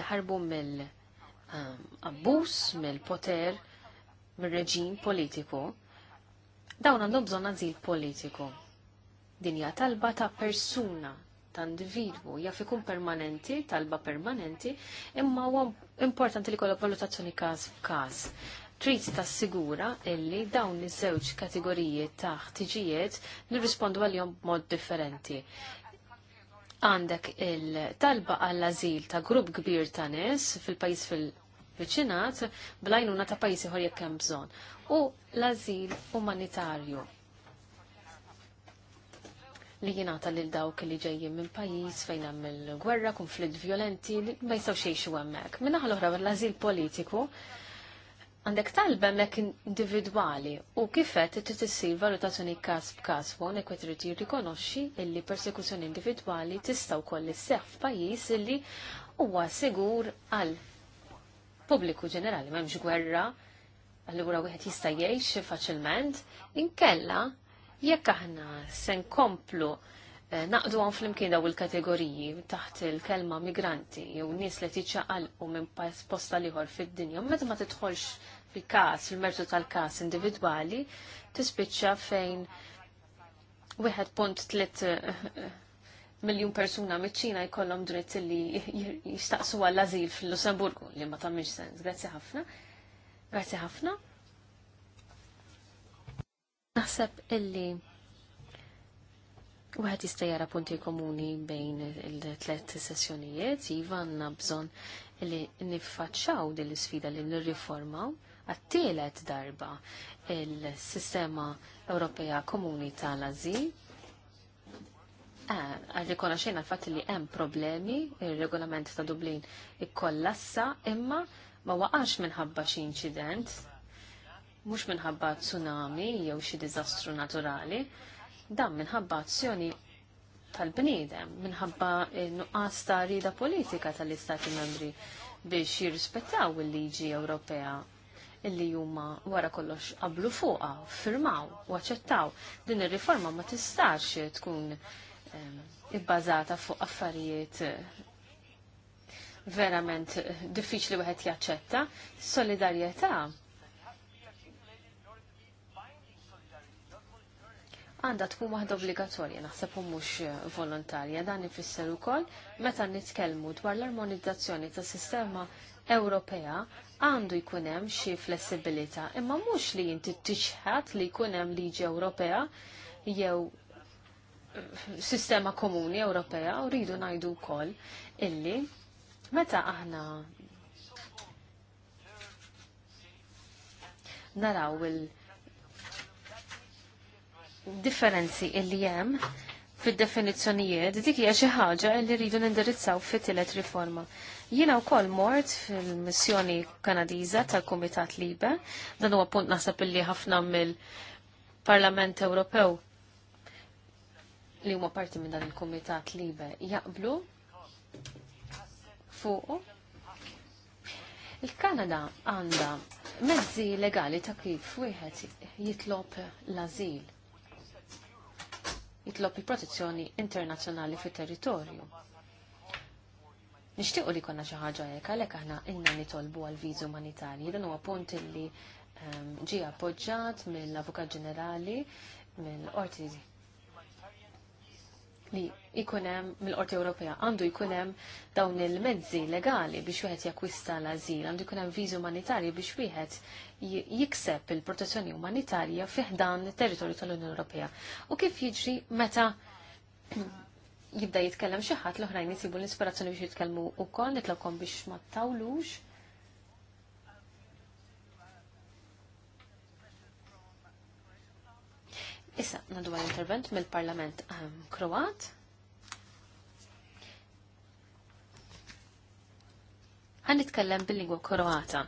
jaħarbu mill-abbuż, ehm, mill-poter, mill-reġim politiku, dawn għandhom bżonn azil politiku. Din hija talba ta' persuna ta' individwu jaf ikun permanenti, talba permanenti, imma huwa importanti li kollha valutazzjoni każ f'każ. Trid tassigura illi dawn iż-żewġ kategoriji ta' ħtiġijiet nirrispondu għalihom b'mod differenti. Għandek il-talba għall-azil ta' grupp kbir ta' nies fil-pajjiż fil viċinat blajnuna ta' pajjiżi ħor jekk hemm bżonn. U l-azil umanitarju li jingħata lil dawk li ġejjin minn pajjiż fejn hemm il-gwerra, konflitt violenti li ma jistgħu xejxu hemmhekk. Min l oħra l-azil politiku għandek talba mek individuali u kifet trid issir valutazzjoni każ b'każ fuq hawnhekk qed irid jirrikonoxxi illi persekuzzjoni individwali tista' wkoll isseħħ f'pajjiż illi huwa sigur għal pubbliku ġenerali m'hemmx gwerra, allura wieħed jista' jgħix faċilment, inkella jekk aħna se nkomplu eh, naqdu għan fl-imkien daw il-kategoriji taħt il-kelma migranti jew nies li u minn posta liħor fid-dinja, meta ma titħolx fil-każ, fil-mertu tal-każ individwali, tispiċċa fejn 1.3 miljun persuna miċ-Ċina jkollhom dritt li jistaqsu għall-azil fil-Lussemburgu li ma tagħmilx sens. Grazzi ħafna. Grazzi ħafna. Naħseb illi Wieħed jista' jara punti komuni bejn il-tlet sessjonijiet, iva għandna bżonn li niffaċċaw din l-isfida li nirriformaw għattilet darba il-sistema Ewropea Komuni tal-Azil Ah, għalli kona xejna fatt li hemm problemi, il-regolament ta' Dublin ikkollassa, imma ma waqax minħabba xi incident, mhux minħabba tsunami jew xi diżastru naturali, dan minħabba azzjoni tal-bniedem, minħabba nuqqas ta' rida politika tal-Istati membri biex jirrispettaw il-liġi Ewropea illi juma wara kollox qablu fuqa, firmaw u aċċettaw. Din ir-riforma ma tistax tkun ibbażata fuq affarijiet eh, verament eh, diffiċli wieħed jaċċetta, solidarjetà għandha tkun waħda obbligatorja naħseb u mhux eh, volontarja dan ifisser ukoll meta nitkellmu dwar l-armonizzazzjoni tas sistema Ewropea għandu jkun hemm xi flessibilità, imma mhux li inti tixħat li jkun hemm liġi Ewropea jew sistema komuni Ewropea u rridu ngħidu wkoll illi meta aħna naraw il differenzi illi hemm fid-definizzjonijiet dik hija xi ħaġa li rridu nindirizzaw fit-tielet riforma. Jiena wkoll mort fil-missjoni Kanadiża tal-Kumitat Libe, dan huwa punt naħseb illi ħafna mill-Parlament Ewropew li huma parti minn dan il-Kumitat Libe jaqblu fuq il-Kanada għandha mezzi legali ta' kif wieħed jitlob l-azil jitlob il-protezzjoni internazzjonali fit-territorju. Nixtiequ li konna xi ħaġa hekk għalhekk aħna inna nitolbu għal viżi umanitarji. Dan huwa punt li ehm, ġie appoġġjat mill-Avukat Ġenerali mill-Qorti li ikunem mill-Qorti Ewropea għandu ikunem dawn il-mezzi legali biex wieħed jakwista l-azil, għandu ikunem viżi umanitarji biex wieħed jikseb il-protezzjoni umanitarja fiħdan territorju tal-Unjoni Ewropea. U kif jiġri meta jibda jitkellem xi ħadd l-oħrajn jisibu l-ispirazzjoni biex jitkellmu wkoll nitlobkom biex ma tawlux Issa, nadu intervent mill-Parlament ehm, Kroat. Għan nitkellem bil-lingwa Kroata.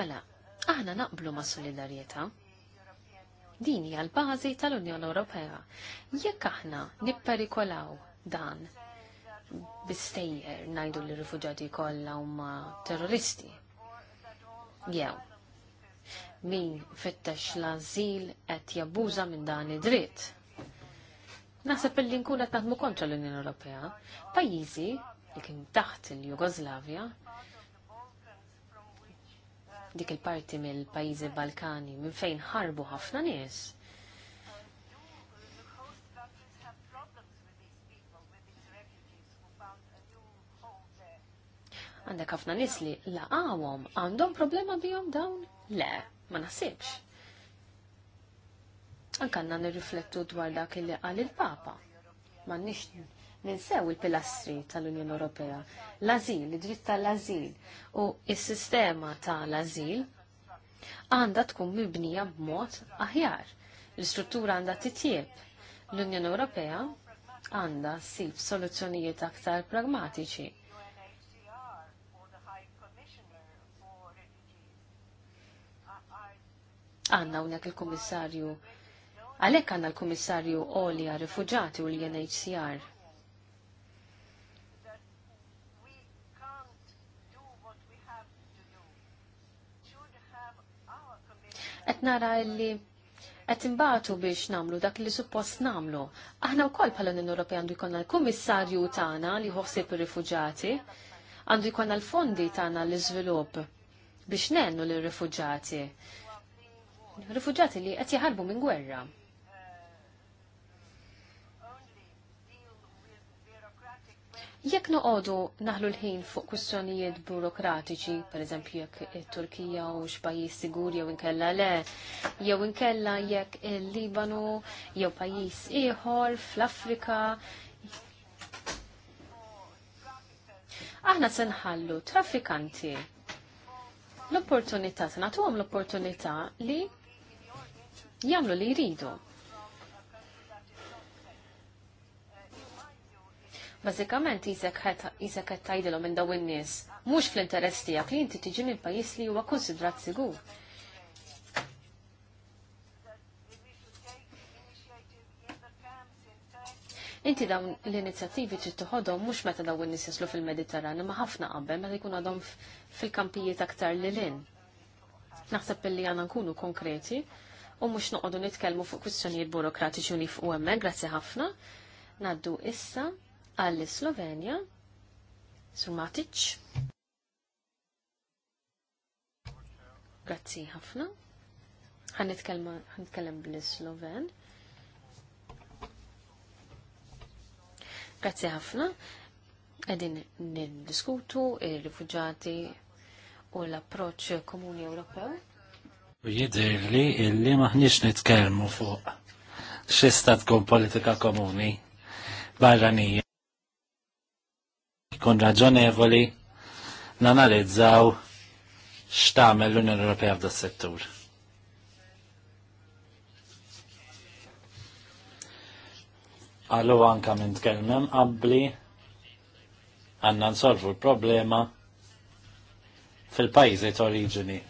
Mela, aħna naqblu ma' solidarjetà. Din hija l-bażi tal-Unjoni Ewropea. Jekk aħna nipperikolaw dan bistejjer najdu li rifugjati kollha huma terroristi. Jew min fittax l-azil qed jabbuża minn dan id-dritt. Naħseb illi nkun qed naħdmu kontra l-Unjoni Ewropea, pajjiżi li kien taħt il-Jugoslavja dik il-parti mill-pajjiżi Balkani minn fejn ħarbu ħafna nies Għandek ħafna nisli li laqawhom għandhom problema bihom dawn? Le, ma naħsibx. Ankanna nirriflettu dwar dak li qal il-Papa. Ma nix ninsew il-pilastri tal-Unjoni Ewropea. L-azil, id-dritt tal-azil u s-sistema tal-azil għandha tkun mibnija b'mod aħjar. L-istruttura għandha titjieb. L-Unjoni Ewropea għandha ssib soluzzjonijiet aktar pragmatiċi Għanna unek il-Komissarju. Għalek għanna l-Komissarju Olja Rifugġati u l-UNHCR. Qed nara li qed imbatu biex namlu dak li suppost namlu. Aħna wkoll bħala l-Unjoni għandu jkollna l-Kummissarju tagħna li ħossib ir-rifuġati, għandu jkollna l-fondi tagħna l-iżvilupp biex nennu l-rifugġati, rifuġati li qed jaħarbu minn gwerra. Jekk noqogħdu naħlu l-ħin fuq kwistjonijiet burokratiċi, pereżempju jekk it-Turkija u x'pajjiż sigur jew inkella le, jew inkella jekk il-Libanu jew pajjiż ieħor fl-Afrika. Aħna se nħallu traffikanti l-opportunità, se l-opportunità li Jamlu li jridu. Bażikament isek qed tajdilu minn dawn in-nies mhux fl-interess tiegħek li inti tiġi minn pajjiż li huwa konsidrat sigur. Inti dawn l-inizjattivi trid toħodhom mhux meta daw in nisislu fil-Mediterran, ma ħafna qabel meta jkun għadhom fil-kampijiet aktar l-in. Naħseb li għandna nkunu konkreti u mhux noqogħdu nitkellmu fuq kwistjonijiet burokratiċi u nifqu hemmhekk, grazzi ħafna. Naddu issa għall-Slovenja Sumatic. Grazzi ħafna. Ħanitkellem bl-Sloven. Grazzi ħafna. Edin nindiskutu ir-rifuġati u l-approċ komuni Ewropew U jidher li illi maħniex nitkellmu fuq xista tkun politika komuni barranija. Kun raġonevoli nanalizzaw x'tagħmel l-Unjoni Ewropea f'da settur. Għallu anka minn tkellmem qabli għanna nsolvu l-problema fil-pajjiżi ta' oriġini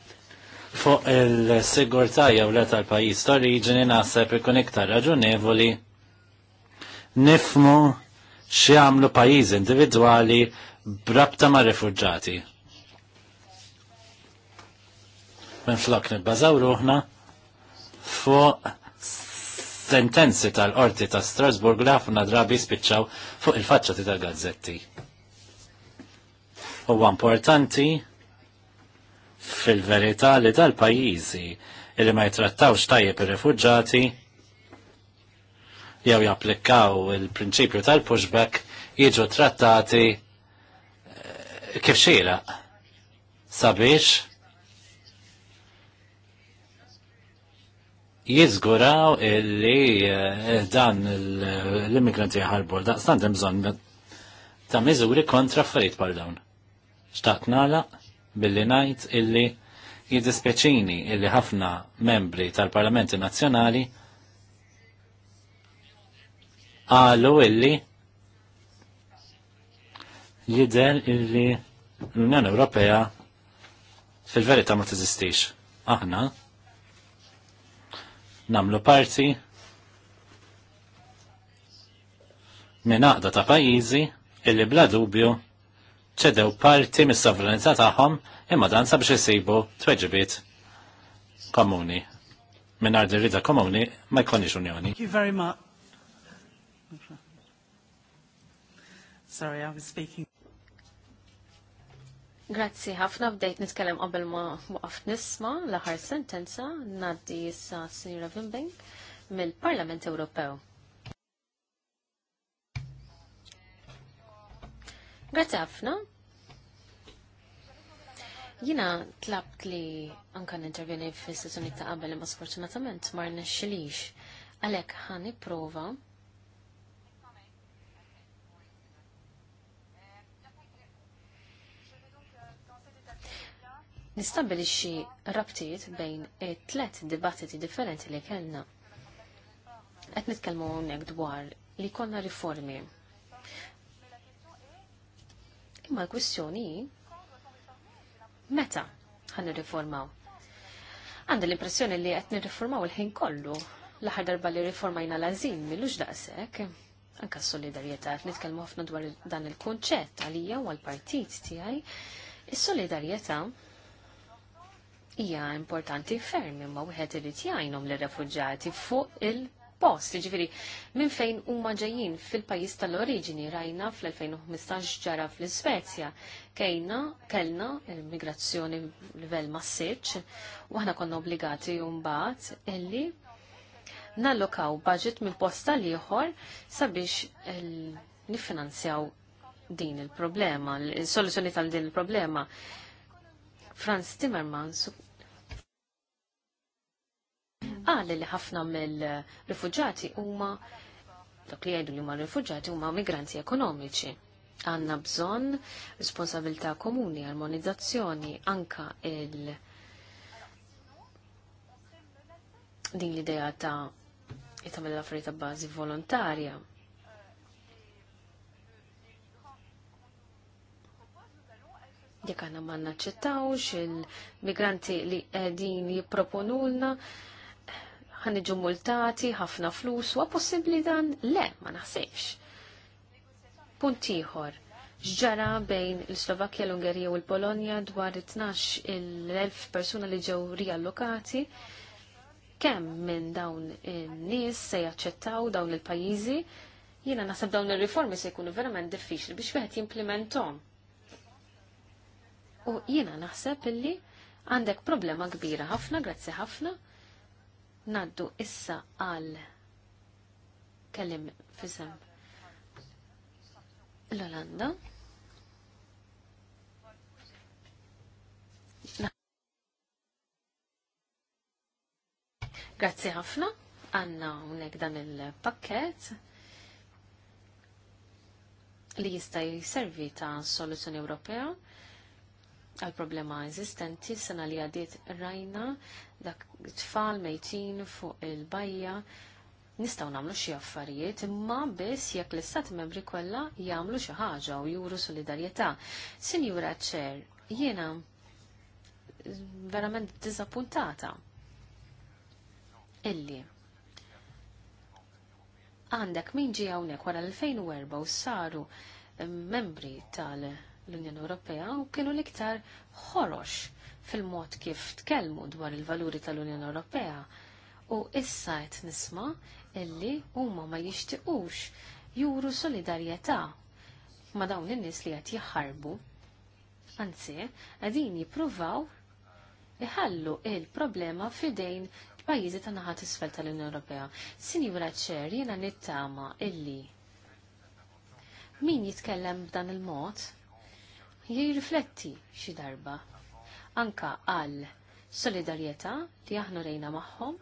fuq il-sigurtà jew le tal-pajjiż ta' oriġini naħseb ikun iktar raġunevoli nifmu x'jagħmlu pajis individwali brabta ma' rifugġati. Minn flok nibbażaw ruħna fuq sentenzi tal-qorti ta' Strasburg li ħafna drabi spiċċaw fuq il-faċċati tal-gazzetti. Huwa importanti fil-verità li dal-pajjiżi li ma jitrattawx tajjeb ir-refuġġati jew japplikaw il-prinċipju tal-pushback jiġu trattati eh, kif xira sabiex jizguraw illi eh, dan l-immigranti ħarbu daqs standem bżon ta' miżuri kontra affarijiet bħal dawn. Xtaqt nagħlaq? billi ngħid illi jidispeċini illi ħafna membri tal-Parlamenti Nazzjonali qalu illi jidel illi l-Unjoni Ewropea fil-verità ma tiżistix. Aħna namlu parti minn aqda ta' pajjiżi illi bla dubju ċedew parti mis-sovranità tagħhom imma dan sabiex isibu tweġibiet komuni. Mingħajr dirida komuni ma jkunniex unjoni. Thank you very much. Sorry, I was speaking. Grazzi, ħafna bdejt nitkellem qabel ma waqaf nisma l-aħħar sentenza naddi sa Sinjura Vimbing mill-Parlament Ewropew. Grazzi Jina tlabt li anka n-intervjeni f-sessjoni ta' qabel imma sfortunatament mar nexxilix. Għalek ħani prova nistabilixxi rabtiet bejn tlet dibattiti differenti li kellna. Qed nitkellmu dwar li konna riformi Imma l-kwistjoni meta ħan nirriformaw? Għandi l-impressjoni li qed nirriformaw il-ħin kollu l-aħħar darba li riformajna l-azil millux daqshekk. Anka s-solidarjetà qed nitkellmu ħafna dwar dan il-kunċett għalija u għal partit tiegħi. Is-solidarjetà hija importanti ferm imma wieħed irid jgħinhom lir refuġjati fuq il- post, ġifiri, minn fejn huma ġejjin fil-pajis tal-oriġini rajna fl-2015 ġara fl-Svezja. Kejna, kellna il-migrazzjoni livell massiċ, u aħna konna obbligati mbagħad illi nallokaw budget minn posta liħor sabiex nifinanzjaw din il-problema, il-soluzjoni tal din il-problema. Franz Timmermans qal li ħafna mill-rifuġġati huma dak li jgħidu li huma rifuġġati huma migranti ekonomiċi. Għanna bżonn responsabilità komuni, armonizzazzjoni, anka il- din l-idea ta' jitamil l-affarijiet ta' bażi volontarja. jekk għanna ma naċċettawx il-migranti li għedin jipproponulna niġu multati, ħafna flus, u possibli dan? Le, ma naħsibx. Punt ieħor, ġara bejn il-Slovakkja, l-Ungerija u l-Polonja dwar 12 il-1000 persuna li ġew riallokati, kemm minn dawn in-nies se jaċċettaw dawn il-pajjiżi, jiena naħseb dawn il riformi se jkunu verament diffiċli biex wieħed jimplementhom. U jiena naħseb illi għandek problema kbira ħafna, grazzi ħafna, Naddu issa għal kellim fisem l-Olanda. Grazzi ħafna, għanna unek dan il-pakket li jista' jiservi ta' soluzzjoni Ewropea għal problema eżistenti sena li għadiet rajna dak tfal mejtin fuq il-bajja nistaw namlu xi affarijiet imma biss jekk l-istati membri kollha jagħmlu xi ħaġa u juru solidarjetà. Sinjura Ċer, jiena verament diżappuntata illi għandek min ġi hawnhekk wara l-2004 u saru membri tal- l-Unjoni Ewropea u kienu l-iktar ħorox fil-mod kif tkellmu dwar il-valuri tal-Unjoni Ewropea u issa qed nisma illi huma ma jixtiequx juru solidarjetà ma dawn in-nies li qed jaħarbu. Anzi, qegħdin jippruvaw iħallu il-problema fidejn pajjiżi ta' naħat isfel tal-Unjoni Ewropea. Sinjura ċer, jiena nittama illi min jitkellem b'dan il-mod jirrifletti xi darba anka għal solidarjetà li aħna rejna magħhom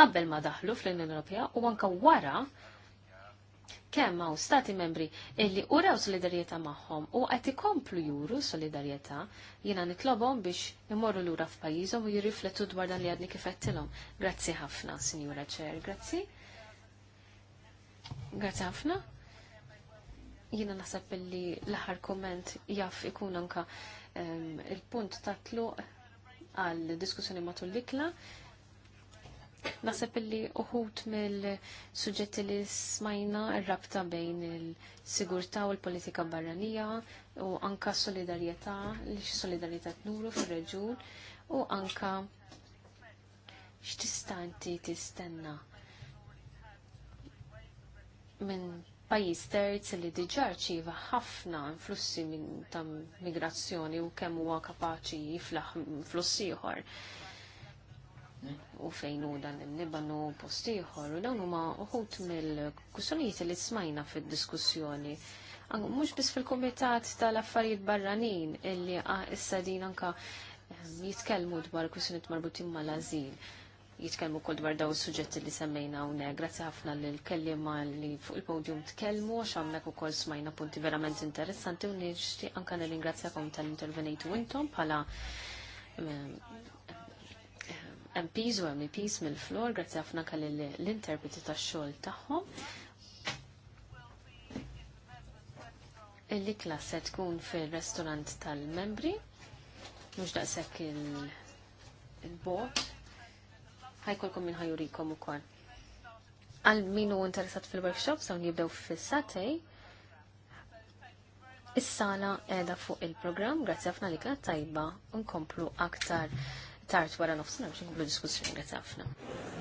qabel ma daħlu fl-Unjoni Ewropea u anka wara kemm hawn stati membri illi uraw solidarjetà magħhom u qed ikomplu juru solidarjetà jiena nitlobhom biex imorru lura f'pajjiżhom u jirriflettu dwar dan li għadni kif Grazzi ħafna, Sinjura Ċer, grazzi. Grazzi ħafna. Jiena naħseb li l-aħħar komment jaf ikun anka il-punt ta' tluq għal diskussjoni matul l-ikla. Naħseb li uħut mill-suġġetti li smajna r-rabta bejn il-sigurtà u l-politika barranija u anka solidarjetà li x-solidarjetà t-nuru fil-reġun u anka x'tista' inti tistenna minn pajjiż terz li diġà rċieva ħafna influssi minn ta' migrazzjoni u kemm huwa kapaċi jiflaħ flussi ieħor u fejn u dan il-Libanu post ieħor u dawn huma uħut mill-kussjonijiet li smajna fid-diskussjoni. Mhux biss fil-Kumitat tal-Affarijiet Barranin illi ah, issa din anka eh, jitkellmu dwar kwistjonijiet marbutin mal-azil jitkellmu kol dwar daw suġġetti li semmejna hawnhekk. Grazzi ħafna l kellima li fuq il-podium tkellmu għax u ukoll smajna punti verament interessanti u nixtieq anke nirringrazzjakom tal intervenitu intom bħala MPs ehm, ehm, u MEPs mill-flor, grazzi ħafna kalli l-interpreti tax-xogħol tagħhom. Il-likla se tkun fil-restorant tal-membri, mhux daqshekk il-bot ħajkolkom minn ħajurikom ukoll. Għal minu interessat fil-workshop sa' jibdew fis-satej. Is-sala qiegħda fuq il-programm, grazzi ħafna li kena tajba, nkomplu aktar tard wara nofsinhar biex nkomplu diskussjoni, grazzi ħafna.